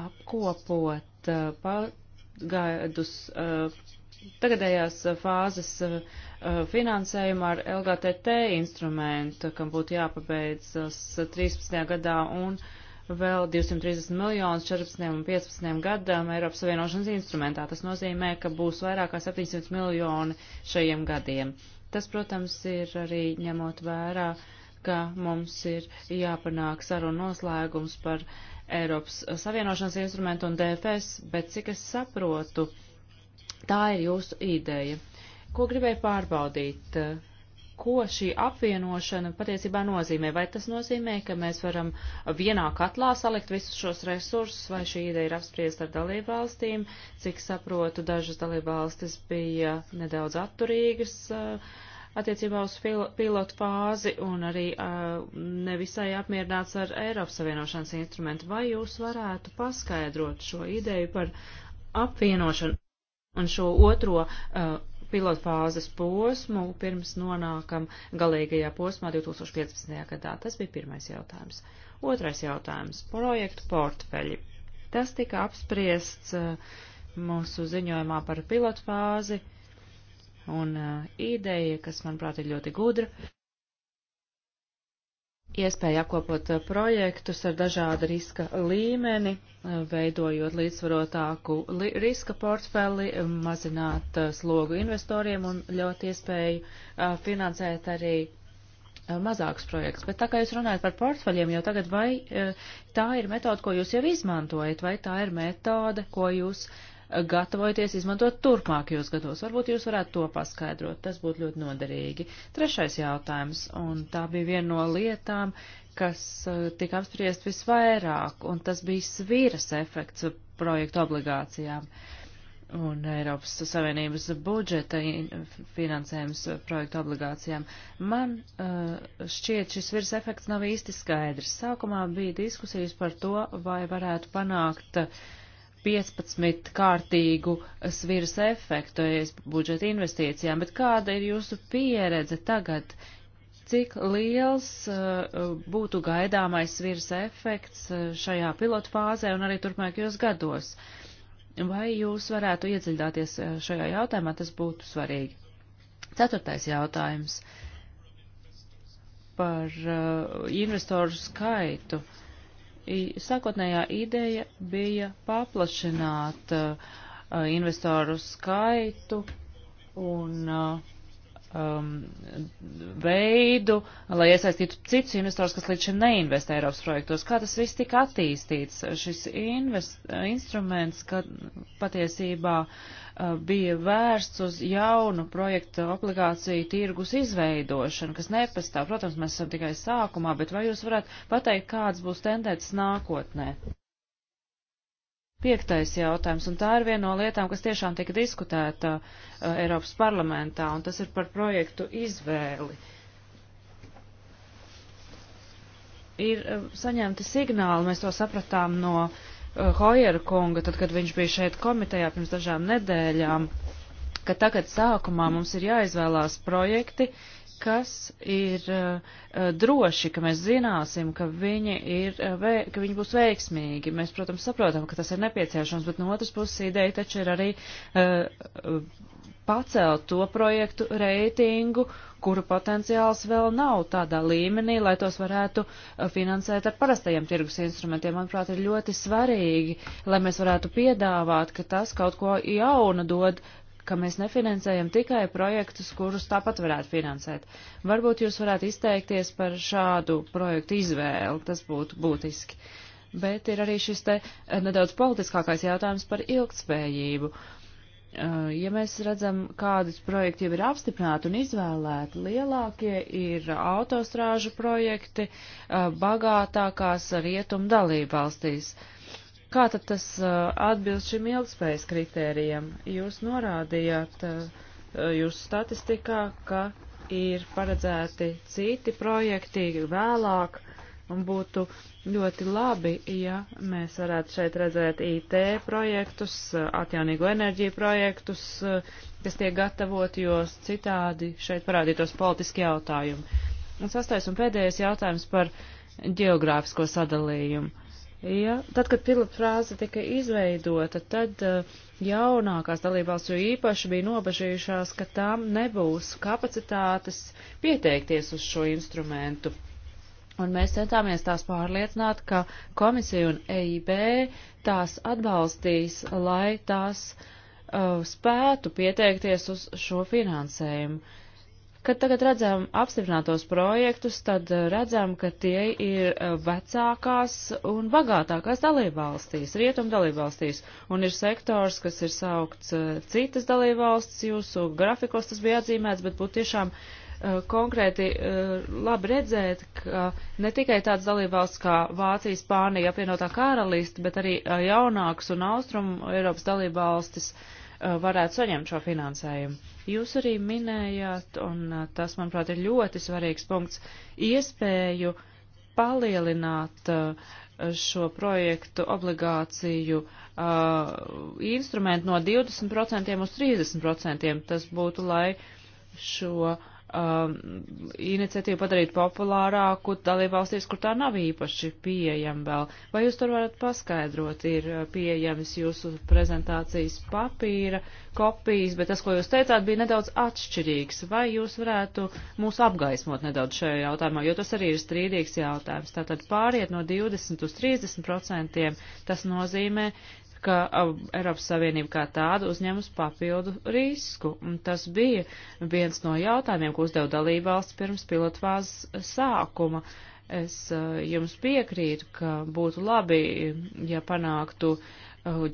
apkopot pagaidus tagadējās fāzes finansējumu ar LGTT instrumentu, kam būtu jāpabeidzas 13. gadā un 14 vēl 230 miljonus 14 un 15 gadam Eiropas Savienošanas instrumentā. Tas nozīmē, ka būs vairāk kā 700 miljoni šajiem gadiem. Tas, protams, ir arī ņemot vērā, ka mums ir jāpanāk saruna noslēgums par Eiropas Savienošanas instrumentu un DFS, bet cik es saprotu, tā ir jūsu ideja. Ko gribēju pārbaudīt? Uh, ko šī apvienošana patiesībā nozīmē. Vai tas nozīmē, ka mēs varam vienā katlā salikt visus šos resursus, vai šī ideja ir apspriesta ar dalībvalstīm? Cik saprotu, dažas dalībvalstis bija nedaudz atturīgas eh, attiecībā uz pilotu fāzi un arī eh, nevisai apmierināts ar Eiropas Savienošanas instrumentu. Vai jūs varētu paskaidrot šo ideju par apvienošanu un šo otro uh, pilotfāzes posmu, pirms nonākam galīgajā posmā 2015. gadā. Tas bija pirmais jautājums. Otrais jautājums - projektu portfeļi. Tas tika apspriests eh, mūsu ziņojumā par pilotfāzi, un eh, ideja, kas, manuprāt, ir ļoti gudra, iespēja apkopot eh, projektus ar dažādu riska līmeni, eh, veidojot līdzsvarotāku li riska portfeli, mazināt eh, slogu investoriem un ļaut iespēju finansēt arī mazāks projekts. Bet tā kā jūs runājat par portfeļiem, jau tagad vai tā ir metode, ko jūs jau izmantojat, vai tā ir metode, ko jūs gatavojaties izmantot turpmākajos gados? Varbūt jūs varētu to paskaidrot, tas būtu ļoti noderīgi. Trešais jautājums, un tā bija viena no lietām, kas uh, tika apspriest visvairāk, un tas bija svīras efekts projektu obligācijām un Eiropas Savienības budžeta finansējums projektu obligācijām. Man uh, šķiet, šis virs efekts nav īsti skaidrs. Sākumā bija diskusijas par to, vai varētu panākt uh, 15 kārtīgu sviras efektu es budžeta investīcijām, bet kāda ir jūsu pieredze tagad? Cik liels uh, būtu gaidāmais sviras efekts uh, šajā pilotu fāzē un arī turpmākajos gados? Vai jūs varētu iedziļināties uh, šajā jautājumā, tas būtu svarīgi? Ceturtais jautājums par uh, investoru skaitu. Uh, Sākotnējā ideja bija paplašināt uh, investoru skaitu un uh, um, veidu, lai iesaistītu citus investors, kas līdz šim neinvestē Eiropas projektos. Kā tas viss tika attīstīts? Šis invest, instruments, ka patiesībā uh, bija vērsts uz jaunu projektu obligāciju tirgus izveidošanu, kas nepastāv. Protams, mēs esam tikai sākumā, bet vai jūs varat pateikt, kādas būs tendences nākotnē? Piektais jautājums, un tā ir viena no lietām, kas tiešām tika diskutēta uh, Eiropas parlamentā, un tas ir par projektu izvēli. Ir uh, saņemti signāli, mēs to sapratām no uh, Hojera kunga, tad, kad viņš bija šeit komitejā pirms dažām nedēļām, ka tagad sākumā mums ir jāizvēlās projekti, uh, kas ir uh, droši, ka mēs zināsim, ka viņi, ir, uh, ka viņi būs veiksmīgi. Mēs, protams, saprotam, ka tas ir nepieciešams, bet no otras puses ideja taču ir arī uh, pacelt to projektu reitingu, kuru potenciāls vēl nav tādā līmenī, lai tos varētu finansēt ar parastajiem tirgus instrumentiem. Manuprāt, ir ļoti svarīgi, lai mēs varētu piedāvāt, ka tas kaut ko jaunu dod ka mēs nefinansējam tikai projektus, kurus tāpat varētu finansēt. Varbūt jūs varētu izteikties par šādu projektu izvēli, tas būtu būtiski. Bet ir arī šis te eh, nedaudz politiskākais jautājums par ilgtspējību. Eh, ja mēs redzam, kādas projekti jau ir apstiprināti un izvēlēti, lielākie ir autostrāžu projekti eh, bagātākās rietumu dalību valstīs. Uh, Kā tad tas uh, atbilst šim ilgspējas kritērijam? Jūs norādījāt uh, uh, jūsu statistikā, ka ir paredzēti citi projekti vēlāk, un būtu ļoti labi, ja mēs varētu šeit redzēt IT projektus, atjaunīgo enerģiju projektus, kas tiek gatavoti, jo citādi šeit parādītos politiski jautājumi. Un sastais un pēdējais jautājums par geogrāfisko sadalījumu Ja, tad, kad pilota frāze tika izveidota, tad eh, jaunākās dalībvalsts jo īpaši bija nobežījušās, ka tām nebūs kapacitātes pieteikties uz šo instrumentu. Un mēs centāmies tās pārliecināt, ka komisija un EIB tās atbalstīs, lai tās uh, spētu pieteikties uz šo finansējumu. Uh, Kad tagad redzam apstiprinātos projektus, tad eh, redzam, ka tie ir eh, vecākās un bagātākās dalībvalstīs, rietum dalībvalstīs, un ir sektors, kas ir saukts eh, citas dalībvalstis, jūsu grafikos tas bija atzīmēts, bet būtu tiešām konkrēti labi redzēt, ka ne tikai tāds dalībvalsts kā Vācija, Spānija, apvienotā karalista, bet arī jaunāks un austrum Eiropas dalībvalstis uh, Uh, varētu saņemt šo finansējumu. Jūs arī minējāt, un uh, tas, manuprāt, ir ļoti svarīgs punkts, iespēju palielināt uh, šo projektu obligāciju instrumentu no 20% uz 30%. Tas būtu, lai šo uh, um, iniciatīvu padarīt populārāku dalībvalstīs, kur tā nav īpaši pieejama vēl. Vai jūs tur varat paskaidrot, ir uh, pieejamas jūsu prezentācijas papīra kopijas, bet tas, ko jūs teicāt, bija nedaudz atšķirīgs. Vai jūs varētu mūs apgaismot nedaudz šajā jautājumā, jo tas arī ir strīdīgs jautājums. Tātad pāriet no 20 uz 30 procentiem, tas nozīmē, ka Eiropas Savienība kā tāda uzņemas papildu risku. Un tas bija viens no jautājumiem, ko uzdeva dalībvalsts pirms pilotfāzes sākuma. Es jums piekrītu, ka būtu labi, ja panāktu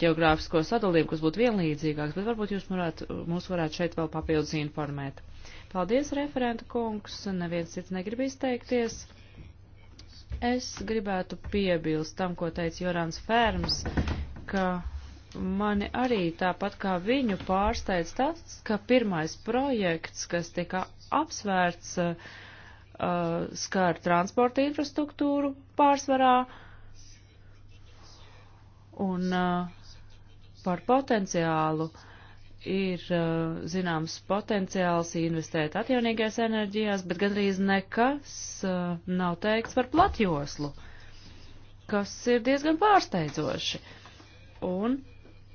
ģeogrāfisko sadalību, kas būtu vienlīdzīgāks, bet varbūt jūs varētu, mūs varētu šeit vēl papildus informēt. Paldies, referenta kungs, neviens cits negrib izteikties. Es gribētu piebilst tam, ko teica Jorans Ferms. Uh, ka mani arī tāpat kā viņu pārsteidz tas, ka pirmais projekts, kas tika apsvērts, uh, uh skar transporta infrastruktūru pārsvarā un uh, par potenciālu ir uh, zināms potenciāls investēt atjaunīgais enerģijās, bet gandrīz nekas uh, nav teikts par platjoslu, kas ir diezgan pārsteidzoši. Uh, un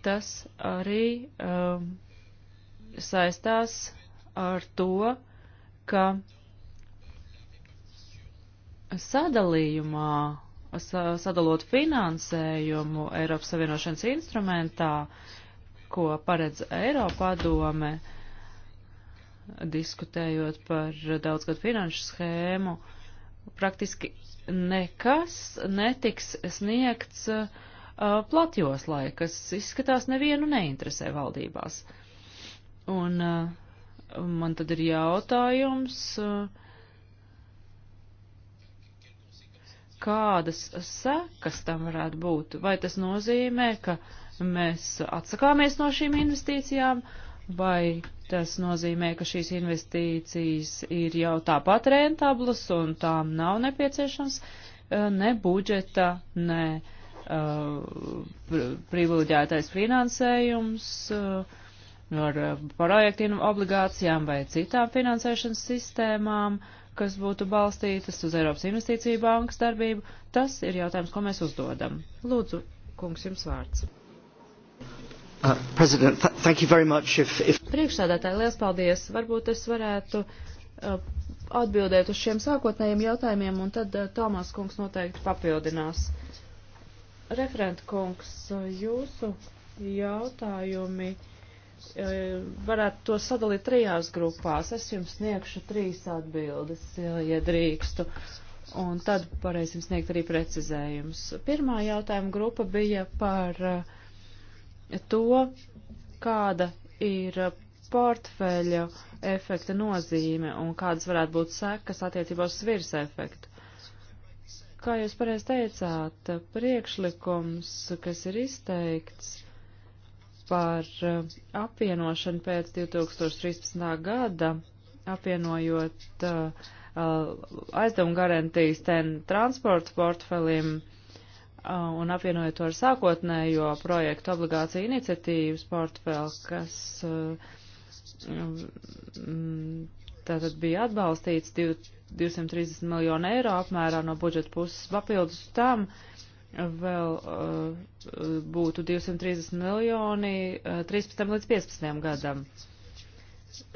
tas arī um, saistās ar to, ka sadalījumā, sadalot finansējumu Eiropas Savienošanas instrumentā, ko paredz Eiropadome, diskutējot par daudzgad finanšu schēmu, praktiski nekas netiks sniegts uh, Uh, platjoslai, kas izskatās nevienu neinteresē valdībās. Un uh, man tad ir jautājums, uh, kādas sekas tam varētu būt? Vai tas nozīmē, ka mēs atsakāmies no šīm investīcijām, vai tas nozīmē, ka šīs investīcijas ir jau tāpat rentablas un tām nav nepieciešams ne budžeta, ne Uh, privileģētais finansējums uh, ar uh, projektiem, obligācijām vai citām finansēšanas sistēmām, kas būtu balstītas uz Eiropas investīciju bankas darbību, tas ir jautājums, ko mēs uzdodam. Lūdzu, kungs, jums vārds. Uh, if, if... Priekšsādātāji, liels paldies. Varbūt es varētu uh, atbildēt uz šiem sākotnējiem jautājumiem, un tad uh, Tomās kungs noteikti papildinās. Uh, Referenta kungs, jūsu jautājumi e, varētu to sadalīt trijās grupās. Es jums sniegšu trīs atbildes, ja drīkstu. Un tad varēsim sniegt arī precizējumus. Pirmā jautājuma grupa bija par e, to, kāda ir portfeļa efekta nozīme un kādas varētu būt sekas attiecībā uz svirs efektu. Kā jūs pareiz teicāt, priekšlikums, kas ir izteikts par eh, apvienošanu pēc 2013. gada, apvienojot uh, aizdevumu garantijas ten transporta portfelim, un apvienojot to ar sākotnējo projektu obligāciju iniciatīvas portfeli, kas mm, tātad bija atbalstīts 230 miljonu eiro apmērā no budžeta puses. Papildus tam vēl uh, būtu 230 miljoni uh, 13 līdz 15 gadam.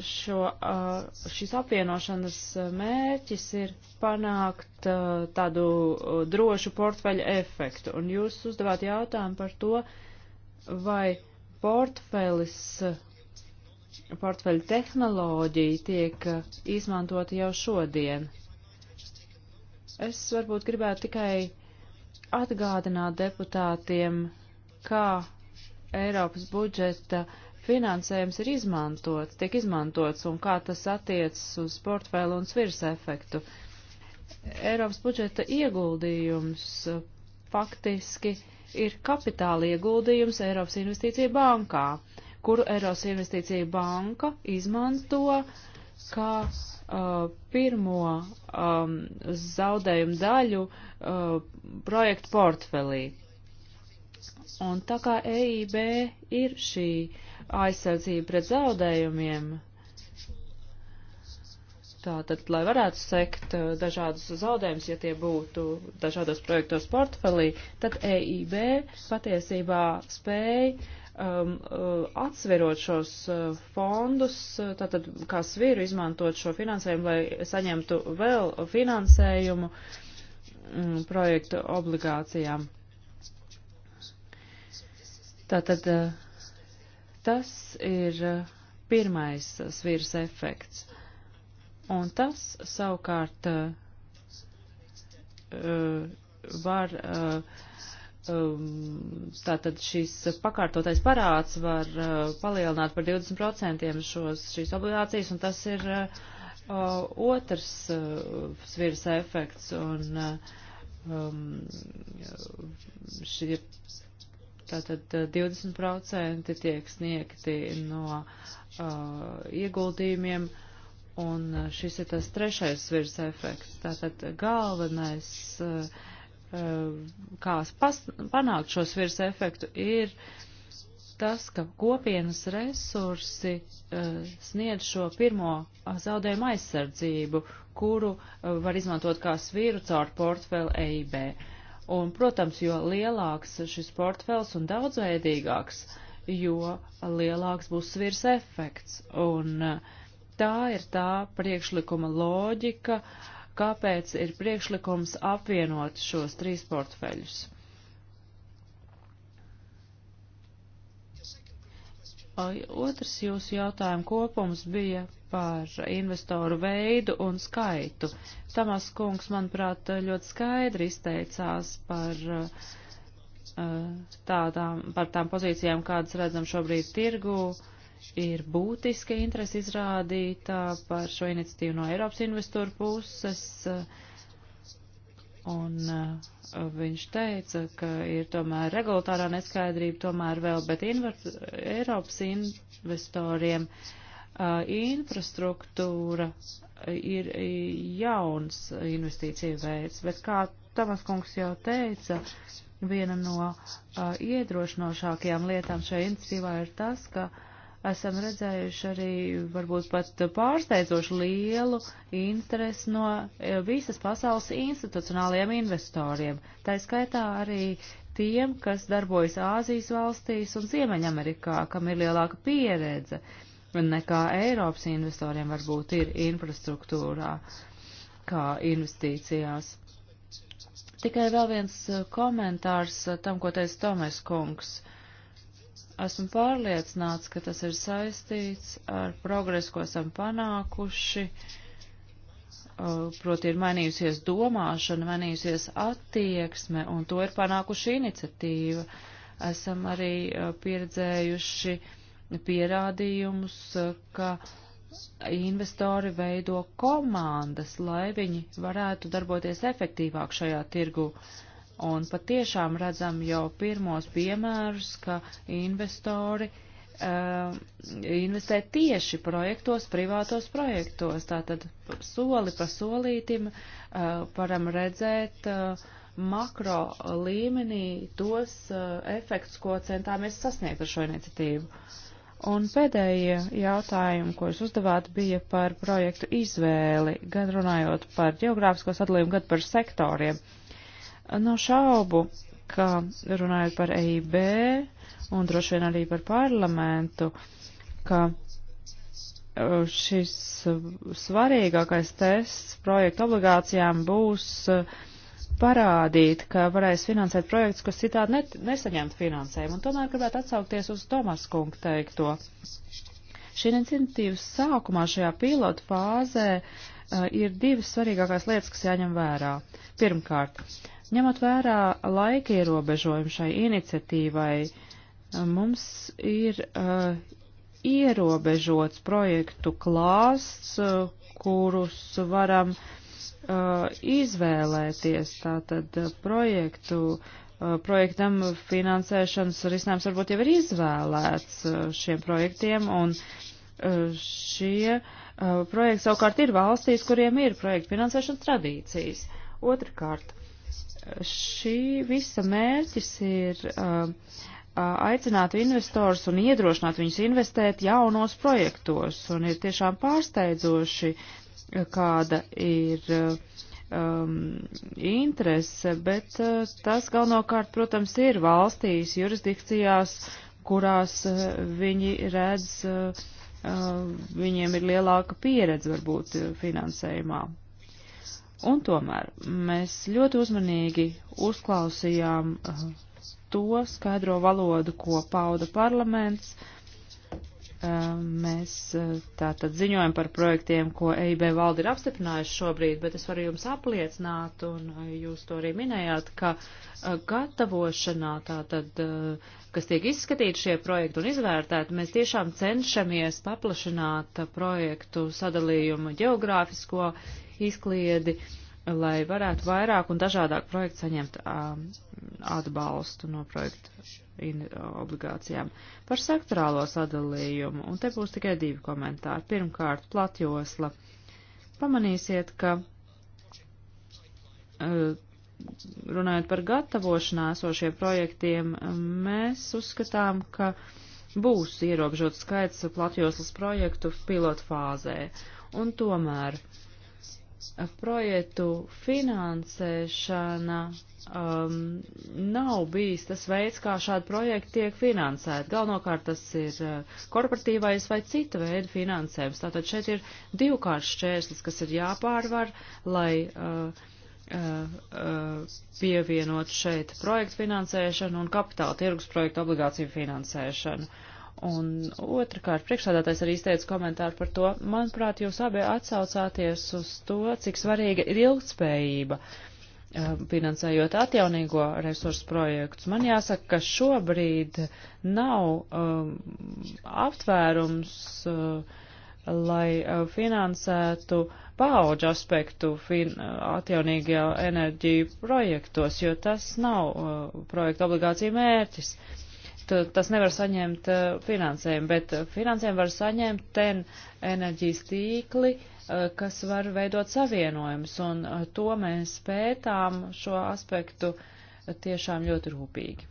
Šo, uh, šis apvienošanas mērķis ir panākt uh, tādu uh, drošu portfeļu efektu. Un jūs uzdevāt jautājumu par to, vai portfelis uh, portfeļu tehnoloģija tiek uh, izmantota jau šodien. Es varbūt gribētu tikai atgādināt deputātiem, kā Eiropas budžeta finansējums ir izmantots, tiek izmantots un kā tas attiecas uz portfēlu un svirs efektu. Eiropas budžeta ieguldījums uh, faktiski ir kapitāla ieguldījums Eiropas investīcija bankā. Uh, kuru Eiropas investīcija banka izmanto kā uh, pirmo um, zaudējumu daļu uh, projektu portfelī. Un tā kā EIB ir šī aizsardzība pret zaudējumiem, Tātad, lai varētu sekt uh, dažādus zaudējumus, ja tie būtu dažādos projektos portfelī, tad EIB patiesībā spēja um, uh, atsverot šos uh, fondus, uh, tātad kā sviru izmantot šo finansējumu, lai saņemtu vēl finansējumu um, projektu obligācijām. Tātad tas ir pirmais svirs efekts. Un tas savukārt uh, var uh, Um, tātad šis pakārtotais parāds var uh, palielināt par 20% šos, šīs obligācijas, un tas ir uh, otrs uh, svirs efekts. Un, um, šie tātad 20% tiek sniegti no uh, ieguldījumiem, un šis ir tas trešais virs efekts. Tātad galvenais uh, Eh, kā pas, panākt šo svirs efektu, ir tas, ka kopienas resursi uh, sniedz šo pirmo eh, zaudējumu aizsardzību, kuru uh, var izmantot kā svīru caur portfeli EIB. Un, protams, jo lielāks šis portfels un daudzveidīgāks, jo lielāks būs svirs efekts. Un uh, tā ir tā priekšlikuma loģika. Uh, kāpēc ir priekšlikums apvienot šos trīs portfeļus. Otrs jūsu jautājuma kopums bija par investoru veidu un skaitu. Tamas kungs, manuprāt, ļoti skaidri izteicās par uh, tādām, par tām pozīcijām, kādas redzam šobrīd tirgū ir būtiska interese izrādīta par šo iniciatīvu no Eiropas investoru puses. Un uh, viņš teica, ka ir tomēr regulatārā neskaidrība tomēr vēl, bet invert, Eiropas investoriem uh, infrastruktūra uh, ir uh, jauns investīcija veids, bet kā Tomas kungs jau teica, viena no uh, iedrošinošākajām lietām šajā iniciatīvā ir tas, ka uh, esam redzējuši arī varbūt pat pārsteidzoši lielu interesi no e, visas pasaules institucionālajiem investoriem. Tā skaitā arī tiem, kas darbojas Āzijas valstīs un Ziemeņamerikā, kam ir lielāka pieredze nekā Eiropas investoriem varbūt ir infrastruktūrā kā investīcijās. Tikai vēl viens e, komentārs e, tam, ko teica Tomes Kungs. Uh, esmu pārliecināts, ka tas ir saistīts ar progresu, ko esam panākuši, uh, proti ir mainījusies domāšana, mainījusies attieksme, un to ir panākuši iniciatīva. Esam arī uh, pieredzējuši pierādījumus, uh, ka investori veido komandas, lai viņi varētu darboties efektīvāk šajā tirgu. Uh, Un patiešām redzam jau pirmos piemērus, ka investori uh, investē tieši projektos, privātos projektos. Tātad soli pa solītim uh, param redzēt uh, makro līmenī tos uh, efektus, ko centāmies sasniegt ar šo iniciatīvu. Un pēdējie jautājumi, ko jūs uzdevāt, bija par projektu izvēli, gan runājot par geogrāfisko sadalījumu, gan par sektoriem. Uh, Nav šaubu, ka runājot par EIB un droši vien arī par parlamentu, ka e, šis svarīgākais tests projektu obligācijām būs e, parādīt, ka varēs finansēt projektus, kas citādi net, nesaņemt finansējumu. Un tomēr gribētu atsaukties uz Tomas kungu teikto. Šī iniciatīvas sākumā šajā pilotu fāzē uh, ir divas svarīgākās lietas, kas jāņem vērā. Pirmkārt, uh, Ņemot vērā laika ierobežojumu šai iniciatīvai, mums ir uh, ierobežots projektu klāsts, uh, kurus varam uh, izvēlēties. Tātad projektu uh, projektam finansēšanas risinājums varbūt jau ir izvēlēts uh, šiem projektiem, un uh, šie uh, projekti savukārt ir valstīs, kuriem ir projekta finansēšanas tradīcijas. Otrakārt, Šī visa mērķis ir uh, aicināt investors un iedrošināt viņus investēt jaunos projektos, un ir tiešām pārsteidzoši, kāda ir um, interese, bet uh, tas galvenokārt, protams, ir valstīs, jurisdikcijās, kurās uh, viņi redz, uh, viņiem ir lielāka pieredze varbūt finansējumā. Un tomēr mēs ļoti uzmanīgi uzklausījām eh, to skaidro valodu, ko pauda parlaments. Eh, mēs eh, tātad ziņojam par projektiem, ko EIB valde ir apstiprinājusi šobrīd, bet es varu jums apliecināt, un jūs to arī minējāt, ka gatavošanā tātad, kas tiek izskatīti šie projekti un izvērtēti, mēs tiešām cenšamies paplašināt projektu sadalījumu geogrāfisko izkliedi, lai varētu vairāk un dažādāk projektu saņemt um, atbalstu no projektu obligācijām. Par sektorālo sadalījumu, un te būs tikai divi komentāri. Pirmkārt, platjosla. Pamanīsiet, ka uh, runājot par gatavošanā esošiem projektiem, mēs uzskatām, ka būs ierobežots skaits platjoslas projektu pilotu fāzē. Un tomēr projektu finansēšana um, nav bijis tas veids, kā šādi projekti tiek finansēti. Galvenokārt tas ir uh, korporatīvais vai cita veida finansējums. Tātad šeit ir divkāršs čērslis, kas ir jāpārvar, lai uh, uh, uh, pievienot šeit projektu finansēšanu un kapitāla tirgus projektu obligāciju finansēšanu. Uh, Un otrkārt, priekšsādātais arī izteica komentāru par to, manuprāt, jūs abi atsaucāties uz to, cik svarīga ir ilgtspējība eh, finansējot atjaunīgo resursu projektus. Man jāsaka, ka šobrīd nav um, aptvērums, uh, lai uh, finansētu paauģu aspektu fin uh, atjaunīgajā enerģiju projektos, jo tas nav uh, projekta obligācija mērķis. Uh, bet eh, tas nevar saņemt eh, finansējumu, bet eh, finansējumu var saņemt ten enerģijas tīkli, kas var veidot savienojumus, un to mēs pētām šo aspektu tiešām ļoti rūpīgi.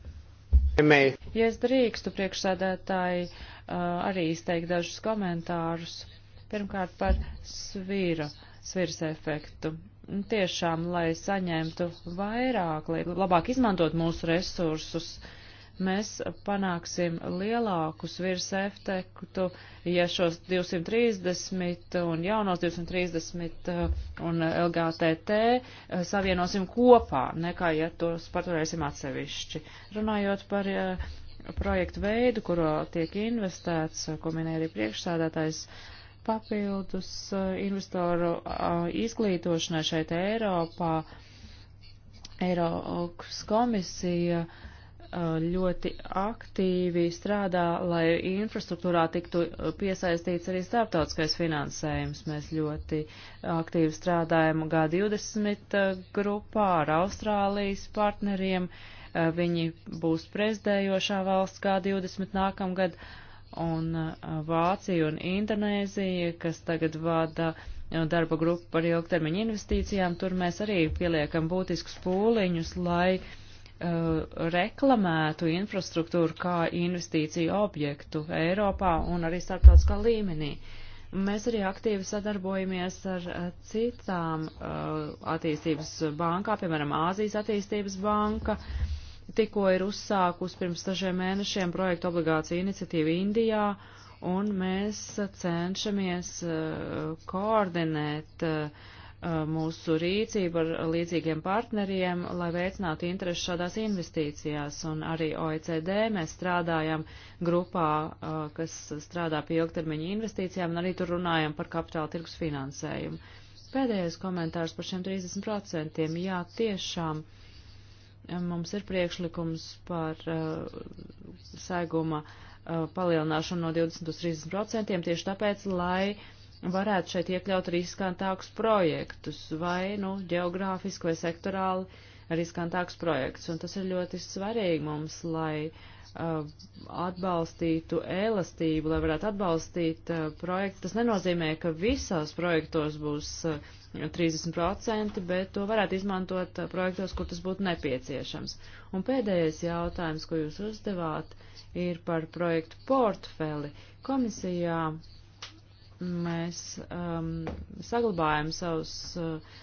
Ja es drīkstu priekšsēdētāji arī izteikt dažus komentārus, pirmkārt par svīra, svirs efektu tiešām, lai saņemtu vairāk, lai labāk izmantot mūsu resursus, mēs panāksim lielākus virs efektu, ja šos 230 un jaunos 230 uh, un LGTT uh, savienosim kopā, nekā ja tos paturēsim atsevišķi. Runājot par uh, projektu veidu, kuro tiek investēts, ko minēja arī priekšsādātājs, papildus investoru izglītošanai šeit Eiropā. Eiropas komisija uh, ļoti aktīvi strādā, lai infrastruktūrā tiktu piesaistīts arī starptautiskais finansējums. Mēs ļoti aktīvi strādājam G20 grupā ar Austrālijas partneriem. Viņi būs prezidējošā valsts G20 nākamgad, un Vācija un Indonēzija, kas tagad vada darba grupu par ilgtermiņa investīcijām, tur mēs arī pieliekam būtiskus pūliņus, lai uh, Uh, reklamētu infrastruktūru kā investīciju objektu Eiropā un arī starptautiskā līmenī. Mēs arī aktīvi sadarbojamies ar uh, citām uh, attīstības bankām, piemēram, Āzijas attīstības banka. Tikko ir uzsākus pirms dažiem mēnešiem projektu obligācija iniciatīva Indijā, un mēs uh, cenšamies uh, koordinēt uh, Uh, mūsu rīcību ar līdzīgiem partneriem, lai veicinātu interesi šādās investīcijās. Un arī OECD mēs strādājam grupā, uh, kas strādā pie ilgtermiņa investīcijām, un arī tur runājam par kapitāla tirgus finansējumu. Pēdējais komentārs par šiem 30%. Jā, tiešām uh, mums ir priekšlikums par uh, saiguma uh, palielināšanu no 20 uz 30%, tieši tāpēc, lai uh, varētu šeit iekļaut riskantākus projektus vai, nu, geogrāfiski vai sektorāli riskantākus projektus. Un tas ir ļoti svarīgi mums, lai uh, atbalstītu elastību, lai varētu atbalstīt uh, projektu. Tas nenozīmē, ka visos projektos būs uh, 30%, bet to varētu izmantot uh, projektos, kur tas būtu nepieciešams. Un pēdējais jautājums, ko jūs uzdevāt, ir par projektu portfeli. Komisijā mēs um, saglabājam savus uh,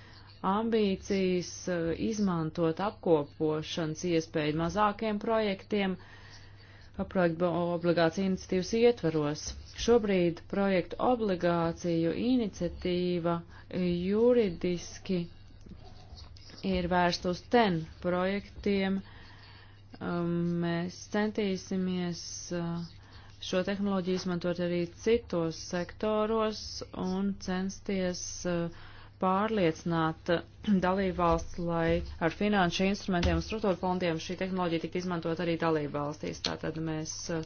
ambīcijas uh, izmantot apkopošanas iespēju mazākiem projektiem uh, projektu obligāciju iniciatīvas ietvaros. Šobrīd projektu obligāciju iniciatīva juridiski ir vērsta uz ten projektiem. Um, mēs centīsimies uh, šo tehnoloģiju izmantot arī citos sektoros un censties uh, pārliecināt uh, [CLEARS THROAT] dalībvalsts, lai ar finanšu instrumentiem un struktūra fondiem šī tehnoloģija tiktu izmantot arī dalībvalstīs. Tātad mēs uh,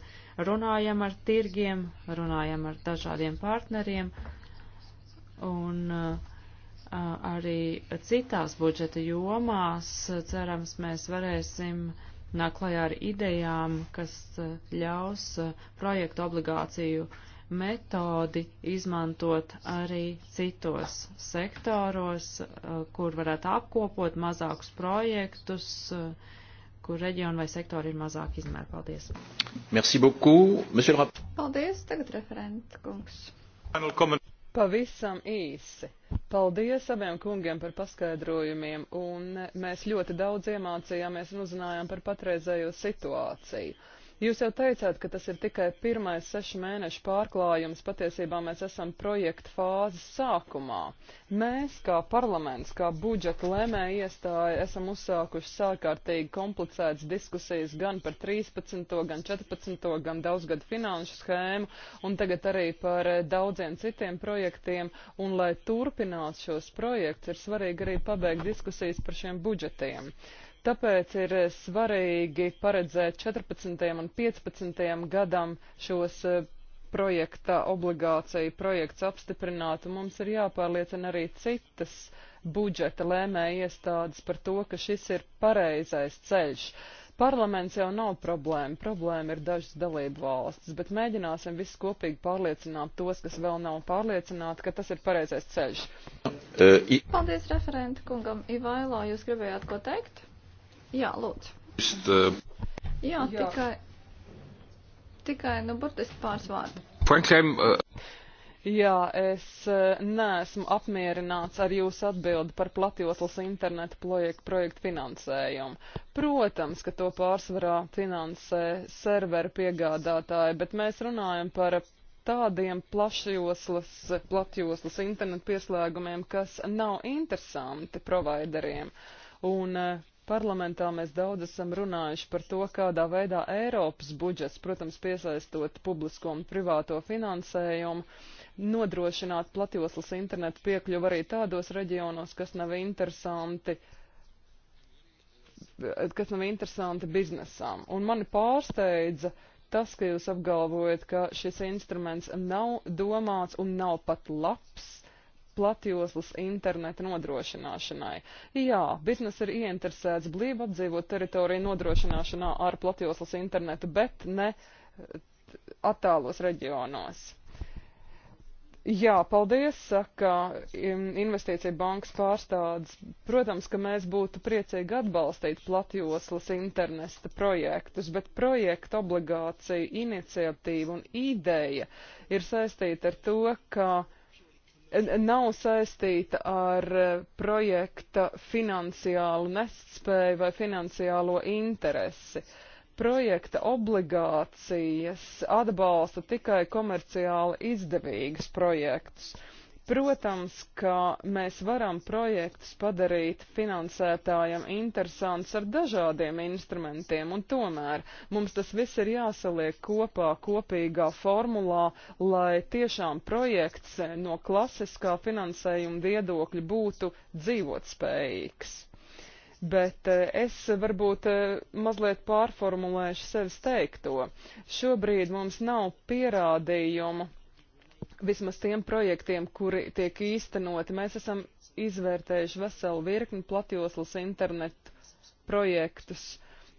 runājam ar tirgiem, runājam ar dažādiem partneriem un uh, arī citās budžeta jomās, cerams, mēs varēsim nāk klajā ar idejām, kas eh, ļaus eh, projektu obligāciju metodi izmantot arī citos sektoros, eh, kur varētu apkopot mazākus projektus, kur reģionu vai sektori ir mazāk izmēri. Paldies. Merci beaucoup, monsieur le Paldies, tagad referenta kungs. Pavisam īsi. Paldies abiem kungiem par paskaidrojumiem, un mēs ļoti daudz iemācījāmies un uzzinājām par patreizējo situāciju. Jūs jau teicāt, ka tas ir tikai pirmais sešu mēnešu pārklājums. Patiesībā mēs esam projekta fāzes sākumā. Mēs, kā parlaments, kā budžeta lēmē iestāja, esam uzsākuši sākārtīgi komplicētas diskusijas gan par 13., gan 14., gan daudzgadu finanšu schēmu, un tagad arī par eh, daudziem citiem projektiem. Un, lai turpinātu šos projektus, ir svarīgi arī pabeigt diskusijas par šiem budžetiem. Uh, Tāpēc ir svarīgi paredzēt 14. un 15. gadam šos e, projekta obligāciju projekts apstiprināt, un mums ir jāpārliecina arī citas budžeta lēmēja iestādes par to, ka šis ir pareizais ceļš. Parlaments jau nav problēma, problēma ir dažas dalību valstis, bet mēģināsim visi kopīgi pārliecināt tos, kas vēl nav pārliecināti, ka tas ir pareizais ceļš. E, Paldies referenta kungam Ivailo, jūs gribējāt ko teikt? Jā, lūdzu. Uh, Jā, tikai, tikai, nu, burtiski pāris vārdi. Franklin, uh... Jā, es uh, neesmu apmierināts ar jūsu atbildi par platjoslas internetu projektu, projektu finansējumu. Protams, ka to pārsvarā finansē serveru piegādātāji, bet mēs runājam par tādiem plašjoslas, platjoslas internetu pieslēgumiem, kas nav interesanti provideriem. Un uh, Parlamentā mēs daudz esam runājuši par to, kādā veidā Eiropas budžets, protams, piesaistot publisko un privāto finansējumu, nodrošināt platjoslas internetu piekļuvu arī tādos reģionos, kas nav interesanti kas nav interesanti biznesām. Un mani pārsteidza tas, ka jūs apgalvojat, ka šis instruments nav domāts un nav pat labs platjoslas interneta nodrošināšanai. Jā, biznes ir ieinteresēts blīvi apdzīvot teritoriju nodrošināšanā ar platjoslas internetu, bet ne eh, attālos reģionos. Jā, paldies, saka investīcija bankas pārstādes. Protams, ka mēs būtu priecīgi atbalstīt platjoslas internesta projektus, bet projekta obligācija, iniciatīva un ideja ir saistīta ar to, ka uh, nav saistīta ar e, projekta finansiālu nespēju vai finansiālo interesi. Projekta obligācijas atbalsta tikai komerciāli izdevīgus projektus. Uh, Protams, ka mēs varam projektus padarīt finansētājam interesants ar dažādiem instrumentiem, un tomēr mums tas viss ir jāsaliek kopā kopīgā formulā, lai tiešām projekts no klasiskā finansējuma viedokļa būtu dzīvotspējīgs. Bet eh, es varbūt eh, mazliet pārformulēšu sevis teikto. Šobrīd mums nav pierādījumu vismaz tiem projektiem, kuri tiek īstenoti. Mēs esam izvērtējuši veselu virkni platjoslas internetu projektus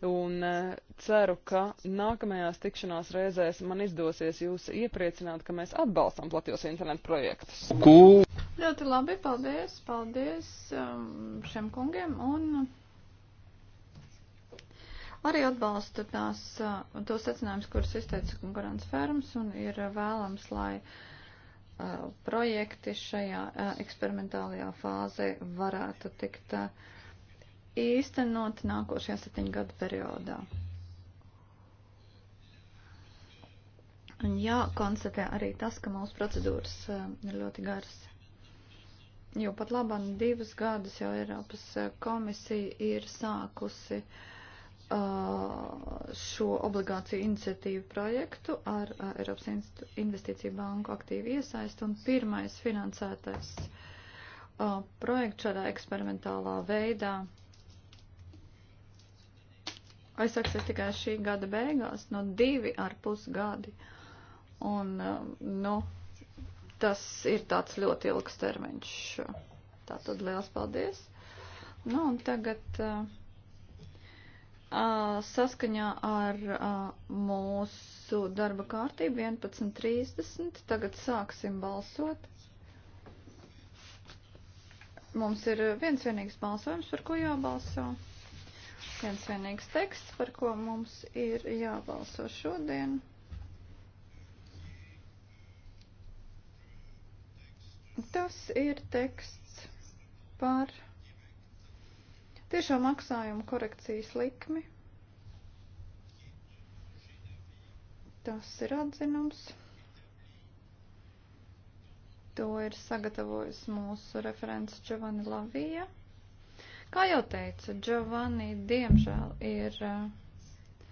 un eh, ceru, ka nākamajās tikšanās reizēs man izdosies jūs iepriecināt, ka mēs atbalstam platjos internetu projektus. Cool. Ļoti labi, paldies, paldies um, šiem kungiem un arī atbalstu tās, uh, to secinājumus, kurus izteica konkurents fermas un ir vēlams, lai. Uh, projekti šajā eksperimentālajā fāzē varētu tikt īstenot nākošajā septiņu gadu periodā. Un jākonstatē arī tas, ka mūsu procedūras ir ļoti garas. Jo pat labāk divus gadus jau Eiropas komisija ir sākusi uh, Uh, šo obligāciju iniciatīvu projektu ar uh, Eiropas Investīciju banku aktīvu iesaistu un pirmais finansētais uh, projekts šādā eksperimentālā veidā aizsāksies tikai šī gada beigās, no divi ar pus gadi. Un, nu, tas ir tāds ļoti ilgs termiņš. Tātad liels paldies. Nu, un tagad. Uh, saskaņā ar mūsu darba kārtību 11.30. Tagad sāksim balsot. Mums ir viens vienīgs balsojums, par ko jābalso. Viens vienīgs teksts, par ko mums ir jābalso šodien. Tas ir teksts par. Tiešo maksājumu korekcijas likmi. Tas ir atzinums. To ir sagatavojis mūsu referents Giovanni Lavija. Kā jau teicu, Giovanni diemžēl ir uh,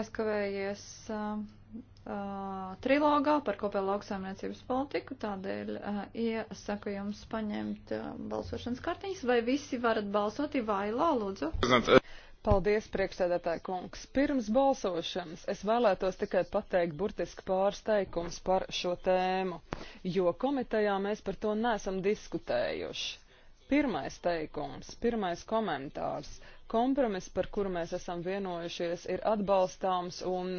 aizkavējies uh, uh, trilogā par kopēju lauksaimniecības politiku, tādēļ uh, iesaku jums paņemt uh, balsošanas kartiņas, vai visi varat balsot, vai lā, lūdzu. Paldies, priekšsēdētāji kungs. Pirms balsošanas es vēlētos tikai pateikt burtiski pāris teikums par šo tēmu, jo komitejā mēs par to nesam diskutējuši. Pirmais teikums, pirmais komentārs kompromiss, par kuru mēs esam vienojušies, ir atbalstāms un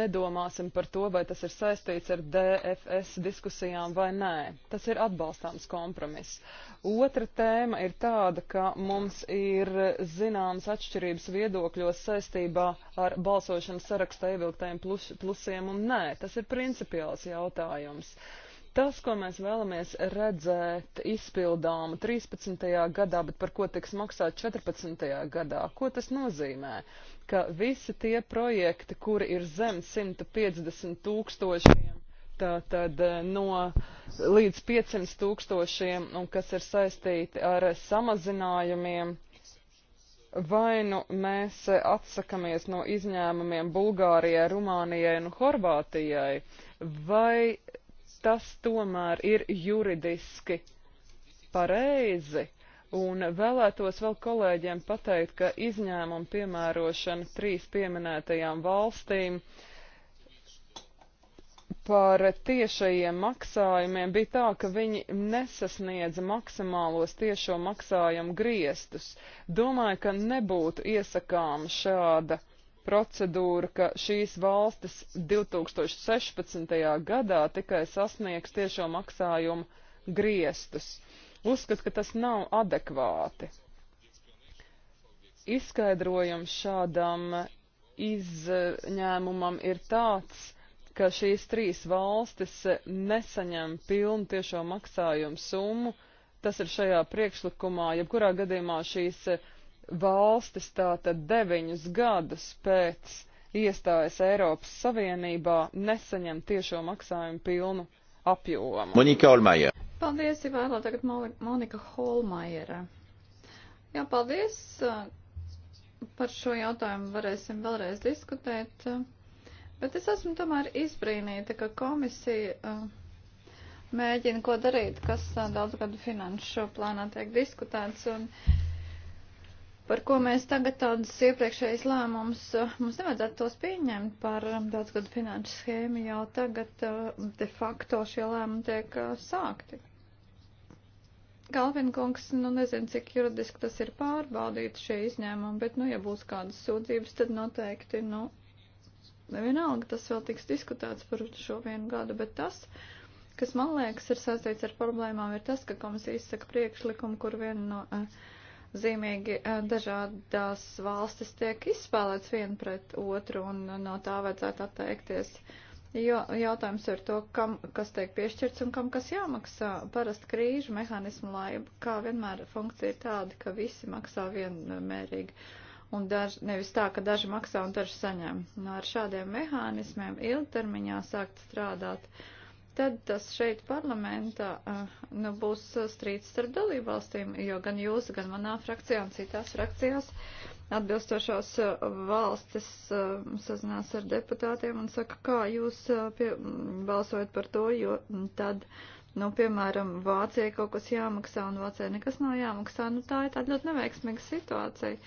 nedomāsim par to, vai tas ir saistīts ar DFS diskusijām vai nē. Tas ir atbalstāms kompromiss. Otra tēma ir tāda, ka mums ir zināmas atšķirības viedokļos saistībā ar balsošanas sarakstā ievilktiem plus, plusiem un nē. Tas ir principiāls jautājums. Uh, Tas, ko mēs vēlamies redzēt izpildām 13. gadā, bet par ko tiks maksāt 14. gadā, ko tas nozīmē? Ka visi tie projekti, kuri ir zem 150 tūkstošiem, tātad eh, no līdz 500 tūkstošiem un kas ir saistīti ar samazinājumiem, vai nu mēs atsakamies no izņēmumiem Bulgārijai, Rumānijai un Horvātijai, vai tas tomēr ir juridiski pareizi. Un vēlētos vēl kolēģiem pateikt, ka izņēmuma piemērošana trīs pieminētajām valstīm par tiešajiem maksājumiem bija tā, ka viņi nesasniedza maksimālos tiešo maksājumu griestus. Domāju, ka nebūtu iesakām šāda uh, procedūra, ka šīs valstis 2016. gadā tikai sasniegs tiešo maksājumu griestus. Uzskat, ka tas nav adekvāti. Izskaidrojums šādam izņēmumam ir tāds, ka šīs trīs valstis nesaņem pilnu tiešo maksājumu summu. Tas ir šajā priekšlikumā, jebkurā gadījumā šīs uh, valstis tātad deviņus gadus pēc iestājas Eiropas Savienībā nesaņem tiešo maksājumu pilnu apjomu. Monika Holmajer. Paldies, Ivēlā, tagad Monika Holmajera. Jā, paldies. Par šo jautājumu varēsim vēlreiz diskutēt, bet es esmu tomēr izbrīnīta, ka komisija eh, mēģina ko darīt, kas eh, daudz gadu finanšu plānā tiek diskutēts. Un, uh, par ko mēs tagad tādus iepriekšējus lēmumus, eh, mums nevajadzētu tos pieņemt par eh, daudzgadu finanšu schēmu, jau tagad eh, de facto šie lēmumi tiek sākti. Galvin kungs, nu nezinu, cik juridiski tas ir pārbaudīt šie izņēmumi, bet, nu, ja būs kādas sūdzības, tad noteikti, nu, vienalga tas vēl tiks diskutēts par šo vienu gadu, bet tas, kas man liekas ir saistīts ar problēmām, ir tas, ka komisija izsaka priekšlikumu, kur viena no. Uh, zīmīgi dažādās valstis tiek izspēlēts vien pret otru un no tā vajadzētu atteikties. Jo jautājums ir to, kam, kas tiek piešķirts un kam kas jāmaksā. Parasti krīžu mehānismu laiba, kā vienmēr funkcija ir tāda, ka visi maksā vienmērīgi. Un daž, nevis tā, ka daži maksā un daži saņem. No ar šādiem mehānismiem ilgtermiņā sākt strādāt. Uh, tad tas šeit parlamentā nu, būs strīds starp dalībvalstīm, jo gan jūs, gan manā frakcijā un citās frakcijās atbilstošās valstis sazinās ar deputātiem un saka, kā jūs pie, balsojat par to, jo tad, nu, piemēram, Vācijai kaut kas jāmaksā un Vācijai nekas nav jāmaksā, nu tā ir tāda ļoti neveiksmīga situācija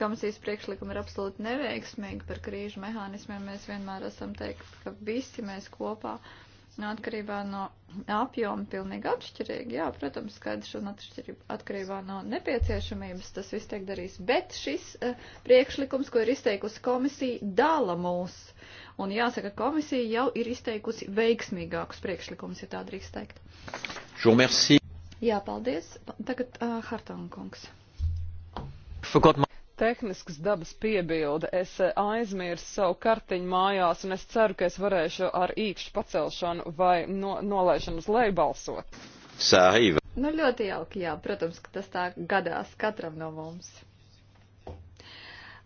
komisijas priekšlikumi ir absolūti neveiksmīgi par krīžu mehānismiem. Mēs vienmēr esam teikuši, ka visi mēs kopā uh, no nu, atkarībā no apjoma pilnīgi atšķirīgi. Jā, protams, skaidrs un atkarībā no nepieciešamības tas viss tiek darīts. Bet šis uh, priekšlikums, ko ir izteikusi komisija, dala mūs. Un jāsaka, komisija jau ir izteikusi veiksmīgākus priekšlikumus, ja tā drīkst teikt. Jā, paldies. Tagad uh, eh, Hartonkungs. Forgot my tehnisks dabas piebilde. Es eh, aizmirsu savu kartiņu mājās, un es ceru, ka es varēšu ar īkšķu pacelšanu vai no, nolaišanu uz leju balsot. Sāīva. Nu, ļoti jauki, jā. Protams, ka tas tā gadās katram no mums.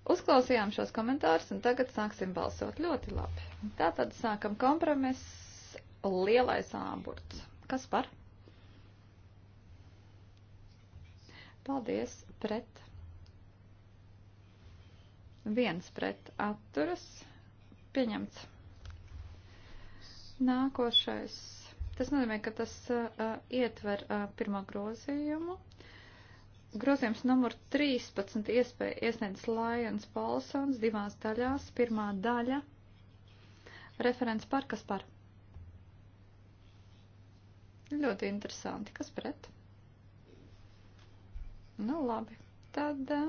Uzklausījām šos komentārus, un tagad sāksim balsot. Ļoti labi. Tātad sākam kompromiss lielais āburts. Kas par? Paldies pret viens pret atturas pieņemts. Nākošais. Tas nozīmē, ka tas uh, ietver uh, pirmā grozījumu. Grozījums numur 13 iespēja iesniedz Lions Paulsons divās daļās. Pirmā daļa. Referents par kas par? Ļoti interesanti. Kas pret? Nu labi. Tad uh,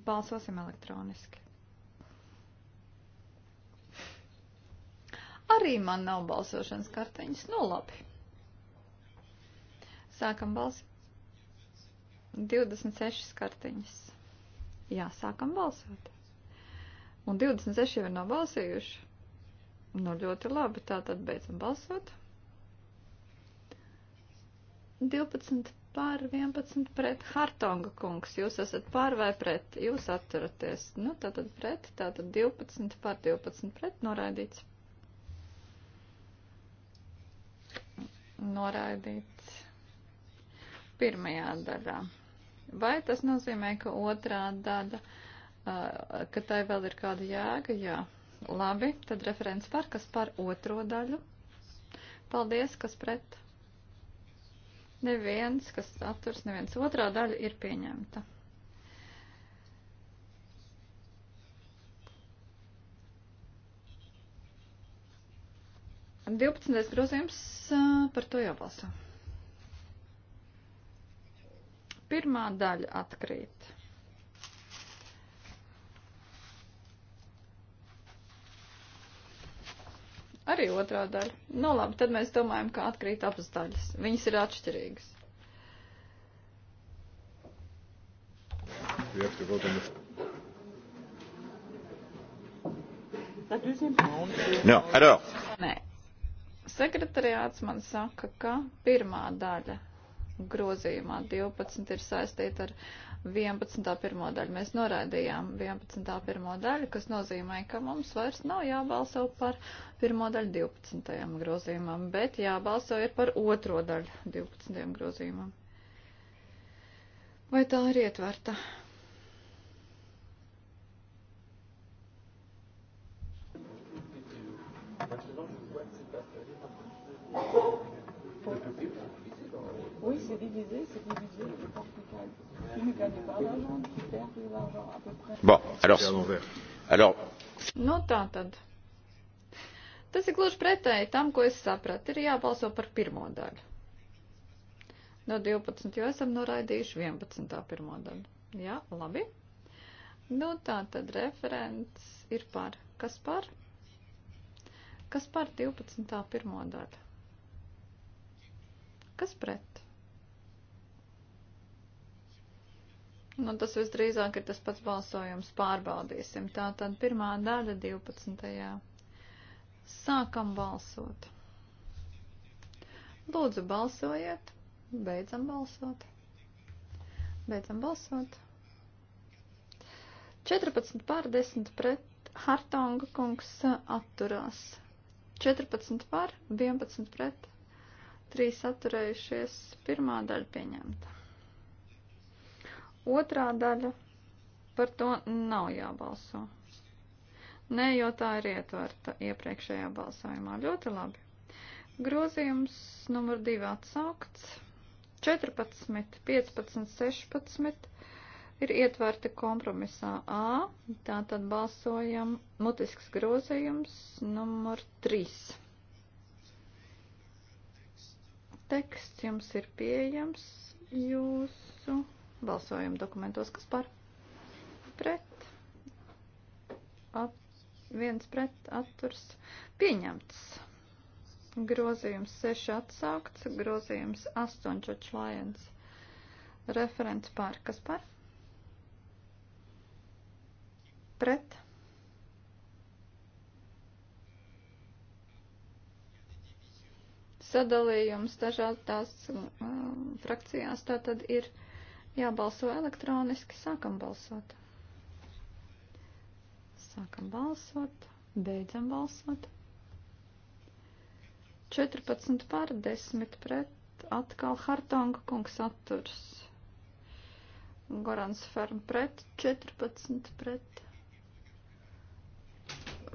Balsosim elektroniski. Arī man nav balsošanas karteņas. Nu, labi. Sākam balsot. 26 kartiņas. Jā, sākam balsot. Un 26 jau ir nobalsījuši. Nu, ļoti labi. Tā tad beidzam balsot. 12 par 11 pret Hartonga kungs. Jūs esat par vai pret? Jūs atturaties. Nu, tātad pret, tātad 12 par 12 pret noraidīts. Noraidīts pirmajā daļā. Vai tas nozīmē, ka otrā daļa, uh, ka tai vēl ir kāda jēga? Jā. Labi, tad referents par, kas par otro daļu. Paldies, kas pret? Neviens, kas atturs, neviens otrā daļa ir pieņemta. Divpadsmitais grozījums par to jābalso. Pirmā daļa atkrīt. Arī otrā daļa. Nu labi, tad mēs domājam, kā atkrīt abas daļas. Viņas ir atšķirīgas. We have to vote on the No, alors. Nē. Sekretariāts man saka, ka pirmā daļa grozījumā. 12 ir saistīta ar 11. pirmo daļu. Mēs noraidījām 11. pirmo daļu, kas nozīmē, ka mums vairs nav jābalso par pirmo daļu 12. grozījumam, bet jābalso ir par otro daļu 12. grozījumam. Vai tā ir ietverta? Bon, alors, alors... Nu, tā tad. Tas ir gluži pretēji tam, ko es sapratu. Ir jābalso par pirmo daļu. No 12 jau esam noraidījuši 11. pirmo daļu. Jā, labi. Nu, tā tad referents ir par. Kas par? Kas par 12. pirmo daļu? Kas pret? Nu, tas visdrīzāk ir tas pats balsojums. Pārbaudīsim. Tā tad pirmā daļa 12. Sākam balsot. Lūdzu, balsojiet. Beidzam balsot. Beidzam balsot. 14 pār 10 pret Hartonga kungs atturās. 14 pār 11 pret 3 atturējušies. Pirmā daļa pieņemta. Otrā daļa par to nav jābalso. Nē, jo tā ir ietverta iepriekšējā balsojumā. Ļoti labi. Grozījums numur divi atsaukts. 14, 15, 16 ir ietverti kompromisā A. Tātad balsojam mutisks grozījums numur 3. Teksts jums ir pieejams jūsu balsojuma dokumentos, kas par pret, at, viens pret atturs pieņemts. Grozījums 6 atsaukts, grozījums 8 čočlājens. Referents par kas par? Pret. Sadalījums dažādās um, frakcijās tātad ir. Jābalso elektroniski. Sākam balsot. Sākam balsot. Beidzam balsot. 14 pār 10 pret. Atkal Hartonga kungs atturs. Gorans Ferm pret. 14 pret.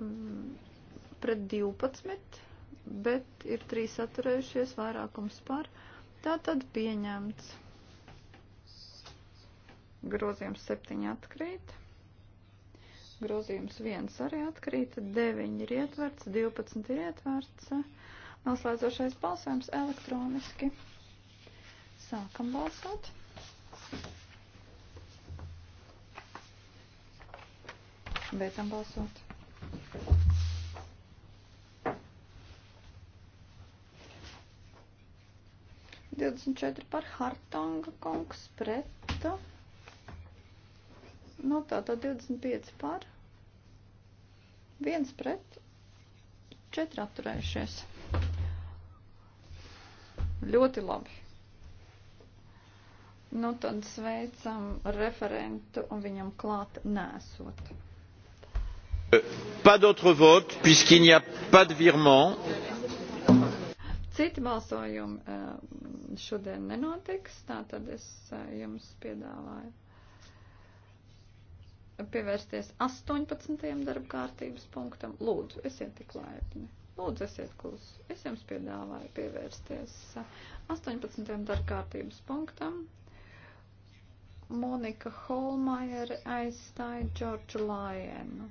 Mm, pret 12 bet ir trīs atturējušies vairākums par. Tā tad pieņemts grozījums 7 atkrīt, grozījums 1 arī atkrīt, 9 ir ietverts, 12 ir ietverts, noslēdzošais balsojums elektroniski. Sākam balsot. Beidzam balsot. Divdesmit četri par Hartonga kungs pretu. Nu, tā tā 25 par, 1 pret, 4 atturējušies. Ļoti labi. Nu, tad sveicam referentu un viņam klāt nēsot. Pas d'autre vote, puisqu'il n'y a pas de virement. Citi balsojumi eh, šodien nenotiks, tā tad es eh, jums piedāvāju pievērsties 18. darba kārtības punktam. Lūdzu, esiet tik laipni. Lūdzu, esiet klusi. Es jums piedāvāju pievērsties 18. darba kārtības punktam. Monika Holmajere aizstāja Džordžu Lajenu.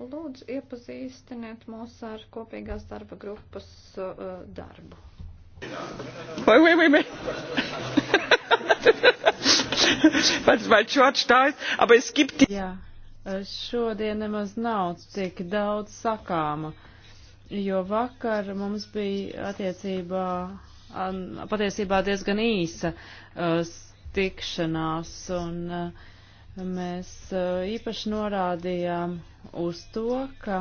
Lūdzu, iepazīstiniet mūs ar kopīgās darba grupas uh, darbu. Vai, vai, vai, vai. Vai George Tais, aber es gibt die. Jā, šodien nemaz nav tik daudz sakāma, jo vakar mums bija attiecībā, patiesībā diezgan īsa uh, tikšanās, un uh, mēs uh, īpaši norādījām uz to, ka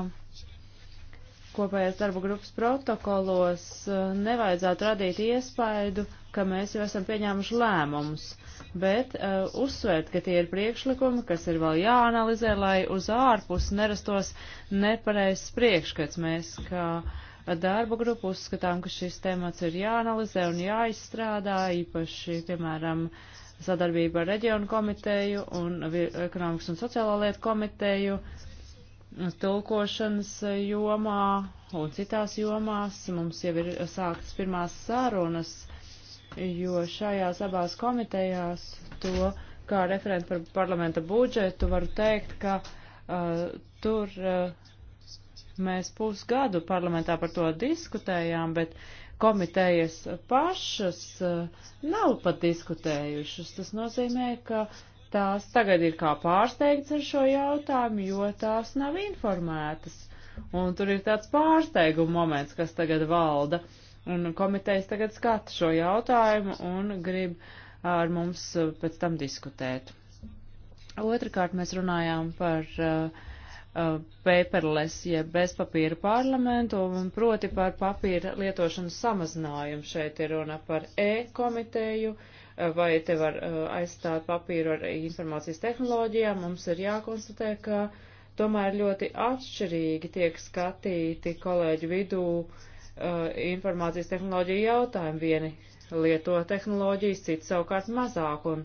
kopējās darba grupas protokolos nevajadzētu radīt iespaidu, ka mēs jau esam pieņēmuši lēmumus, bet uh, uzsvērt, ka tie ir priekšlikumi, kas ir vēl jāanalizē, lai uz ārpus nerastos nepareizs priekšskats. Mēs kā darba grupu uzskatām, ka šis temats ir jāanalizē un jāizstrādā, īpaši, piemēram, sadarbība ar reģionu komiteju un ekonomikas un sociālo lietu komiteju tulkošanas jomā un citās jomās. Mums jau ir sāktas pirmās sarunas jo šajās abās komitejās to, kā referenti par parlamenta budžetu, varu teikt, ka uh, tur uh, mēs pusgadu parlamentā par to diskutējām, bet komitejas pašas uh, nav pat diskutējušas. Tas nozīmē, ka tās tagad ir kā pārsteigts ar šo jautājumu, jo tās nav informētas. Un tur ir tāds pārsteiguma moments, kas tagad valda. Uh, Un komitejas tagad skata šo jautājumu un grib ar mums uh, pēc tam diskutēt. Otrakārt mēs runājām par uh, uh, paperless, jeb bezpapīra parlamentu, un proti par papīra lietošanas samazinājumu. Šeit ir runa par e-komiteju, uh, vai te var aizstāt papīru ar informācijas tehnoloģijām. Mums ir jākonstatē, ka tomēr ļoti atšķirīgi tiek skatīti kolēģi vidū uh, Eh, informācijas tehnoloģiju jautājumu. Vieni lieto tehnoloģijas, citi savukārt mazāk, un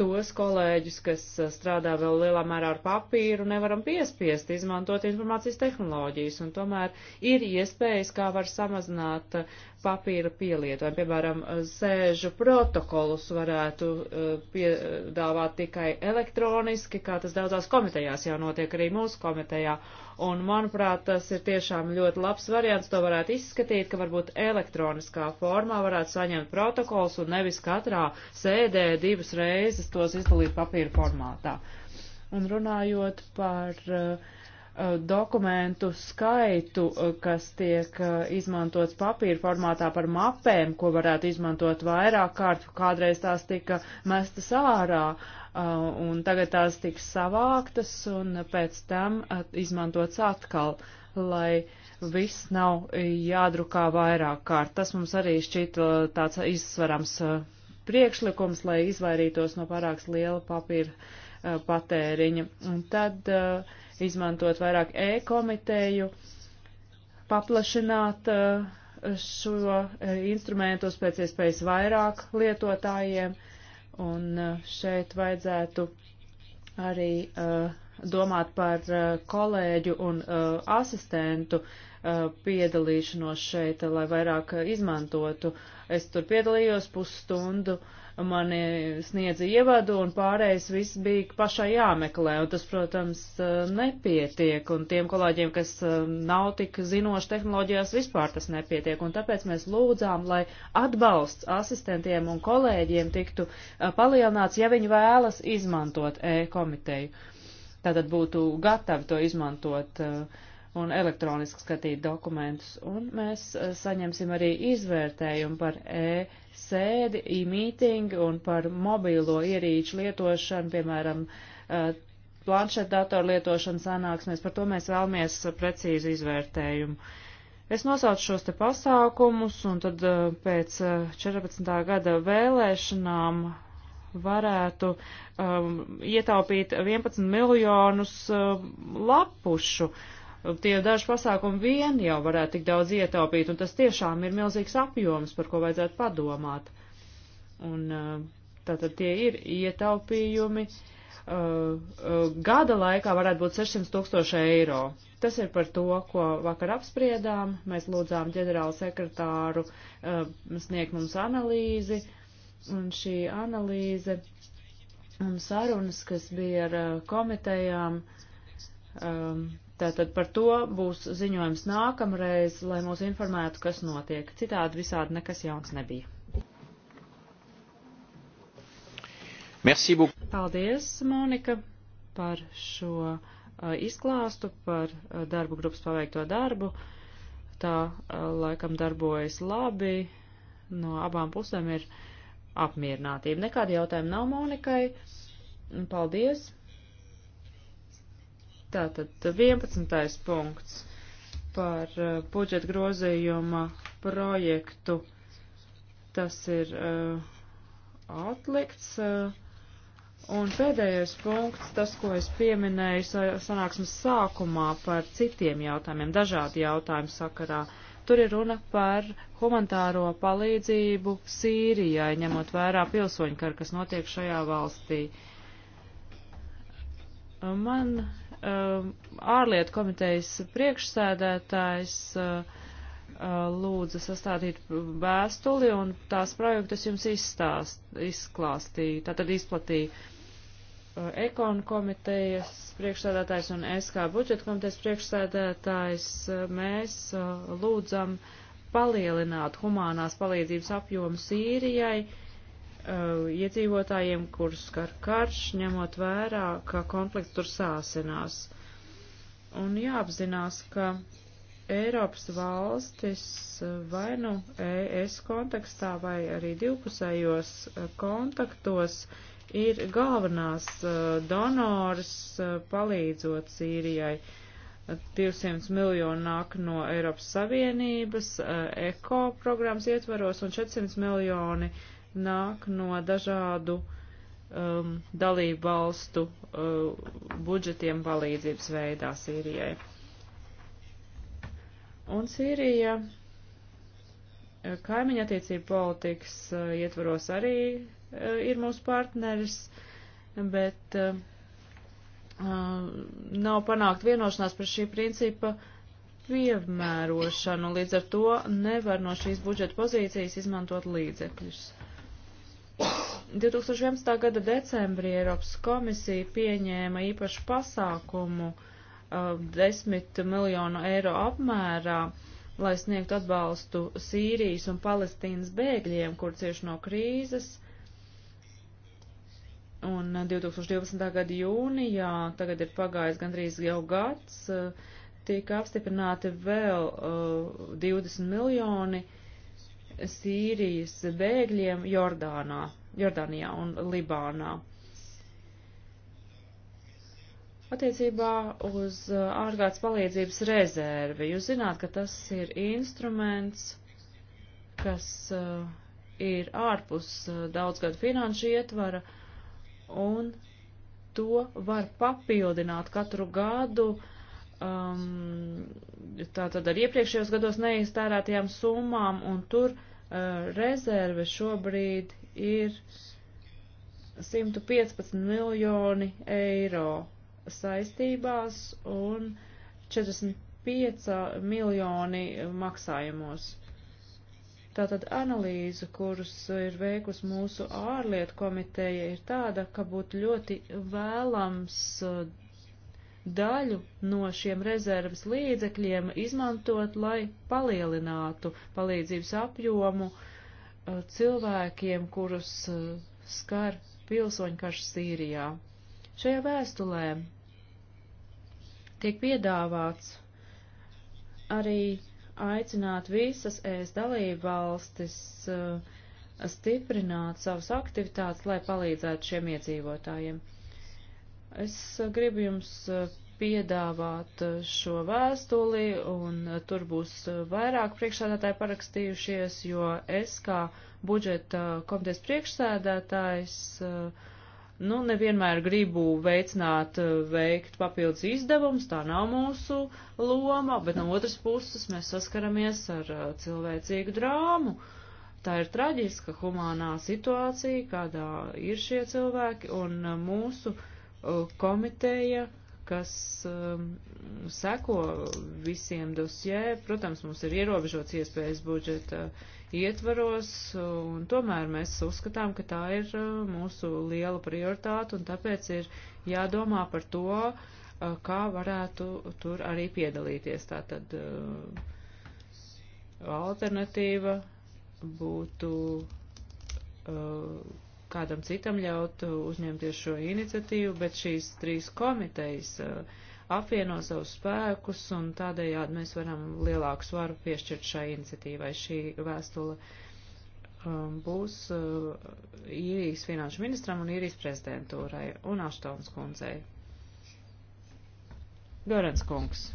tos kolēģus, kas eh, strādā vēl lielā mērā ar papīru, nevaram piespiest izmantot informācijas tehnoloģijas, un tomēr ir iespējas, kā var samazināt eh, papīra pielietojumu. Piemēram, sēžu protokolus varētu eh, piedāvāt tikai elektroniski, kā tas daudzās komitejās jau notiek arī mūsu komitejā. Un, manuprāt, tas ir tiešām ļoti labs variants. To varētu izskatīt, ka varbūt elektroniskā formā varētu saņemt protokols un nevis katrā sēdē divas reizes tos izdalīt papīra formātā. Un runājot par uh, Uh, dokumentu skaitu, uh, kas tiek uh, izmantots papīra formātā par mapēm, ko varētu izmantot vairāk kārt, kādreiz tās tika mestas ārā, un tagad tās tiks savāktas un pēc tam izmantots atkal, lai viss nav jādrukā vairāk kārt. Tas mums arī šķita tāds izsverams priekšlikums, lai izvairītos no pārāks liela papīra patēriņa. Un tad uh, izmantot vairāk e-komiteju, paplašināt eh, šo eh, instrumentus pēc iespējas vairāk lietotājiem, un eh, šeit vajadzētu arī uh, domāt par uh, kolēģu un uh, asistentu piedalīšanos šeit, lai vairāk izmantotu. Es tur piedalījos pusstundu mani sniedza ievadu, un pārējais viss bija pašai jāmeklē, un tas, protams, eh, nepietiek, un tiem kolēģiem, kas eh, nav tik zinoši tehnoloģijās, vispār tas nepietiek, un tāpēc mēs lūdzām, lai atbalsts asistentiem un kolēģiem tiktu eh, palielināts, ja viņi vēlas izmantot e-komiteju. Tātad būtu gatavi to izmantot. Uh, un elektroniski skatīt dokumentus, un mēs eh, saņemsim arī izvērtējumu par e-sēdi, e-mītingu un par mobīlo ierīču lietošanu, piemēram, eh, planšetdatoru lietošanu sanāksmēs, par to mēs vēlamies precīzu izvērtējumu. Es nosaucu šos te pasākumus, un tad eh, pēc 14. gada vēlēšanām varētu um, ietaupīt 11 miljonus um, lapušu. Uh, tie daži pasākumi vien jau varētu tik daudz ietaupīt, un tas tiešām ir milzīgs apjoms, par ko vajadzētu padomāt. Un eh, tātad tie ir ietaupījumi. Eh, eh, gada laikā varētu būt 600 tūkstoši eiro. Tas ir par to, ko vakar apspriedām. Mēs lūdzām ģenerālu sekretāru sniegt mums analīzi, un šī analīze un sarunas, kas bija ar komitejām, um, Tātad par to būs ziņojums nākamreiz, lai mūs informētu, kas notiek. Citādi visādi nekas jauns nebija. Merci beaucoup. Paldies, Monika, par šo uh, izklāstu, par uh, darbu grupas paveikto darbu. Tā uh, laikam darbojas labi. No abām pusēm ir apmierinātība. Nekādi jautājumi nav Monikai. Paldies! Tātad 11. punkts par uh, budžeta grozījuma projektu. Tas ir uh, atlikts. Uh, un pēdējais punkts, tas, ko es pieminēju sanāksmes sākumā par citiem jautājumiem, dažādi jautājumi sakarā. Tur ir runa par humanitāro palīdzību Sīrijai, ņemot vērā pilsoņu karu, kas notiek šajā valstī. Man um, ārlietu komitejas priekšsēdētājs uh, uh, lūdza sastādīt vēstuli un tās projektus jums izstāst, izklāstīja, tātad izplatīja uh, ekonu komitejas priekšsēdētājs un es kā budžeta komitejas priekšsēdētājs, uh, mēs lūdzam palielināt humānās palīdzības apjomu Sīrijai, uh, Uh, iedzīvotājiem, kurus skar karš, ņemot vērā, ka konflikts tur sāsinās. Un jāapzinās, ka Eiropas valstis uh, vai nu ES kontekstā vai arī divpusējos uh, kontaktos ir galvenās donors palīdzot Sīrijai. 200 miljoni nāk no Eiropas Savienības, ECO programmas ietvaros un 400 miljoni uh, nāk no dažādu um, dalību valstu uh, budžetiem palīdzības veidā Sīrijai. Un Sīrija uh, kaimiņa attiecību politikas uh, ietvaros arī uh, ir mūsu partneris, bet uh, uh, nav panākt vienošanās par šī principa piemērošanu, līdz ar to nevar no šīs budžeta pozīcijas izmantot līdzekļus. 2011. gada decembrī Eiropas komisija pieņēma īpašu pasākumu uh, 10 miljonu eiro apmērā, lai sniegtu atbalstu Sīrijas un Palestīnas bēgļiem, kur cieši no krīzes. Un 2012. Uh, gada jūnijā, tagad ir pagājis gandrīz jau gads, uh, tika apstiprināti vēl uh, 20 miljoni eiro Sīrijas bēgļiem Jordānā, Jordānijā un Libānā. Attiecībā uz uh, ārkārtas palīdzības rezervi, jūs zināt, ka tas ir instruments, kas uh, ir ārpus uh, daudzgadu finanšu ietvara, un to var papildināt katru gadu uh, um, tātad ar iepriekšējos gados neiztērētajām summām, un tur Eh, rezerve šobrīd ir 115 miljoni eiro saistībās un 45 miljoni maksājumos. Tātad analīze, kurus ir veikusi mūsu ārlietu komiteja, ir tāda, ka būtu ļoti vēlams eh, daļu no šiem rezerves līdzekļiem izmantot, lai palielinātu palīdzības apjomu uh, cilvēkiem, kurus uh, skar pilsoņkarš Sīrijā. Šajā vēstulē tiek piedāvāts arī aicināt visas ES dalību valstis uh, stiprināt savas aktivitātes, lai palīdzētu šiem iedzīvotājiem. Es gribu jums eh, piedāvāt eh, šo vēstuli, un eh, tur būs vairāk priekšsēdētāji parakstījušies, jo es kā budžeta komitejas priekšsēdētājs nu, nevienmēr gribu veicināt, veikt papildus izdevumus, tā nav mūsu loma, bet no otras puses mēs saskaramies ar cilvēcīgu drāmu. Tā ir traģiska humānā situācija, kādā ir šie cilvēki, un mūsu uh, komiteja, kas um, seko visiem dosjē. Protams, mums ir ierobežots iespējas budžeta ietvaros, un tomēr mēs uzskatām, ka tā ir uh, mūsu liela prioritāte, un tāpēc ir jādomā par to, uh, kā varētu tur arī piedalīties. Tātad um, alternatīva būtu. Um, kādam citam ļaut uzņemties šo iniciatīvu, bet šīs trīs komitejas uh, apvieno savus spēkus un tādējādi mēs varam lielāku svaru piešķirt šai iniciatīvai. Šī vēstule um, būs uh, īrijas finanšu ministram un īrijas prezidentūrai un Aštons kundzei. Gorens kungs.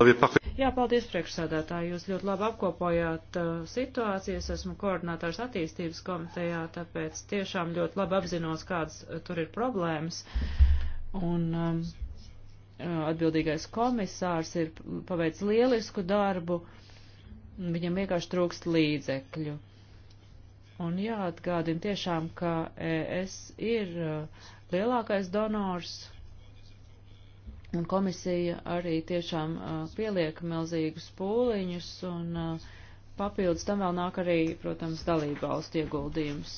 Jā, paldies priekšsādātāji. Jūs ļoti labi apkopojāt uh, situācijas. Esmu koordinātors attīstības komitejā, tāpēc tiešām ļoti labi apzinos, kādas uh, tur ir problēmas. Un um, uh, atbildīgais komisārs ir paveic lielisku darbu. Viņam vienkārši trūkst līdzekļu. Un jāatgādina tiešām, ka es ir uh, lielākais donors Un komisija arī tiešām pieliek milzīgus pūliņus, un papildus tam vēl nāk arī, protams, dalību valstu ieguldījums.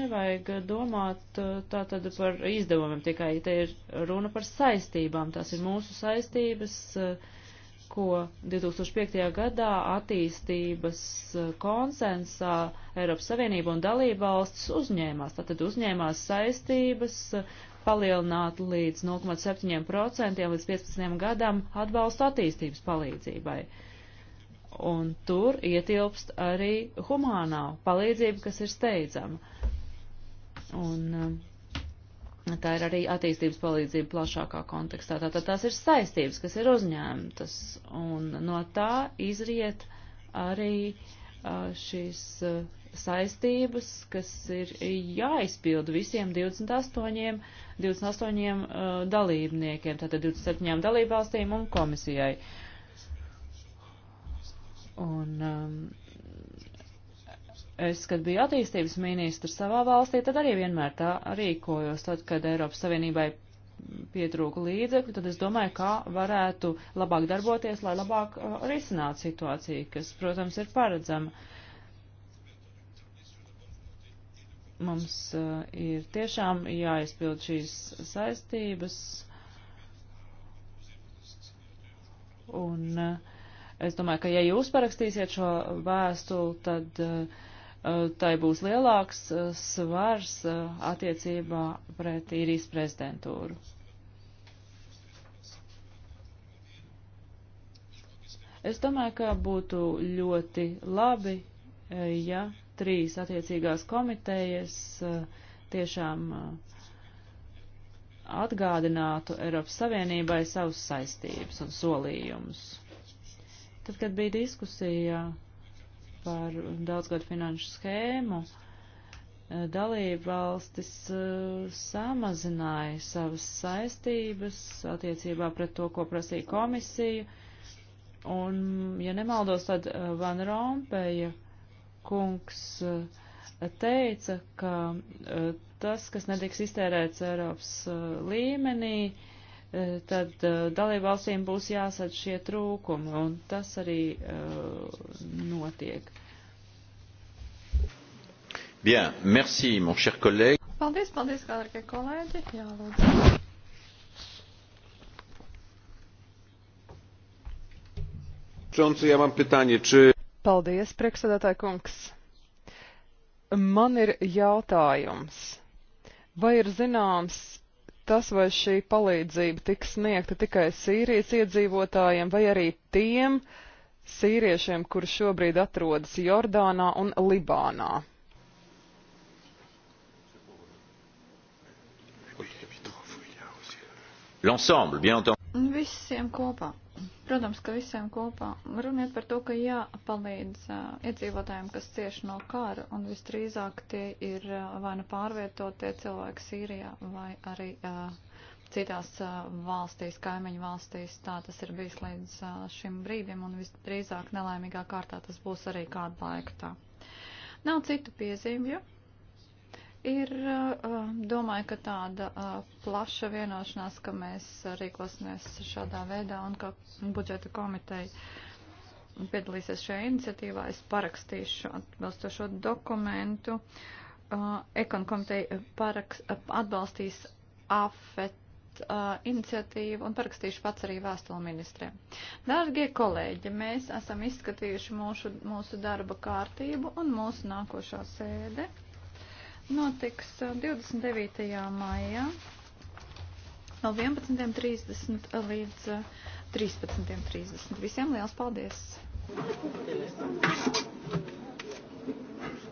Nevajag domāt tā tad par izdevumiem, tikai te ir runa par saistībām. Tās ir mūsu saistības. Uh, ko 2005. gadā attīstības eh, konsensā Eiropas Savienība un dalībvalstis uzņēmās. Tātad uzņēmās saistības eh, palielināt līdz 0,7% līdz 15 gadam atbalstu attīstības palīdzībai. Un tur ietilpst arī humānā palīdzība, kas ir steidzama. Un eh, Tā ir arī attīstības palīdzība plašākā kontekstā. Tātad tās ir saistības, kas ir uzņēmtas, un no tā izriet arī šīs saistības, kas ir jāizpild visiem 28, 28 dalībniekiem, tātad 27 dalībvalstīm un komisijai. Un um, Es, kad biju attīstības ministrs savā valstī, tad arī vienmēr tā rīkojos. Tad, kad Eiropas Savienībai pietrūka līdzekļu, tad es domāju, kā varētu labāk darboties, lai labāk uh, risinātu situāciju, kas, protams, ir paredzama. Mums uh, ir tiešām jāizpild šīs saistības. Un uh, es domāju, ka ja jūs parakstīsiet šo vēstuli, tad uh, Eh, tai būs lielāks eh, svars eh, attiecībā pret īrijas prezidentūru. Es domāju, ka būtu ļoti labi, ja trīs attiecīgās komitejas tiešām atgādinātu Eiropas Savienībai savus saistības un solījumus. Tad, kad bija diskusija par daudzgadu finanšu schēmu, eh, dalība valstis eh, samazināja savas saistības attiecībā pret to, ko prasīja komisija. Un, ja nemaldos, tad eh, Van Rompeja kungs teica, ka tas, kas netiks iztērēts Eiropas līmenī, uh, E, tad e, dalībvalstīm būs jāsadz šie trūkumi, un tas arī e, notiek. Bien, merci, mon cher collègue. Paldies, paldies, kādā kolēģi. Jā, lūdzu. Przewodniczący, ja mam pytanie, czy... Paldies, priekšsēdētāji kungs. Man ir jautājums. Vai ir zināms, tas, vai šī palīdzība tiks sniegta tikai Sīrijas iedzīvotājiem vai arī tiem sīriešiem, kuri šobrīd atrodas Jordānā un Libānā. Visiem kopā. Protams, ka visiem kopā runiet par to, ka jāpalīdz uh, iedzīvotājiem, kas cieši no kara, un visdrīzāk tie ir uh, vai nu pārvietotie cilvēki Sīrijā, vai arī uh, citās uh, valstīs, kaimiņu valstīs. Tā tas ir bijis līdz uh, šim brīdim, un visdrīzāk nelaimīgā kārtā tas būs arī kādu laiku tā. Nav citu piezīmju ir, domāju, ka tāda plaša vienošanās, ka mēs rīkosimies šādā veidā un ka budžeta komiteja piedalīsies šajā iniciatīvā. Es parakstīšu atbilstošo dokumentu. Ekon komiteja paraks, atbalstīs AFET iniciatīvu un parakstīšu pats arī vēstuli ministriem. Dārgie kolēģi, mēs esam izskatījuši mūsu, mūsu darba kārtību un mūsu nākošā sēde notiks 29. Uh, maijā no 11.30 līdz 13.30. Uh, Visiem liels paldies! Thank you.